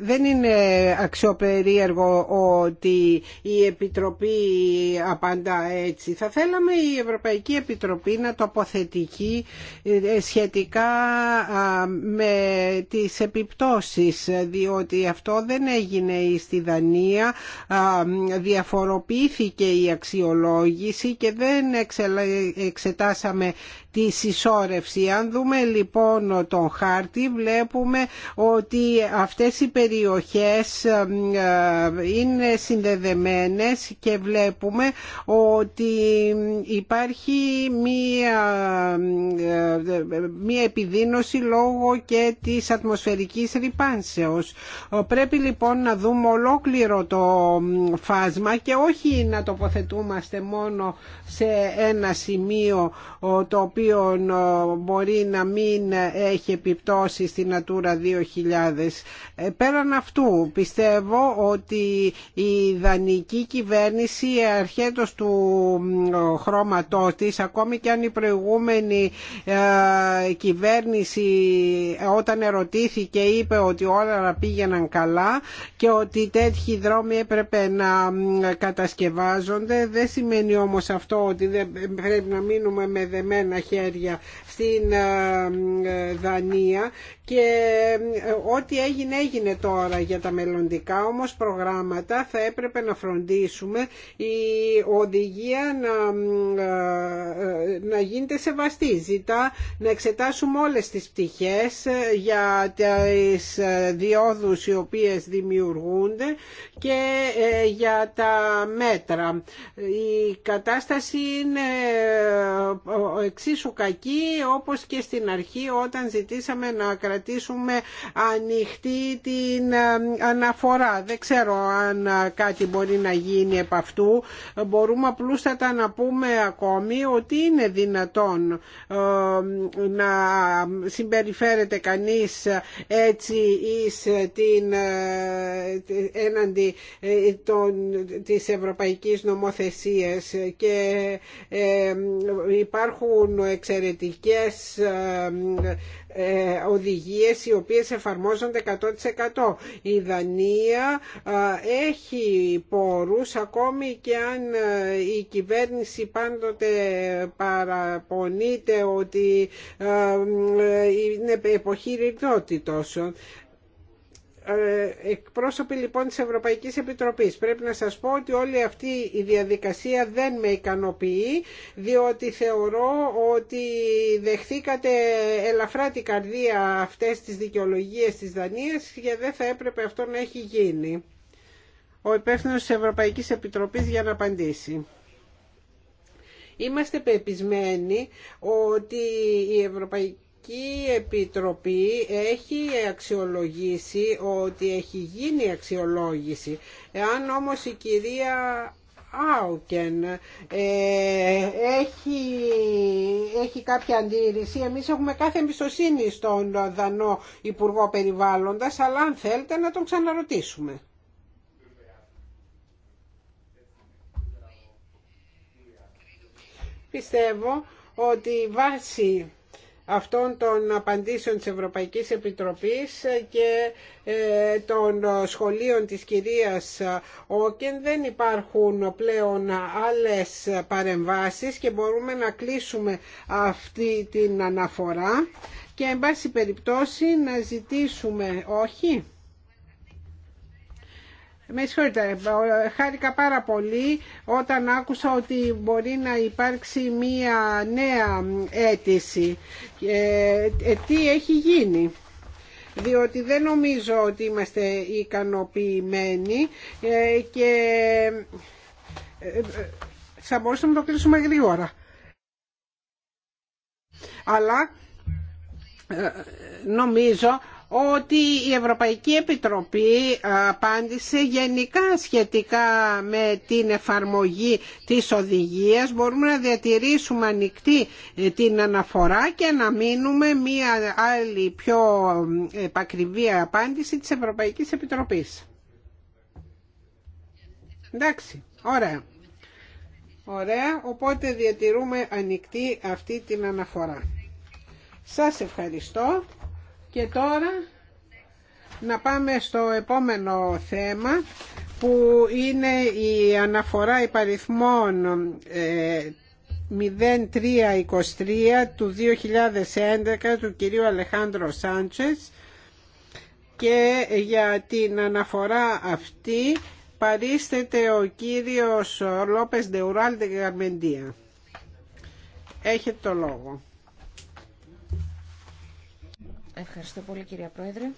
Δεν είναι αξιοπερίεργο ότι η Επιτροπή απαντά έτσι. Θα θέλαμε η Ευρωπαϊκή Επιτροπή να τοποθετηθεί ε, σχετικά με τις επιπτώσεις διότι αυτό δεν έγινε στη Δανία, διαφοροποιήθηκε η αξιολόγηση και δεν εξετάσαμε τη συσσόρευση. Αν δούμε λοιπόν τον χάρτη βλέπουμε ότι αυτές οι περιοχές ε, είναι συνδεδεμένες και βλέπουμε ότι υπάρχει μία, ε, μία επιδείνωση λόγω και της ατμοσφαιρικής ρηπάνσεως. Ε, πρέπει λοιπόν να δούμε ολόκληρο το φάσμα και όχι να τοποθετούμαστε μόνο σε ένα σημείο το οποίο οποίο μπορεί να μην έχει επιπτώσει στην Natura 2000. Ε, πέραν αυτού πιστεύω ότι η δανική κυβέρνηση αρχέτος του χρώματός της ακόμη και αν η προηγούμενη ε, κυβέρνηση ε, όταν ερωτήθηκε είπε ότι όλα πήγαιναν καλά και ότι τέτοιοι δρόμοι έπρεπε να κατασκευάζονται δεν σημαίνει όμως αυτό ότι δεν πρέπει να μείνουμε με δεμένα χέρια στην ε, ε, Δανία και ε, ό,τι έγινε έγινε τώρα για τα μελλοντικά όμως προγράμματα θα έπρεπε να φροντίσουμε η οδηγία να, ε, ε, να γίνεται σεβαστή ζητά να εξετάσουμε όλες τις πτυχές για τις διόδους οι οποίες δημιουργούνται και για τα μέτρα η κατάσταση είναι εξίσου κακή όπως και στην αρχή όταν ζητήσαμε να κρατήσουμε κρατήσουμε ανοιχτή την ε, αναφορά. Δεν ξέρω αν ε, κάτι μπορεί να γίνει επ' αυτού. Μπορούμε απλούστατα να πούμε ακόμη ότι είναι δυνατόν ε, να συμπεριφέρεται κανείς έτσι εις την έναντι των, της ευρωπαϊκής νομοθεσίας και υπάρχουν εξαιρετικές ε, οδηγίες οι οποίες εφαρμόζονται 100%. Η Δανία έχει πόρους ακόμη και αν ε, η κυβέρνηση πάντοτε παραπονείται ότι ε, είναι εποχή ρητότητος. Ε, εκπρόσωποι λοιπόν της Ευρωπαϊκής Επιτροπής πρέπει να σας πω ότι όλη αυτή η διαδικασία δεν με ικανοποιεί διότι θεωρώ ότι δεχθήκατε ελαφρά την καρδία αυτές τις δικαιολογίες της Δανίας και δεν θα έπρεπε αυτό να έχει γίνει. Ο υπεύθυνο της Ευρωπαϊκής Επιτροπής για να απαντήσει. Είμαστε πεπισμένοι ότι η Ευρωπαϊκή Ευρωπαϊκή Επιτροπή έχει αξιολογήσει ότι έχει γίνει αξιολόγηση. Εάν όμως η κυρία Άουκεν ε, έχει, έχει κάποια αντίρρηση. Εμείς έχουμε κάθε εμπιστοσύνη στον Δανό Υπουργό Περιβάλλοντας, αλλά αν θέλετε να τον ξαναρωτήσουμε. Πιστεύω ότι βάσει αυτών των απαντήσεων της Ευρωπαϊκής Επιτροπής και ε, των σχολείων της κυρίας Όκεν δεν υπάρχουν πλέον άλλες παρεμβάσεις και μπορούμε να κλείσουμε αυτή την αναφορά και εν πάση περιπτώσει να ζητήσουμε όχι με συγχωρείτε, χάρηκα πάρα πολύ όταν άκουσα ότι μπορεί να υπάρξει μία νέα αίτηση. Ε, ε, τι έχει γίνει διότι δεν νομίζω ότι είμαστε ικανοποιημένοι ε, και θα μπορούσαμε να το κλείσουμε γρήγορα. Αλλά νομίζω ότι η Ευρωπαϊκή Επιτροπή απάντησε γενικά σχετικά με την εφαρμογή της οδηγίας. Μπορούμε να διατηρήσουμε ανοιχτή ε, την αναφορά και να μείνουμε μία άλλη πιο ε, επακριβή απάντηση της Ευρωπαϊκής Επιτροπής. Εντάξει, ωραία. Ωραία, οπότε διατηρούμε ανοιχτή αυτή την αναφορά. Σας ευχαριστώ. Και τώρα να πάμε στο επόμενο θέμα που είναι η αναφορά υπαριθμών 0323 ε, του 2011 του κυρίου Αλεχάνδρο Σάντσες και για την αναφορά αυτή παρίσθεται ο κύριος Λόπες Ντεουράλ Δεγαρμεντία. Έχετε το λόγο. Ευχαριστώ πολύ κυρία Πρόεδρε.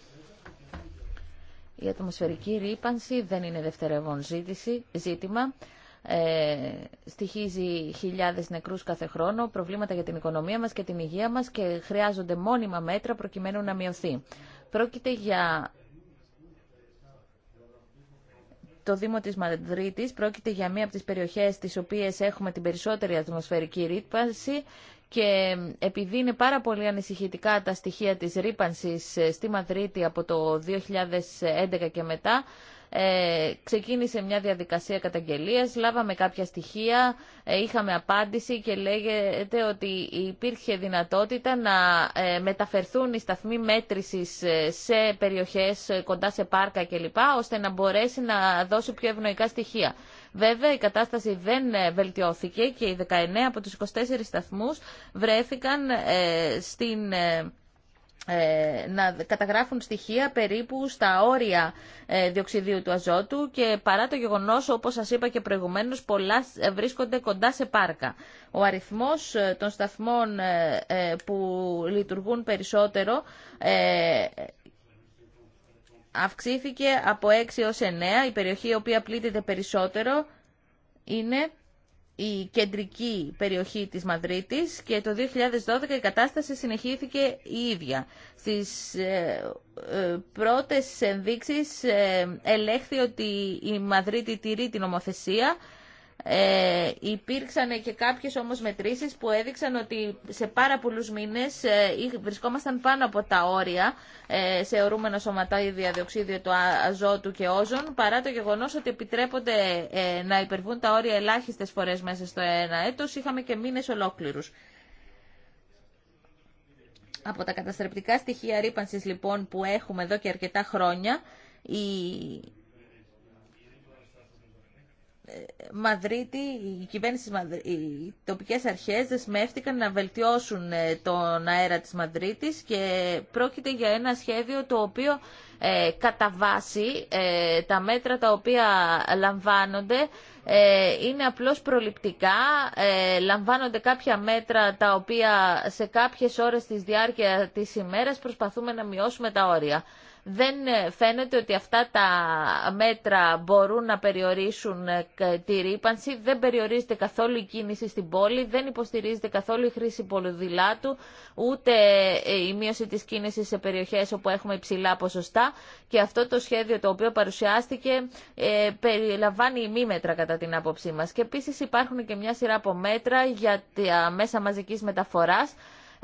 Η ατμοσφαιρική ρήπανση δεν είναι δευτερεύον ζήτηση, ζήτημα. Ε, στοιχίζει χιλιάδες νεκρούς κάθε χρόνο, προβλήματα για την οικονομία μας και την υγεία μας και χρειάζονται μόνιμα μέτρα προκειμένου να μειωθεί. Πρόκειται για το Δήμο της Μαδρίτης πρόκειται για μία από τις περιοχές τις οποίες έχουμε την περισσότερη ατμοσφαιρική ρήπανση και επειδή είναι πάρα πολύ ανησυχητικά τα στοιχεία της ρήπανσης ε, στη Μαδρίτη από το 2011 και μετά, ε, ξεκίνησε μια διαδικασία καταγγελίας, λάβαμε κάποια στοιχεία, ε, είχαμε απάντηση και λέγεται ότι υπήρχε δυνατότητα να ε, μεταφερθούν οι σταθμοί μέτρησης ε, σε περιοχές κοντά σε πάρκα κλπ, ώστε να μπορέσει να δώσει πιο ευνοϊκά στοιχεία. Βέβαια, η κατάσταση δεν βελτιώθηκε και οι 19 από τους 24 σταθμούς βρέθηκαν στην ε, να καταγράφουν στοιχεία περίπου στα όρια ε, διοξιδίου του αζότου και παρά το γεγονός, όπως σας είπα και προηγουμένως, πολλά ε, βρίσκονται κοντά σε πάρκα. Ο αριθμός των σταθμών που λειτουργούν περισσότερο αυξήθηκε από 6 έως 9. Η περιοχή η οποία πλήττεται περισσότερο είναι η κεντρική περιοχή της Μαδρίτης και το 2012 η κατάσταση συνεχίθηκε η ίδια. Στις ε, ε, πρώτες ενδείξεις ε, ελέγχθη ότι η Μαδρίτη τηρεί την ομοθεσία ε, υπήρξαν και κάποιες όμως μετρήσεις που έδειξαν ότι σε πάρα πολλούς μήνες ε, βρισκόμασταν πάνω από τα όρια ε, σε ορούμενα ή διαδιοξίδιο του αζότου και όζων παρά το γεγονός ότι επιτρέπονται ε, να υπερβούν τα όρια ελάχιστες φορές μέσα στο ένα έτος είχαμε και μήνες ολόκληρους. Από τα καταστρεπτικά στοιχεία ρήπανσης λοιπόν που έχουμε εδώ και αρκετά χρόνια η Μαδρίτη, η κυβέρνηση, οι τοπικές αρχές δεσμεύτηκαν να βελτιώσουν ε, τον αέρα της Μαδρίτης και πρόκειται για ένα σχέδιο το οποίο ε, κατά βάση ε, τα μέτρα τα οποία λαμβάνονται ε, είναι απλώς προληπτικά, λαμβάνονται κάποια μέτρα τα οποία σε κάποιες ώρες της διάρκεια της ημέρας προσπαθούμε να μειώσουμε τα όρια δεν ε, φαίνεται ότι αυτά τα μέτρα μπορούν να περιορίσουν ε, τη ρήπανση, δεν περιορίζεται καθόλου η κίνηση στην πόλη, δεν υποστηρίζεται καθόλου η χρήση πολυδηλάτου, ούτε ε, η μείωση της κίνησης σε περιοχές όπου έχουμε υψηλά ποσοστά και αυτό το σχέδιο το οποίο παρουσιάστηκε ε, περιλαμβάνει μέτρα κατά την άποψή μας. Και επίσης υπάρχουν και μια σειρά από μέτρα για τα μέσα μαζικής μεταφοράς,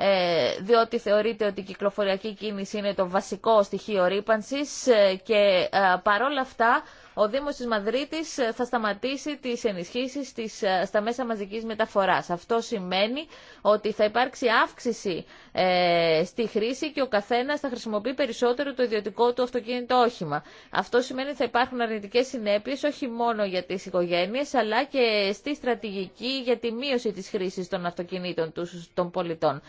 ε, διότι θεωρείται ότι η κυκλοφοριακή κίνηση είναι το βασικό στοιχείο ρήπανσης ε, και ε, παρόλα αυτά ο Δήμος της Μαδρίτης ε, θα σταματήσει τις ενισχύσεις της, ε, στα μέσα μαζικής μεταφοράς. Αυτό σημαίνει ότι θα υπάρξει αύξηση ε, στη χρήση και ο καθένας θα χρησιμοποιεί περισσότερο το ιδιωτικό του αυτοκίνητο όχημα. Αυτό σημαίνει ότι θα υπάρχουν αρνητικές συνέπειες όχι μόνο για τις οικογένειες αλλά και στη στρατηγική για τη μείωση της χρήσης των αυτοκινήτων των πολιτών.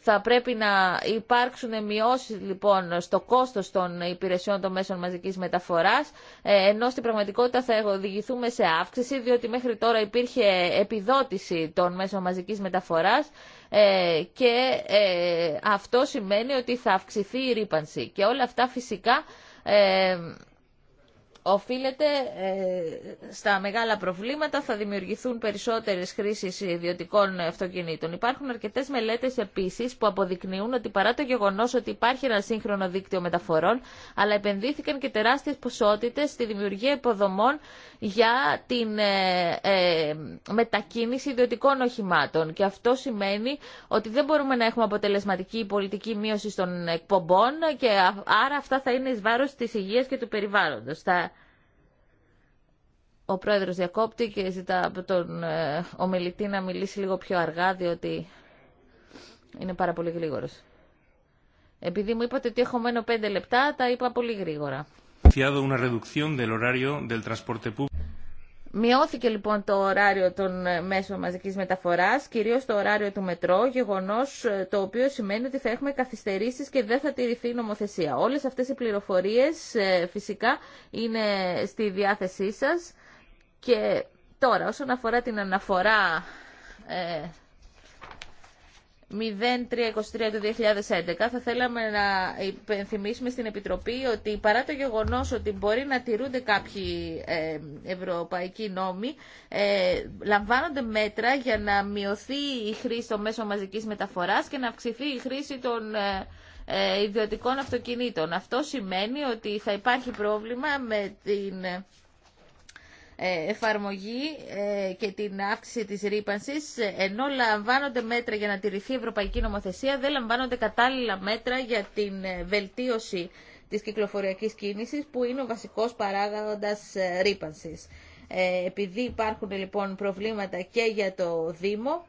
Θα πρέπει να υπάρξουν μειώσει λοιπόν στο κόστος των υπηρεσιών των μέσων μαζικής μεταφοράς, ε, ενώ στην πραγματικότητα θα οδηγηθούμε σε αύξηση, διότι μέχρι τώρα υπήρχε επιδότηση των μέσων μαζικής μεταφοράς ε, και ε, αυτό σημαίνει ότι θα αυξηθεί η ρήπανση. Και όλα αυτά φυσικά οφείλεται ε, στα μεγάλα προβλήματα, θα δημιουργηθούν περισσότερες χρήσεις ιδιωτικών αυτοκινήτων. Υπάρχουν αρκετές μελέτες επίσης που αποδεικνύουν ότι παρά το γεγονός ότι υπάρχει ένα σύγχρονο δίκτυο μεταφορών, αλλά επενδύθηκαν και τεράστιες ποσότητες στη δημιουργία υποδομών για την ε, ε, μετακίνηση ιδιωτικών οχημάτων. Και αυτό σημαίνει ότι δεν μπορούμε να έχουμε αποτελεσματική πολιτική μείωση των εκπομπών και άρα αυτά θα είναι εις βάρος της υγείας και του περιβάλλοντος. Θα ο πρόεδρος διακόπτει και ζητά από τον ε, ομιλητή να μιλήσει λίγο πιο αργά, διότι είναι πάρα πολύ γρήγορος. Επειδή μου είπατε ότι έχω μένω πέντε λεπτά, τα είπα πολύ γρήγορα. Μειώθηκε λοιπόν το ωράριο των ε, μέσων μαζικής μεταφοράς, κυρίως το ωράριο του μετρό, γεγονός ε, το οποίο σημαίνει ότι θα έχουμε καθυστερήσεις και δεν θα τηρηθεί η νομοθεσία. Όλες αυτές οι πληροφορίες φυσικά είναι στη διάθεσή σας. Και τώρα, όσον αφορά την αναφορά ε, 0323 του 2011 θα θέλαμε να υπενθυμίσουμε στην Επιτροπή ότι παρά το γεγονός ότι μπορεί να τηρούνται κάποιοι ε, ευρωπαϊκοί νόμοι ε, λαμβάνονται μέτρα για να μειωθεί η χρήση των μέσων μαζικής μεταφοράς και να αυξηθεί η χρήση των ε, ιδιωτικών αυτοκινήτων. Αυτό σημαίνει ότι θα υπάρχει πρόβλημα με την ε, εφαρμογή ε, και την αύξηση της ρήπανση, ενώ λαμβάνονται μέτρα για να τηρηθεί η Ευρωπαϊκή Νομοθεσία, δεν λαμβάνονται κατάλληλα μέτρα για την ε, βελτίωση της κυκλοφοριακής κίνησης, που είναι ο βασικός παράγοντας ρήπανση. Επειδή υπάρχουν λοιπόν προβλήματα και για το Δήμο,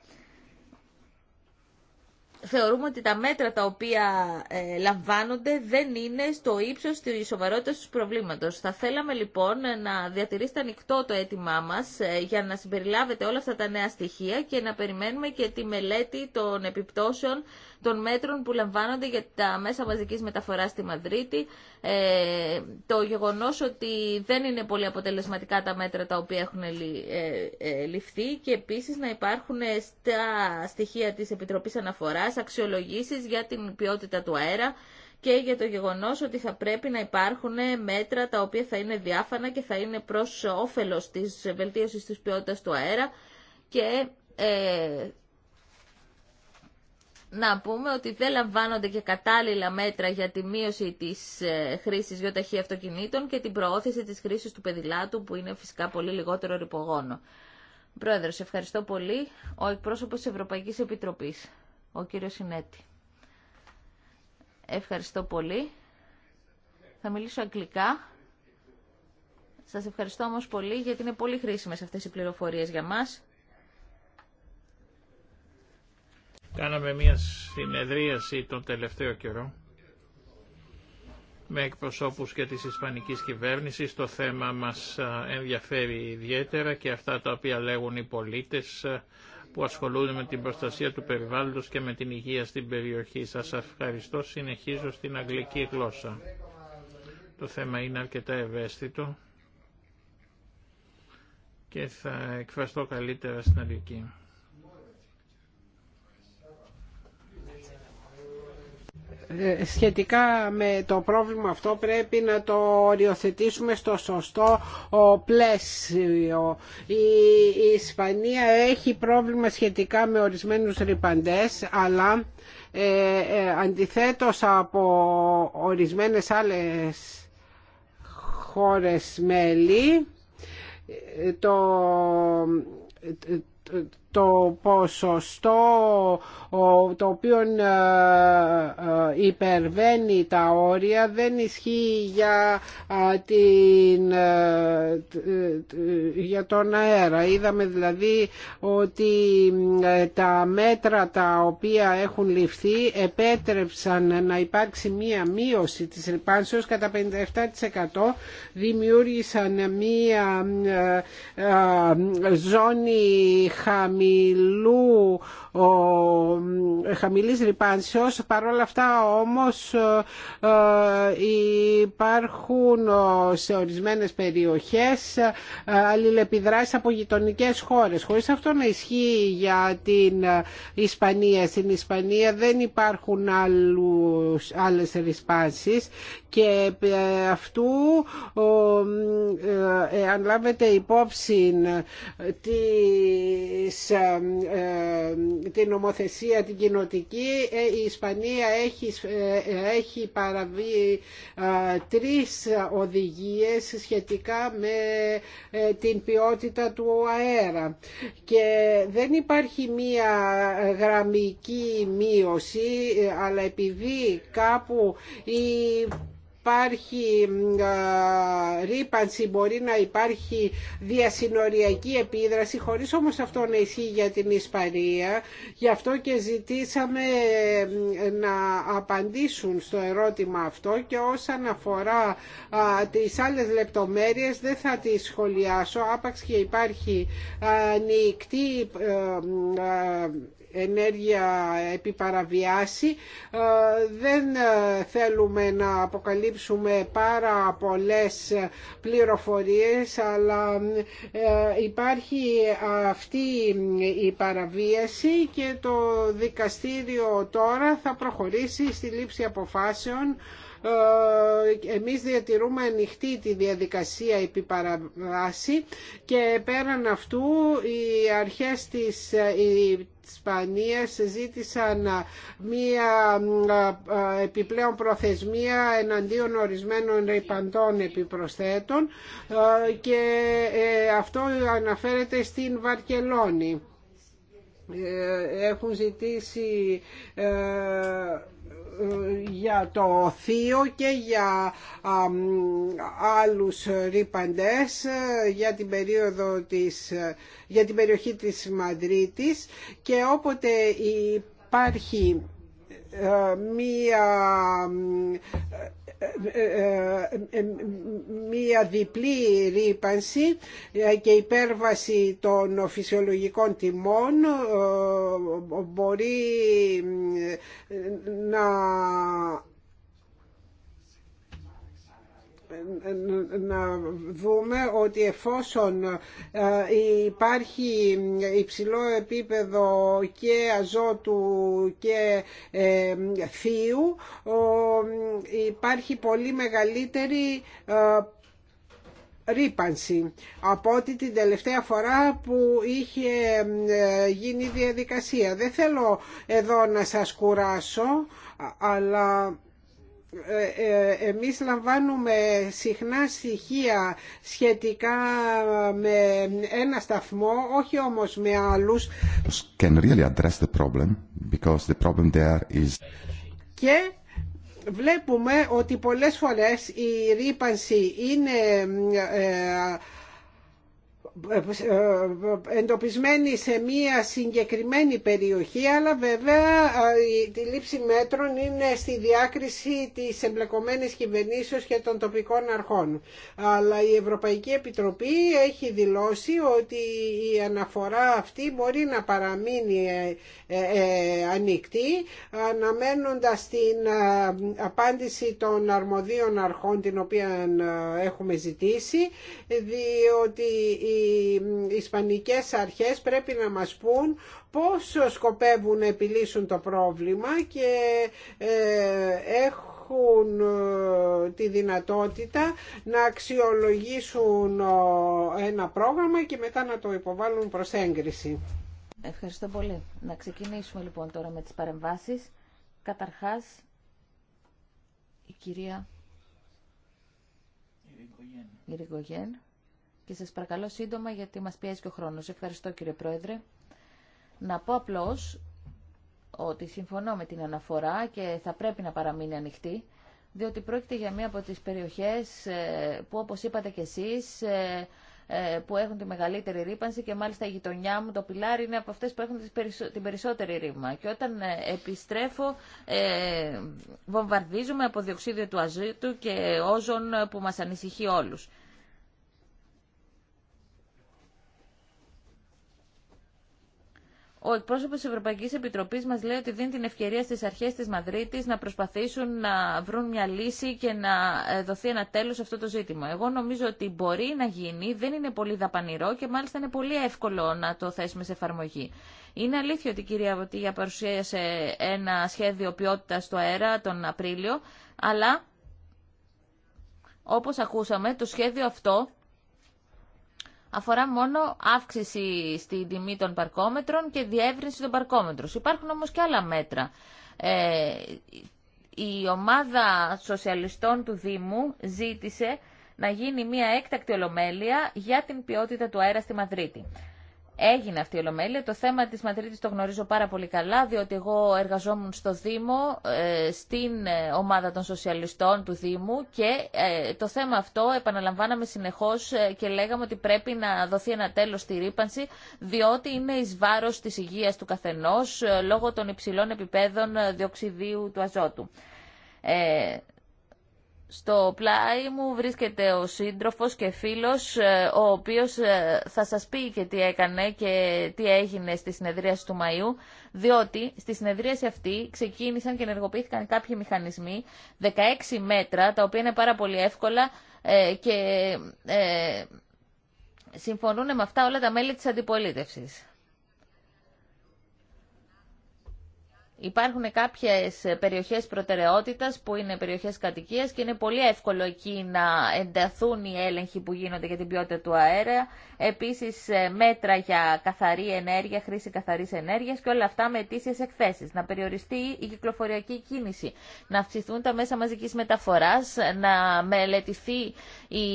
θεωρούμε ότι τα μέτρα τα οποία ε, λαμβάνονται δεν είναι στο ύψος της σοβαρότητας του προβλήματος. Θα θέλαμε λοιπόν να διατηρήσετε ανοιχτό το αίτημά μας ε, για να συμπεριλάβετε όλα αυτά τα νέα στοιχεία και να περιμένουμε και τη μελέτη των επιπτώσεων των μέτρων που λαμβάνονται για τα μέσα μαζικής μεταφορά στη Μαδρίτη, ε, το γεγονός ότι δεν είναι πολύ αποτελεσματικά τα μέτρα τα οποία έχουν ε, ε, ληφθεί και επίσης να υπάρχουν στα στοιχεία της Επιτροπής Αναφοράς αξιολογήσεις για την ποιότητα του αέρα και για το γεγονός ότι θα πρέπει να υπάρχουν μέτρα τα οποία θα είναι διάφανα και θα είναι προς όφελος της βελτίωσης της ποιότητας του αέρα και να πούμε ότι δεν λαμβάνονται και κατάλληλα μέτρα για τη μείωση της ε, χρήσης γιοταχή αυτοκινήτων και την προώθηση της χρήσης του πεδιλάτου που είναι φυσικά πολύ λιγότερο ρηπογόνο. Πρόεδρος, ευχαριστώ πολύ. Ο εκπρόσωπος της Ευρωπαϊκής Επιτροπής, ο κύριος Συνέτη. Ευχαριστώ πολύ. Θα μιλήσω αγγλικά. Σας ευχαριστώ όμως πολύ γιατί είναι πολύ χρήσιμες αυτές οι πληροφορίες για μας. Κάναμε μια συνεδρίαση τον τελευταίο καιρό με εκπροσώπους και της Ισπανικής κυβέρνησης. Το θέμα μας ενδιαφέρει ιδιαίτερα και αυτά τα οποία λέγουν οι πολίτες που ασχολούνται με την προστασία του περιβάλλοντος και με την υγεία στην περιοχή. Σας ευχαριστώ. Συνεχίζω στην αγγλική γλώσσα. Το θέμα είναι αρκετά ευαίσθητο και θα εκφραστώ καλύτερα στην αγγλική. Ε, σχετικά με το πρόβλημα αυτό πρέπει να το οριοθετήσουμε στο σωστό πλαίσιο. Η Ισπανία έχει πρόβλημα σχετικά με ορισμένους ρηπαντές, αλλά ε, ε αντιθέτως από ορισμένες άλλες χώρες μέλη, ε, το το ποσοστό το οποίο ε, ε, υπερβαίνει τα όρια δεν ισχύει για, την, ε, για τον αέρα. Είδαμε δηλαδή ότι τα μέτρα τα οποία έχουν ληφθεί επέτρεψαν να υπάρξει μία μείωση της ρηπάνσεως κατά 57% δημιούργησαν μία ζώνη χαμηλού, χαμηλής ρηπάνσεως. Παρ' αυτά όμως υπάρχουν σε ορισμένες περιοχές ε, αλληλεπιδράσεις από γειτονικέ χώρες. Χωρίς αυτό να ισχύει για την ε, Ισπανία. Στην Ισπανία δεν υπάρχουν άλλους, άλλες ρησπάνσεις και ε, αυτού αν λάβετε υπόψη τι την νομοθεσία την κοινοτική ε, η Ισπανία έχει, ε, έχει παραβεί ε, τρεις οδηγίες σχετικά με την ποιότητα του αέρα και δεν υπάρχει μία γραμμική μείωση αλλά επειδή κάπου η υπάρχει ρήπανση, μπορεί να υπάρχει διασυνοριακή επίδραση, χωρίς όμως αυτό να ισχύει για την Ισπαρία. Γι' αυτό και ζητήσαμε να απαντήσουν στο ερώτημα αυτό και όσον αφορά τις άλλες λεπτομέρειες δεν θα τις σχολιάσω, άπαξ και υπάρχει ανοιχτή ε, ενέργεια επιπαραβιάσει. Ε, δεν ε, θέλουμε να αποκαλύψουμε πάρα πολλές πληροφορίες, αλλά ε, υπάρχει αυτή η παραβίαση και το δικαστήριο τώρα θα προχωρήσει στη λήψη αποφάσεων ε, εμείς διατηρούμε ανοιχτή τη διαδικασία επί παραβάση και πέραν αυτού οι αρχές της ε, Ισπανίας ζήτησαν ε, μία επιπλέον προθεσμία εναντίον ορισμένων ρηπαντών επιπροσθέτων και αυτό αναφέρεται στην Βαρκελόνη. Έχουν ζητήσει για το θείο και για άλλους ρήπαντες ε, για την περίοδο της, ε, για την περιοχή της Μαδρίτης και όποτε υπάρχει ε, μία μία διπλή ρήπανση και υπέρβαση των φυσιολογικών τιμών ε, μπορεί να να δούμε ότι εφόσον ε, υπάρχει υψηλό επίπεδο και αζότου και ε, θείου υπάρχει πολύ μεγαλύτερη ε, ρήπανση από ότι την τελευταία φορά που είχε γίνει διαδικασία. Δεν θέλω εδώ να σας κουράσω αλλά ε, ε, εμείς λαμβάνουμε συχνά στοιχεία σχετικά με ένα σταθμό, όχι όμως με άλλους. Can really address the problem, because the problem there is... Και βλέπουμε ότι πολλές φορές η ρήπανση είναι ε, ε, ε, εντοπισμένη σε μία συγκεκριμένη περιοχή αλλά βέβαια ε, η λήψη μέτρων είναι στη διάκριση της εμπλεκομένης κυβερνήσεως και των τοπικών αρχών. Αλλά η Ευρωπαϊκή Επιτροπή έχει δηλώσει ότι η αναφορά αυτή μπορεί να παραμείνει ανοιχτή αναμένοντας την απάντηση των αρμοδίων αρχών την οποία έχουμε ζητήσει διότι η Ισπανικές αρχές πρέπει να μας πούν πώς σκοπεύουν να επιλύσουν το πρόβλημα και ε, έχουν ε, τη δυνατότητα να αξιολογήσουν ε, ένα πρόγραμμα και μετά να το υποβάλουν προς έγκριση. Ευχαριστώ πολύ. Να ξεκινήσουμε λοιπόν τώρα με τις παρεμβάσεις. Καταρχάς, η κυρία Ιρικογέν. Και σας παρακαλώ σύντομα γιατί μας πιέζει και ο χρόνος. Ευχαριστώ κύριε Πρόεδρε. Να πω απλώς ότι συμφωνώ με την αναφορά και θα πρέπει να παραμείνει ανοιχτή, διότι πρόκειται για μία από τις περιοχές ε, που όπως είπατε και εσείς ε, ε, που έχουν τη μεγαλύτερη ρήπανση και μάλιστα η γειτονιά μου, το πιλάρι, είναι από αυτές που έχουν την περισσότερη ρήμα. Και όταν επιστρέφω βομβαρδίζουμε από διοξίδιο του αζήτου και όζων που μας ανησυχεί όλους. Ο εκπρόσωπο τη Ευρωπαϊκή Επιτροπή μα λέει ότι δίνει την ευκαιρία στι αρχέ τη Μαδρίτη να προσπαθήσουν να βρουν μια λύση και να ε, δοθεί ένα τέλο σε αυτό το ζήτημα. Εγώ νομίζω ότι μπορεί να γίνει, δεν είναι πολύ δαπανηρό και μάλιστα είναι πολύ εύκολο να το θέσουμε σε εφαρμογή. Είναι αλήθεια ότι η κυρία Βοτήγια παρουσίασε ένα σχέδιο ποιότητα στο αέρα τον Απρίλιο, αλλά όπω ακούσαμε, το σχέδιο αυτό αφορά μόνο αύξηση στην τιμή των παρκόμετρων και διεύρυνση των παρκόμετρων. Υπάρχουν όμως και άλλα μέτρα. Ε, η ομάδα σοσιαλιστών του Δήμου ζήτησε να γίνει μια έκτακτη ολομέλεια για την ποιότητα του αέρα στη Μαδρίτη. Έγινε αυτή η ολομέλεια. Το θέμα της Μαδρίτης το γνωρίζω πάρα πολύ καλά, διότι εγώ εργαζόμουν στο Δήμο, ε, στην ε, ομάδα των σοσιαλιστών του Δήμου και ε, το θέμα αυτό επαναλαμβάναμε συνεχώς και λέγαμε ότι πρέπει να δοθεί ένα τέλος στη ρήπανση, διότι είναι εις βάρος της υγείας του καθενός λόγω των υψηλών επιπέδων διοξιδίου του αζότου. Στο πλάι μου βρίσκεται ο σύντροφος και φίλος, ε, ο οποίος ε, θα σας πει και τι έκανε και τι έγινε στη συνεδρίαση του Μαΐου, διότι στη συνεδρίαση αυτή ξεκίνησαν και ενεργοποιήθηκαν κάποιοι μηχανισμοί, 16 μέτρα, τα οποία είναι πάρα πολύ εύκολα ε, και συμφωνούν με αυτά όλα τα μέλη της αντιπολίτευσης. Υπάρχουν κάποιες περιοχές προτεραιότητας που είναι περιοχές κατοικίας και είναι πολύ εύκολο εκεί να ενταθούν οι έλεγχοι που γίνονται για την ποιότητα του αέρα. Επίσης ε, μέτρα για καθαρή ενέργεια, χρήση καθαρής ενέργειας και όλα αυτά με αιτήσει εκθέσεις. Να περιοριστεί η κυκλοφοριακή κίνηση, να αυξηθούν τα μέσα μαζικής μεταφοράς, να μελετηθεί η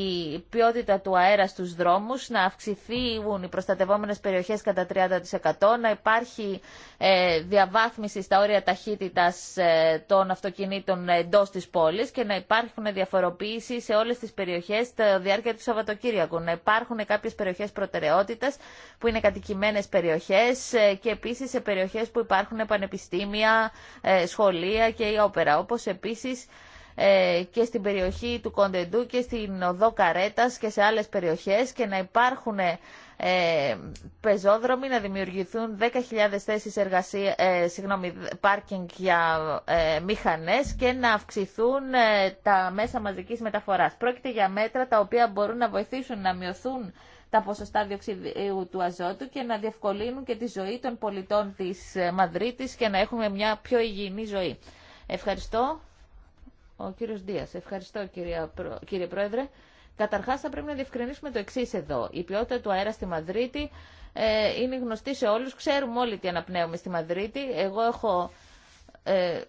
ποιότητα του αέρα στους δρόμους, να αυξηθούν οι προστατευόμενες περιοχές κατά 30%, να υπάρχει ε, διαβάθμιση στα όρια ταχύτητας ε, των αυτοκινήτων εντό της πόλης και να υπάρχουν διαφοροποίηση σε όλες τις περιοχές τη διάρκεια του Σαββατοκύριακου. Να υπάρχουν κάποιες περιοχές προτεραιότητας που είναι κατοικημένες περιοχές ε, και επίσης σε περιοχές που υπάρχουν πανεπιστήμια, ε, σχολεία και η όπερα. Όπως επίσης ε, και στην περιοχή του Κοντεντού και στην Οδό Καρέτας και σε άλλες περιοχές και να υπάρχουν ε, πεζόδρομοι, να δημιουργηθούν 10.000 θέσεις εργασία, ε, συγγνώμη, πάρκινγκ για ε, μηχανές και να αυξηθούν ε, τα μέσα μαζικής μεταφοράς. Πρόκειται για μέτρα τα οποία μπορούν να βοηθήσουν να μειωθούν τα ποσοστά διοξιδίου του αζότου και να διευκολύνουν και τη ζωή των πολιτών της ε, Μαδρίτης και να έχουμε μια πιο υγιεινή ζωή. Ευχαριστώ. Ο κύριος Δίας. Ευχαριστώ κυρία, κύριε Πρόεδρε. Καταρχάς θα πρέπει να διευκρινίσουμε το εξής εδώ. Η ποιότητα του αέρα στη Μαδρίτη ε, είναι γνωστή σε όλους. Ξέρουμε όλοι τι αναπνέουμε στη Μαδρίτη. Εγώ έχω ε,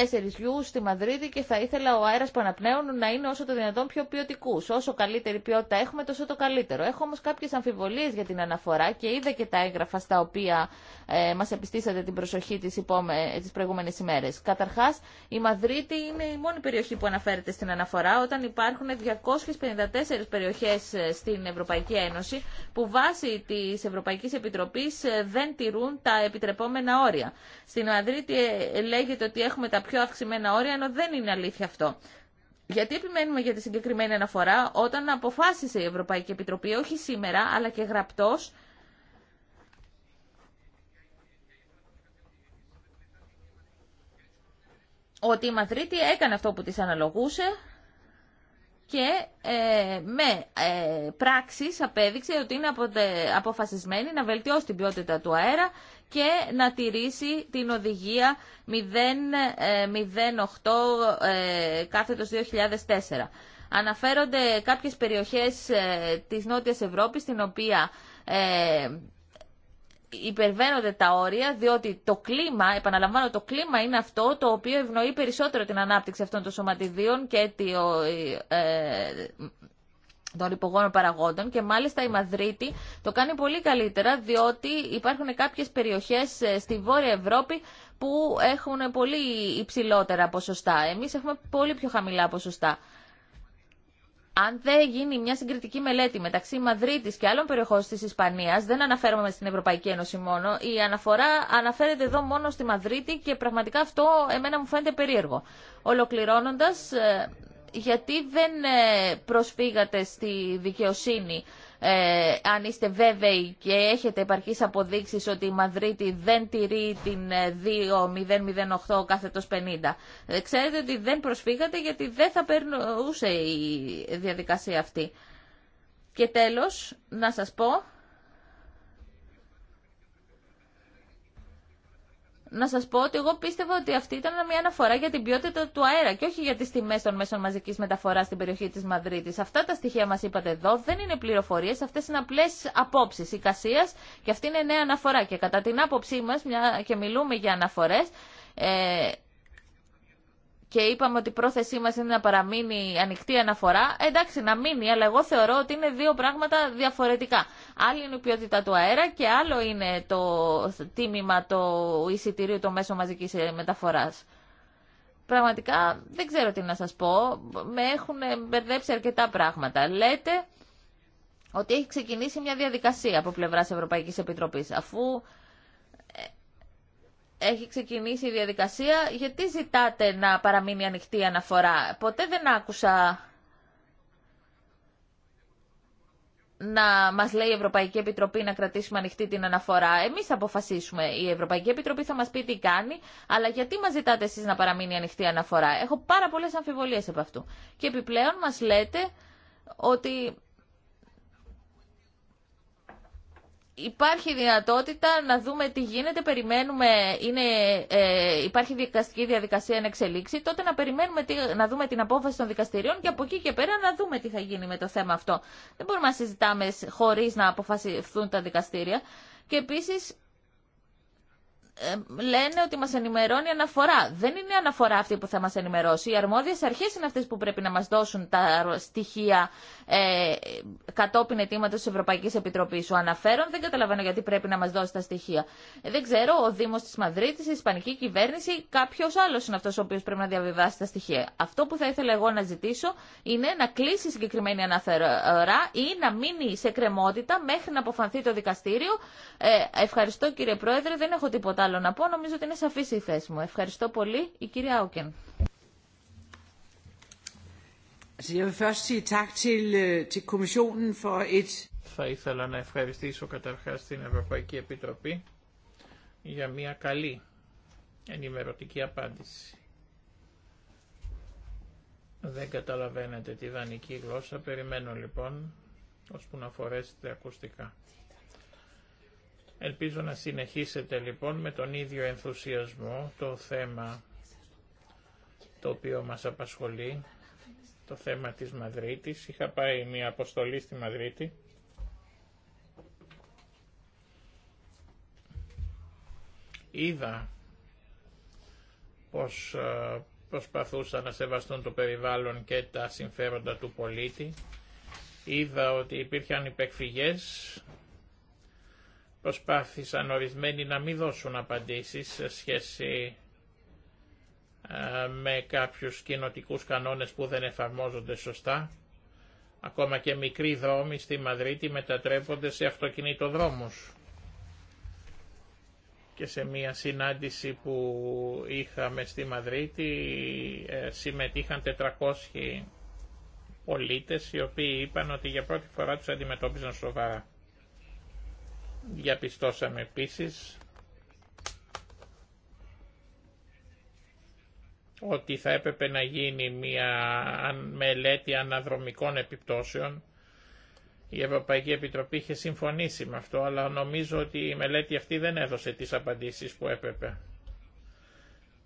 Τέσσερι γιου στη Μαδρίτη και θα ήθελα ο αέρα που αναπνέουν να είναι όσο το δυνατόν πιο ποιοτικού. Όσο καλύτερη ποιότητα έχουμε, τόσο το καλύτερο. Έχω όμω κάποιε αμφιβολίε για την αναφορά και είδα και τα έγγραφα στα οποία ε, μα επιστήσατε την προσοχή τι υπόμε... προηγούμενε ημέρε. Καταρχά, η Μαδρίτη είναι η μόνη περιοχή που αναφέρεται στην αναφορά, όταν υπάρχουν 254 περιοχέ ε, στην Ευρωπαϊκή Ένωση που βάσει τη Ευρωπαϊκή Επιτροπή ε, δεν τηρούν τα επιτρεπόμενα όρια. Στην Μαδρίτη ε, λέγεται ότι έχουμε τα πιο αυξημένα όρια, ενώ δεν είναι αλήθεια αυτό. Γιατί επιμένουμε για τη συγκεκριμένη αναφορά όταν αποφάσισε η Ευρωπαϊκή Επιτροπή, όχι σήμερα, αλλά και γραπτός, ότι η Μαδρίτη έκανε αυτό που της αναλογούσε και ε, με ε, πράξεις απέδειξε ότι είναι αποφασισμένη να βελτιώσει την ποιότητα του αέρα και να τηρήσει την οδηγία 08 ε, κάθετος 2004. Αναφέρονται κάποιες περιοχές ε, της Νότιας Ευρώπης, στην οποία ε, υπερβαίνονται τα όρια, διότι το κλίμα, επαναλαμβάνω, το κλίμα είναι αυτό το οποίο ευνοεί περισσότερο την ανάπτυξη αυτών των σωματιδίων και τη, των υπογόνων παραγόντων και μάλιστα η Μαδρίτη το κάνει πολύ καλύτερα διότι υπάρχουν κάποιες περιοχές ε, στη Βόρεια Ευρώπη που έχουν πολύ υψηλότερα ποσοστά. Εμείς έχουμε πολύ πιο χαμηλά ποσοστά. Αν δεν γίνει μια συγκριτική μελέτη μεταξύ Μαδρίτη και άλλων περιοχών τη Ισπανία, δεν αναφέρομαι στην Ευρωπαϊκή Ένωση μόνο, η αναφορά αναφέρεται εδώ μόνο στη Μαδρίτη και πραγματικά αυτό εμένα μου φαίνεται περίεργο. Ολοκληρώνοντα, ε, γιατί δεν ε, προσφύγατε στη δικαιοσύνη ε, αν είστε βέβαιοι και έχετε επαρκείς αποδείξεις ότι η Μαδρίτη δεν τηρεί την 2008 ε, κάθετος 50. Ξέρετε ότι δεν προσφύγατε γιατί δεν θα περνούσε η διαδικασία αυτή. Και τέλος, να σας πω να σας πω ότι εγώ πίστευα ότι αυτή ήταν μια αναφορά για την ποιότητα του αέρα και όχι για τις τιμές των μέσων μαζικής μεταφοράς στην περιοχή της Μαδρίτης. Αυτά τα στοιχεία μας είπατε εδώ δεν είναι πληροφορίες, αυτές είναι απλές απόψεις οικασίας και αυτή είναι νέα αναφορά. Και κατά την άποψή μας, μια και μιλούμε για αναφορές, ε, και είπαμε ότι η πρόθεσή μας είναι να παραμείνει ανοιχτή αναφορά, εντάξει να μείνει, αλλά εγώ θεωρώ ότι είναι δύο πράγματα διαφορετικά. Άλλη είναι η ποιότητα του αέρα και άλλο είναι το τίμημα του εισιτηρίου το Μέσο μαζική ε, μεταφοράς. Πραγματικά δεν ξέρω τι να σας πω, με έχουν μπερδέψει αρκετά πράγματα. Λέτε ότι έχει ξεκινήσει μια διαδικασία από πλευράς Ευρωπαϊκή Επιτροπής, αφού έχει ξεκινήσει η διαδικασία, γιατί ζητάτε να παραμείνει ανοιχτή η αναφορά. Ποτέ δεν άκουσα να μας λέει η Ευρωπαϊκή Επιτροπή να κρατήσουμε ανοιχτή την αναφορά. Εμείς θα αποφασίσουμε. Η Ευρωπαϊκή Επιτροπή θα μας πει τι κάνει, αλλά γιατί μας ζητάτε εσείς να παραμείνει ανοιχτή η αναφορά. Έχω πάρα πολλές αμφιβολίες από αυτού. Και επιπλέον μας λέτε ότι Υπάρχει δυνατότητα να δούμε τι γίνεται, περιμένουμε, είναι, ε, υπάρχει δικαστική διαδικασία να εξελίξει, τότε να περιμένουμε τι, να δούμε την απόφαση των δικαστηριών και από εκεί και πέρα να δούμε τι θα γίνει με το θέμα αυτό. Δεν μπορούμε να συζητάμε χωρίς να αποφασιστούν τα δικαστήρια. Και επίσης λένε ότι μα ενημερώνει αναφορά. Δεν είναι αναφορά αυτή που θα μα ενημερώσει. Οι αρμόδιες αρχέ είναι αυτέ που πρέπει να μα δώσουν τα στοιχεία ε, κατόπιν αιτήματο τη Ευρωπαϊκή Επιτροπή. Ο αναφέρον δεν καταλαβαίνω γιατί πρέπει να μα δώσει τα στοιχεία. Ε, δεν ξέρω, ο Δήμο τη Μαδρίτης, η Ισπανική κυβέρνηση, κάποιο άλλο είναι αυτό ο οποίο πρέπει να διαβιβάσει τα στοιχεία. Αυτό που θα ήθελα εγώ να ζητήσω είναι να κλείσει συγκεκριμένη αναφορά ή να μείνει σε κρεμότητα μέχρι να αποφανθεί το δικαστήριο. Ε, ευχαριστώ κύριε Πρόεδρε, δεν έχω τίποτα να πω. Νομίζω ότι είναι σαφή η θέση μου. Ευχαριστώ πολύ. Η κυρία øh, Θα ήθελα να ευχαριστήσω καταρχάς την Ευρωπαϊκή Επιτροπή για μια καλή ενημερωτική απάντηση. Δεν καταλαβαίνετε τη δανεική γλώσσα. Περιμένω λοιπόν ώσπου να φορέσετε ακουστικά. Ελπίζω να συνεχίσετε λοιπόν με τον ίδιο ενθουσιασμό το θέμα το οποίο μας απασχολεί, το θέμα της Μαδρίτης. Είχα πάει μια αποστολή στη Μαδρίτη. Είδα πως ε, προσπαθούσαν να σεβαστούν το περιβάλλον και τα συμφέροντα του πολίτη. Είδα ότι υπήρχαν υπεκφυγές Προσπάθησαν ορισμένοι να μην δώσουν απαντήσεις σε σχέση ε, με κάποιους κοινοτικούς κανόνες που δεν εφαρμόζονται σωστά. Ακόμα και μικροί δρόμοι στη Μαδρίτη μετατρέπονται σε αυτοκινητοδρόμους. Και σε μία συνάντηση που είχαμε στη Μαδρίτη ε, συμμετείχαν 400 πολίτες οι οποίοι είπαν ότι για πρώτη φορά τους αντιμετώπιζαν σοβαρά. Διαπιστώσαμε επίσης ότι θα έπρεπε να γίνει μια μελέτη αναδρομικών επιπτώσεων. Η Ευρωπαϊκή Επιτροπή είχε συμφωνήσει με αυτό, αλλά νομίζω ότι η μελέτη αυτή δεν έδωσε τις απαντήσεις που έπρεπε.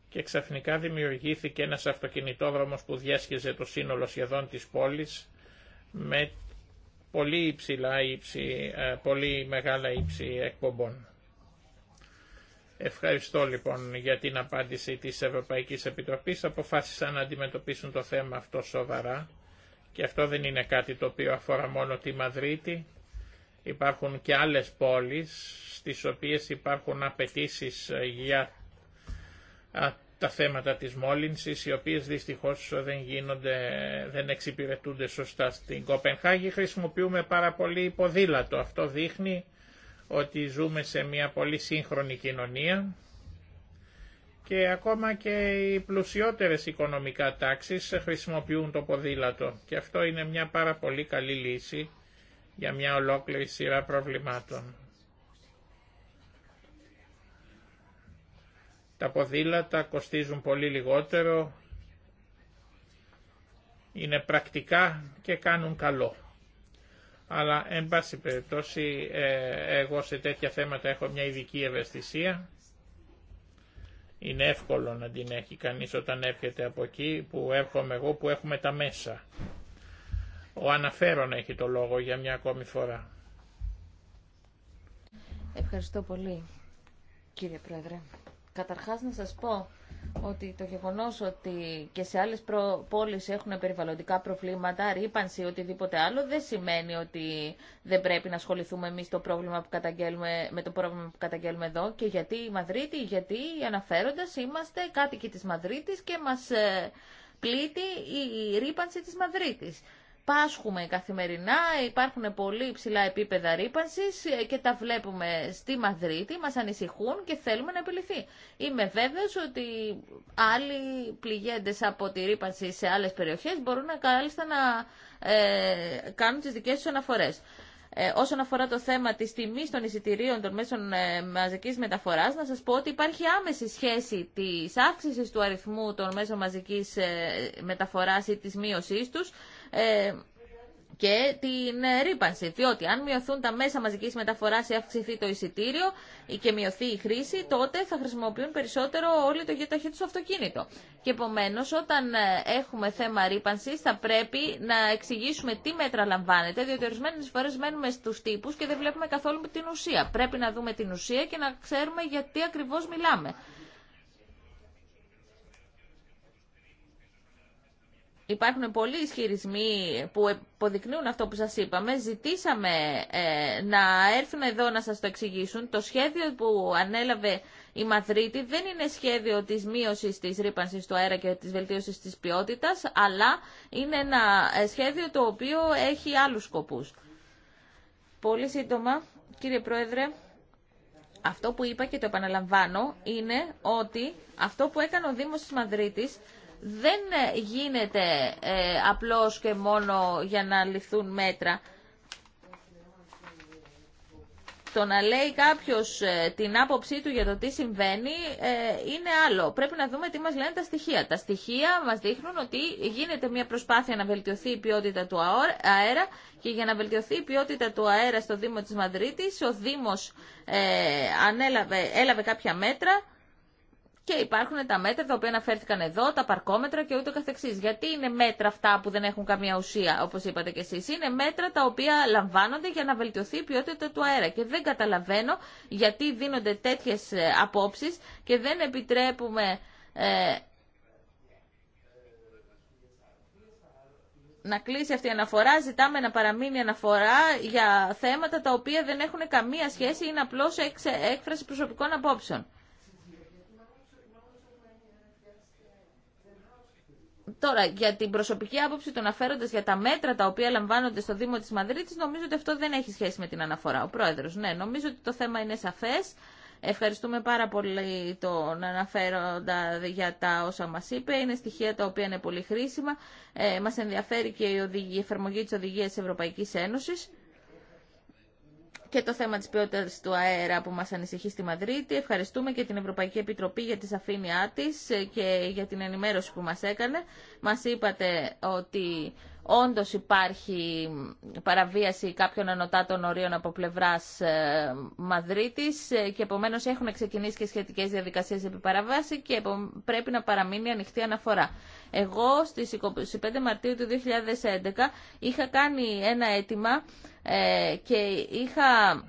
Και ξαφνικά δημιουργήθηκε ένας αυτοκινητόδρομος που διέσχιζε το σύνολο σχεδόν της πόλης με πολύ υψηλά ύψη, ε, πολύ μεγάλα ύψη εκπομπών. Ευχαριστώ λοιπόν για την απάντηση της Ευρωπαϊκής Επιτροπής. Αποφάσισαν να αντιμετωπίσουν το θέμα αυτό σοβαρά και αυτό δεν είναι κάτι το οποίο αφορά μόνο τη Μαδρίτη. Υπάρχουν και άλλες πόλεις στις οποίες υπάρχουν απαιτήσει για τα θέματα της μόλυνσης, οι οποίες δυστυχώς δεν, γίνονται, δεν εξυπηρετούνται σωστά στην Κοπενχάγη. Χρησιμοποιούμε πάρα πολύ υποδήλατο. Αυτό δείχνει ότι ζούμε σε μια πολύ σύγχρονη κοινωνία και ακόμα και οι πλουσιότερες οικονομικά τάξεις χρησιμοποιούν το ποδήλατο και αυτό είναι μια πάρα πολύ καλή λύση για μια ολόκληρη σειρά προβλημάτων. Τα ποδήλατα κοστίζουν πολύ λιγότερο, είναι πρακτικά και κάνουν καλό. Αλλά, εν πάση περιπτώσει, ε, εγώ σε τέτοια θέματα έχω μια ειδική ευαισθησία. Είναι εύκολο να την έχει κανείς όταν έρχεται από εκεί που έρχομαι εγώ που έχουμε τα μέσα. Ο αναφέρον έχει το λόγο για μια ακόμη φορά. Ευχαριστώ πολύ, κύριε Πρόεδρε. Καταρχάς να σας πω ότι το γεγονός ότι και σε άλλες προ... πόλεις έχουν περιβαλλοντικά προβλήματα, ρήπανση, οτιδήποτε άλλο, δεν σημαίνει ότι δεν πρέπει να ασχοληθούμε εμείς το πρόβλημα που καταγγέλουμε, με το πρόβλημα που καταγγέλουμε εδώ. Και γιατί η Μαδρίτη, γιατί αναφέροντας είμαστε κάτοικοι της Μαδρίτης και μας ε, πλήττει η ρήπανση της Μαδρίτης πάσχουμε καθημερινά, υπάρχουν πολύ υψηλά επίπεδα ρήπανσης και τα βλέπουμε στη Μαδρίτη, μα ανησυχούν και θέλουμε να επιληθεί. Είμαι βέβαιος ότι άλλοι πληγέντες από τη ρήπανση σε άλλες περιοχές μπορούν να, να ε, κάνουν τις δικές τους αναφορές. Ε, όσον αφορά το θέμα της τιμής των εισιτηρίων των μέσων ε, μαζικής μεταφοράς, να σας πω ότι υπάρχει άμεση σχέση της αύξησης του αριθμού των μέσων μαζικής ε, μεταφοράς ή της μείωσής τους ε, και την ε, ρήπανση. Διότι αν μειωθούν τα μέσα μαζικής μεταφοράς ή αυξηθεί το εισιτήριο και μειωθεί η χρήση, τότε θα χρησιμοποιούν περισσότερο όλοι το γεταχή του αυτοκίνητο. Και επομένω, όταν ε, έχουμε θέμα ρήπανση, θα πρέπει να εξηγήσουμε τι μέτρα λαμβάνεται, διότι ορισμένε φορέ μένουμε στου τύπου και δεν βλέπουμε καθόλου την ουσία. Πρέπει να δούμε την ουσία και να ξέρουμε γιατί ακριβώ μιλάμε. Υπάρχουν πολλοί ισχυρισμοί που υποδεικνύουν αυτό που σας είπαμε. Ζητήσαμε ε, να έρθουν εδώ να σας το εξηγήσουν. Το σχέδιο που ανέλαβε η Μαδρίτη δεν είναι σχέδιο της μείωσης της ρήπανσης του αέρα και της βελτίωσης της ποιότητας, αλλά είναι ένα ε, σχέδιο το οποίο έχει άλλους σκοπούς. Πολύ σύντομα, κύριε Πρόεδρε, αυτό που είπα και το επαναλαμβάνω είναι ότι αυτό που έκανε ο Δήμος της Μαδρίτης δεν ε, γίνεται ε, απλώς και μόνο για να ληφθούν μέτρα. Το να λέει κάποιος ε, την άποψή του για το τι συμβαίνει ε, είναι άλλο. Πρέπει να δούμε τι μας λένε τα στοιχεία. Τα στοιχεία μας δείχνουν ότι γίνεται μια προσπάθεια να βελτιωθεί η ποιότητα του αέρα και για να βελτιωθεί η ποιότητα του αέρα στο Δήμο της Μαδρίτης ο Δήμος ανέλαβε, έλαβε κάποια μέτρα και υπάρχουν τα μέτρα τα οποία αναφέρθηκαν εδώ, τα παρκόμετρα και ούτω καθεξής. Γιατί είναι μέτρα αυτά που δεν έχουν καμία ουσία, όπως είπατε και εσείς. Είναι μέτρα τα οποία λαμβάνονται για να βελτιωθεί η ποιότητα του αέρα. Και δεν καταλαβαίνω γιατί δίνονται τέτοιες ε, απόψεις και δεν επιτρέπουμε ε, να κλείσει αυτή η αναφορά, ζητάμε να παραμείνει αναφορά για θέματα τα οποία δεν έχουν καμία σχέση, είναι απλώς έκφραση προσωπικών απόψεων. Τώρα, για την προσωπική άποψη των αφέροντα για τα μέτρα τα οποία λαμβάνονται στο Δήμο τη Μαδρίτη, νομίζω ότι αυτό δεν έχει σχέση με την αναφορά. Ο πρόεδρο, ναι, νομίζω ότι το θέμα είναι σαφέ. Ευχαριστούμε πάρα πολύ τον αναφέροντα για τα όσα μας είπε. Είναι στοιχεία τα οποία είναι πολύ χρήσιμα. Ε, μας ενδιαφέρει και η, οδηγία, εφαρμογή τη οδηγία Ευρωπαϊκή Ένωση και το θέμα της ποιότητας του αέρα που μας ανησυχεί στη Μαδρίτη. Ευχαριστούμε και την Ευρωπαϊκή Επιτροπή για τη σαφήνειά τη και για την ενημέρωση που μας έκανε. Μας είπατε ότι όντως υπάρχει παραβίαση κάποιων ανωτάτων ορίων από πλευράς ε, Μαδρίτης ε, και επομένως έχουν ξεκινήσει και σχετικές διαδικασίες επί παραβάση και πρέπει να παραμείνει ανοιχτή αναφορά. Εγώ στις 25 Μαρτίου του 2011 είχα κάνει ένα αίτημα ε, και είχα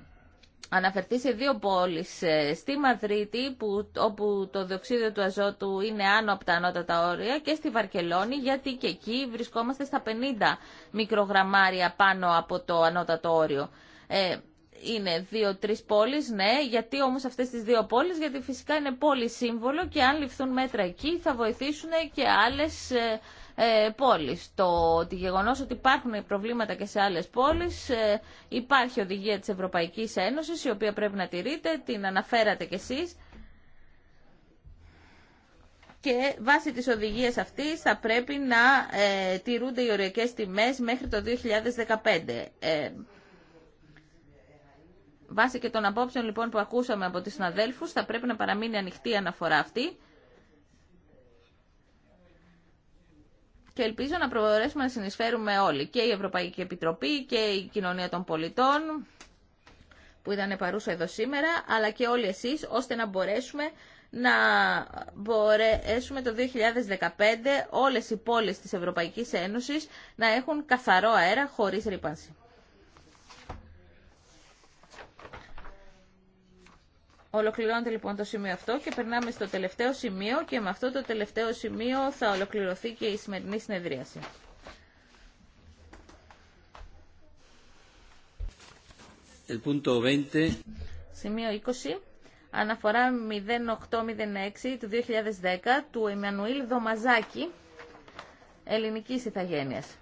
αναφερθεί σε δύο πόλεις, ε, στη Μαδρίτη όπου το διοξείδιο του αζότου είναι άνω από τα ανώτατα όρια και στη Βαρκελόνη γιατί και εκεί βρισκόμαστε στα 50 μικρογραμμάρια πάνω από το ανώτατο όριο. Ε, είναι δύο-τρει πόλει, ναι. Γιατί όμω αυτέ τι δύο πόλει, γιατί φυσικά είναι πόλη σύμβολο και αν ληφθούν μέτρα εκεί θα βοηθήσουν και άλλε ε, πόλεις. Το, ότι γεγονός ότι υπάρχουν προβλήματα και σε άλλες πόλεις, ε, υπάρχει οδηγία της Ευρωπαϊκής Ένωσης, η οποία πρέπει να τηρείτε, την αναφέρατε κι εσείς. Και βάσει της οδηγίας αυτής θα πρέπει να ε, τηρούνται οι οριακές τιμές μέχρι το 2015. Ε, βάσει και των απόψεων λοιπόν που ακούσαμε από τις συναδέλφους θα πρέπει να παραμείνει ανοιχτή η αναφορά αυτή και ελπίζω να προβορέσουμε να συνεισφέρουμε όλοι, και η Ευρωπαϊκή Επιτροπή και η Κοινωνία των Πολιτών που ήταν παρούσα εδώ σήμερα, αλλά και όλοι εσείς, ώστε να μπορέσουμε να μπορέσουμε το 2015 όλες οι πόλεις της Ευρωπαϊκής Ένωσης να έχουν καθαρό αέρα χωρίς ρήπανση. Ολοκληρώνεται λοιπόν το σημείο αυτό και περνάμε στο τελευταίο σημείο και με αυτό το τελευταίο σημείο θα ολοκληρωθεί και η σημερινή συνεδρίαση. 20. Σημείο 20. Αναφορά 0806 του 2010 του Εμμανουήλ Δομαζάκη, ελληνικής ηθαγένειας.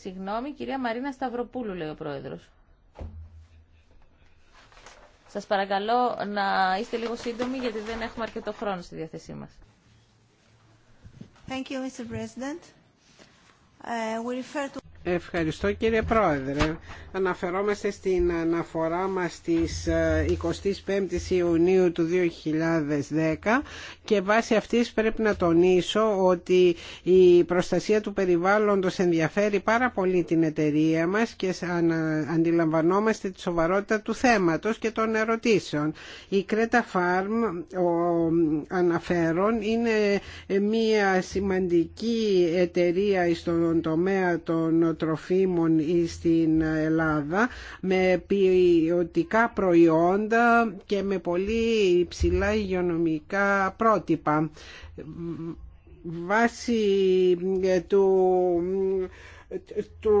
Συγγνώμη, κυρία Μαρίνα Σταυροπούλου, λέει ο πρόεδρος. Σας παρακαλώ να είστε λίγο σύντομοι γιατί δεν έχουμε αρκετό χρόνο στη διάθεσή μας. Thank you, Mr. President. Uh, we refer Ευχαριστώ κύριε Πρόεδρε. Αναφερόμαστε στην αναφορά μας της 25ης ε, Ιουνίου του 2010 και βάσει αυτής πρέπει να τονίσω ότι η προστασία του περιβάλλοντος ενδιαφέρει πάρα πολύ την εταιρεία μας και αντιλαμβανόμαστε τη σοβαρότητα του θέματος και των ερωτήσεων. Η Κρέτα φάρμ ο αναφέρον, είναι ε, μια σημαντική εταιρεία στον τομέα των τροφίμων στην Ελλάδα με ποιοτικά προϊόντα και με πολύ υψηλά υγειονομικά πρότυπα. Βάσει ε, του του,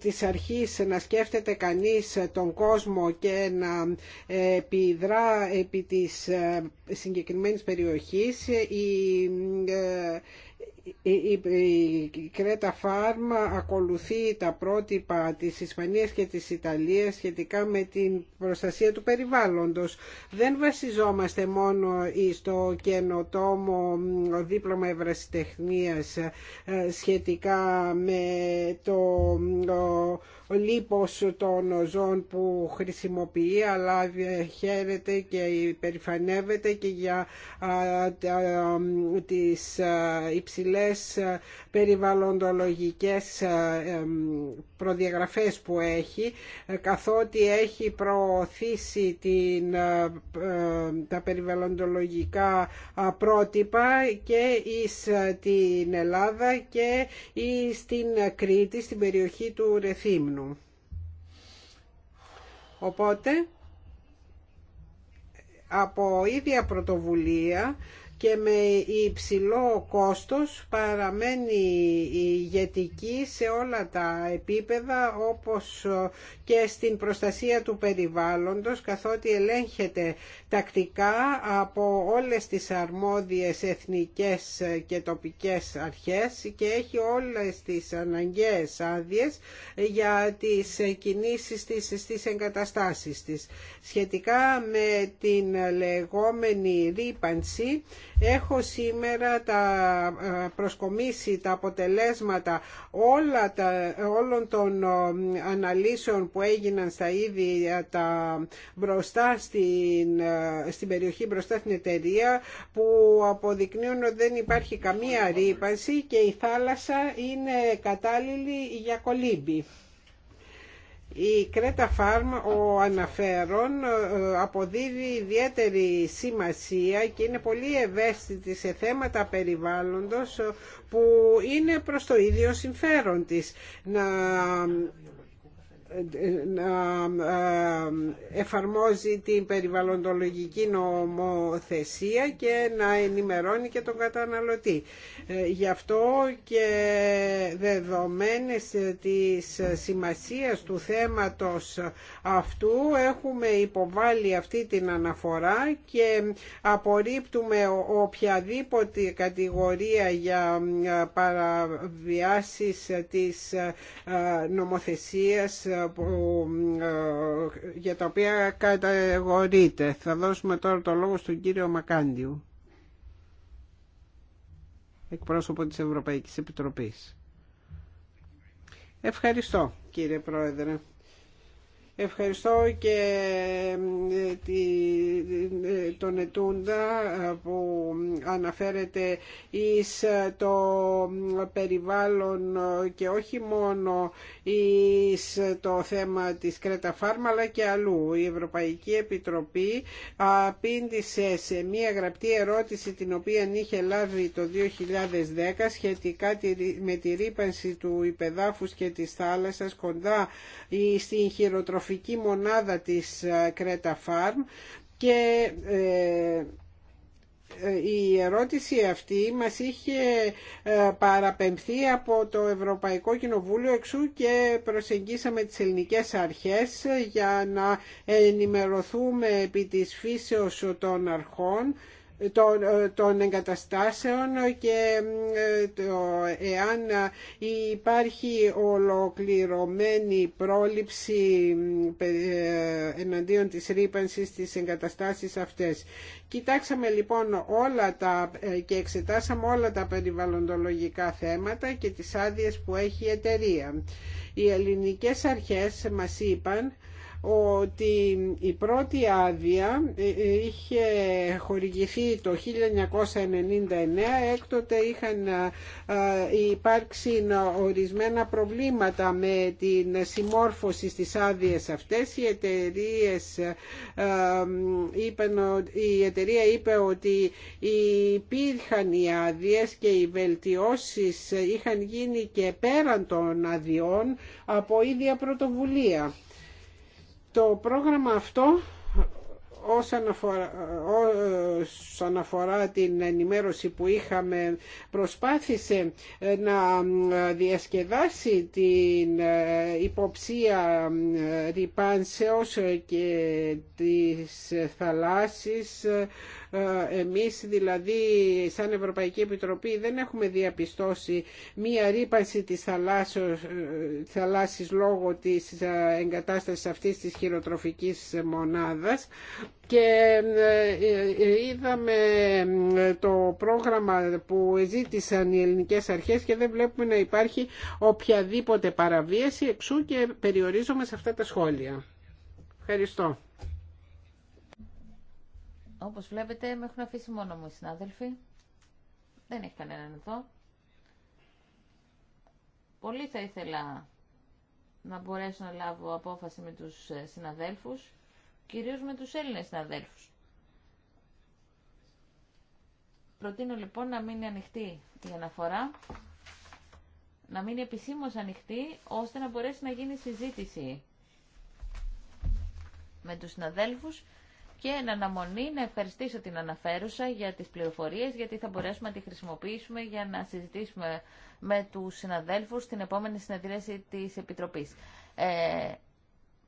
της αρχής να σκέφτεται κανείς τον κόσμο και να ε, επιδρά επί της ε, συγκεκριμένης περιοχής η η Κρέτα Φάρμα ακολουθεί τα πρότυπα της Ισπανίας και της Ιταλίας σχετικά με την προστασία του περιβάλλοντος. Δεν βασιζόμαστε μόνο στο καινοτόμο δίπλωμα ευρασιτεχνίας ε, σχετικά με το λίπος των ζώων που χρησιμοποιεί αλλά χαίρεται και υπερηφανεύεται και για τις υψηλές περιβαλλοντολογικές προδιαγραφές που έχει ε, καθότι έχει προωθήσει την, ε, τα περιβαλλοντολογικά πρότυπα και εις την Ελλάδα και εις την Κρήτη στην περιοχή του Ρεθύμνου. Οπότε από ίδια πρωτοβουλία και με υψηλό κόστος παραμένει ηγετική σε όλα τα επίπεδα όπως και στην προστασία του περιβάλλοντος καθότι ελέγχεται τακτικά από όλες τις αρμόδιες εθνικές και τοπικές αρχές και έχει όλες τις αναγκαίες άδειε για τις κινήσεις της στις εγκαταστάσεις της. Σχετικά με την λεγόμενη ρήπανση Έχω σήμερα τα ε, προσκομίσει τα αποτελέσματα όλα όλων των ε, αναλύσεων που έγιναν στα ίδια ε, τα μπροστά στην, στην περιοχή, μπροστά στην εταιρεία που αποδεικνύουν ότι δεν υπάρχει καμία ρήπανση και η θάλασσα είναι κατάλληλη για κολύμπη. Η Κρέτα Φάρμ, ο αναφέρον, ε, αποδίδει ιδιαίτερη σημασία και είναι πολύ ευαίσθητη σε θέματα περιβάλλοντος ε, που είναι προς το ίδιο συμφέρον της. Να να ε, εφαρμόζει την περιβαλλοντολογική νομοθεσία και να ενημερώνει και τον καταναλωτή. Ε, γι' αυτό και δεδομένες της σημασίας του θέματος αυτού έχουμε υποβάλει αυτή την αναφορά και απορρίπτουμε οποιαδήποτε κατηγορία για ε, παραβιάσεις της νομοθεσίας ε, για τα οποία καταγορείται. Θα δώσουμε τώρα το λόγο στον κύριο Μακάντιου, εκπρόσωπο της Ευρωπαϊκής Επιτροπής. Ευχαριστώ κύριε Πρόεδρε. Ευχαριστώ και ε, ε, τον Ετούντα ε, που αναφέρεται εις το περιβάλλον και όχι μόνο εις το θέμα της Κρέτα αλλά και αλλού. Η Ευρωπαϊκή Επιτροπή απήντησε σε μία γραπτή ερώτηση την οποία είχε λάβει το 2010 σχετικά με τη ρήπανση του υπεδάφους και της θάλασσας κοντά στην χειροτροφία φική μονάδα της ε, Κρέτα Φάρμ και ε, ε, η ερώτηση αυτή μας είχε παραπεμφθεί από το Ευρωπαϊκό Κοινοβούλιο εξού και προσεγγίσαμε τις ελληνικές αρχές για να ενημερωθούμε επί της φύσεως των αρχών ε, των εγκαταστάσεων και ε, το, εάν ε, υπάρχει ολοκληρωμένη πρόληψη εναντίον της ρήπανσης της εγκαταστάσεις αυτές. Κοιτάξαμε λοιπόν όλα τα και εξετάσαμε όλα τα περιβαλλοντολογικά θέματα και τις άδειες που έχει η εταιρεία. Οι ελληνικές αρχές μας είπαν ότι η πρώτη άδεια ε, ε, είχε χορηγηθεί το 1999, έκτοτε είχαν ε, υπάρξει ορισμένα προβλήματα με την συμμόρφωση στις άδειες αυτές. Οι εταιρείες, η εταιρεία είπε ότι υπήρχαν οι άδειες και οι βελτιώσεις είχαν γίνει και πέραν των αδειών από ίδια πρωτοβουλία. Το πρόγραμμα αυτό όσον αφορά, την ενημέρωση που είχαμε προσπάθησε να διασκεδάσει την υποψία διπάνσεως και της θαλάσσης ε, εμείς δηλαδή σαν Ευρωπαϊκή Επιτροπή δεν έχουμε διαπιστώσει μία ρήπανση της ε, θαλάσσης λόγω της ε, εγκατάστασης αυτής της χειροτροφικής μονάδας και είδαμε το πρόγραμμα που ζήτησαν οι ελληνικές αρχές και δεν βλέπουμε να υπάρχει οποιαδήποτε παραβίαση εξού και περιορίζομαι σε αυτά τα σχόλια. Ευχαριστώ. Όπως βλέπετε, με έχουν αφήσει μόνο μου οι συνάδελφοι. Δεν έχει κανέναν εδώ. Πολύ θα ήθελα να μπορέσω να λάβω απόφαση με τους ε, συναδέλφους, κυρίως με τους Έλληνες συναδέλφους. Προτείνω λοιπόν να μείνει ανοιχτή η αναφορά, να μείνει επισήμως ανοιχτή, ώστε να μπορέσει να γίνει συζήτηση με τους συναδέλφους και εν αναμονή να ευχαριστήσω την αναφέρουσα για τις πληροφορίες γιατί θα μπορέσουμε να τη χρησιμοποιήσουμε για να συζητήσουμε με τους συναδέλφους στην επόμενη συνεδρίαση της Επιτροπής. Ε,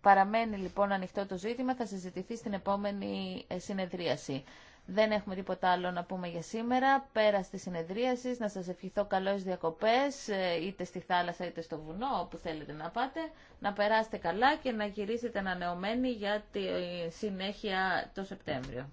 παραμένει λοιπόν ανοιχτό το ζήτημα, θα συζητηθεί στην επόμενη συνεδρίαση. Δεν έχουμε τίποτα άλλο να πούμε για σήμερα. Πέρα τη συνεδρίαση, να σας ευχηθώ καλώ διακοπές, ε, είτε στη θάλασσα είτε στο βουνό, όπου θέλετε να πάτε. Να περάσετε καλά και να γυρίσετε ανανεωμένοι για τη συνέχεια το Σεπτέμβριο.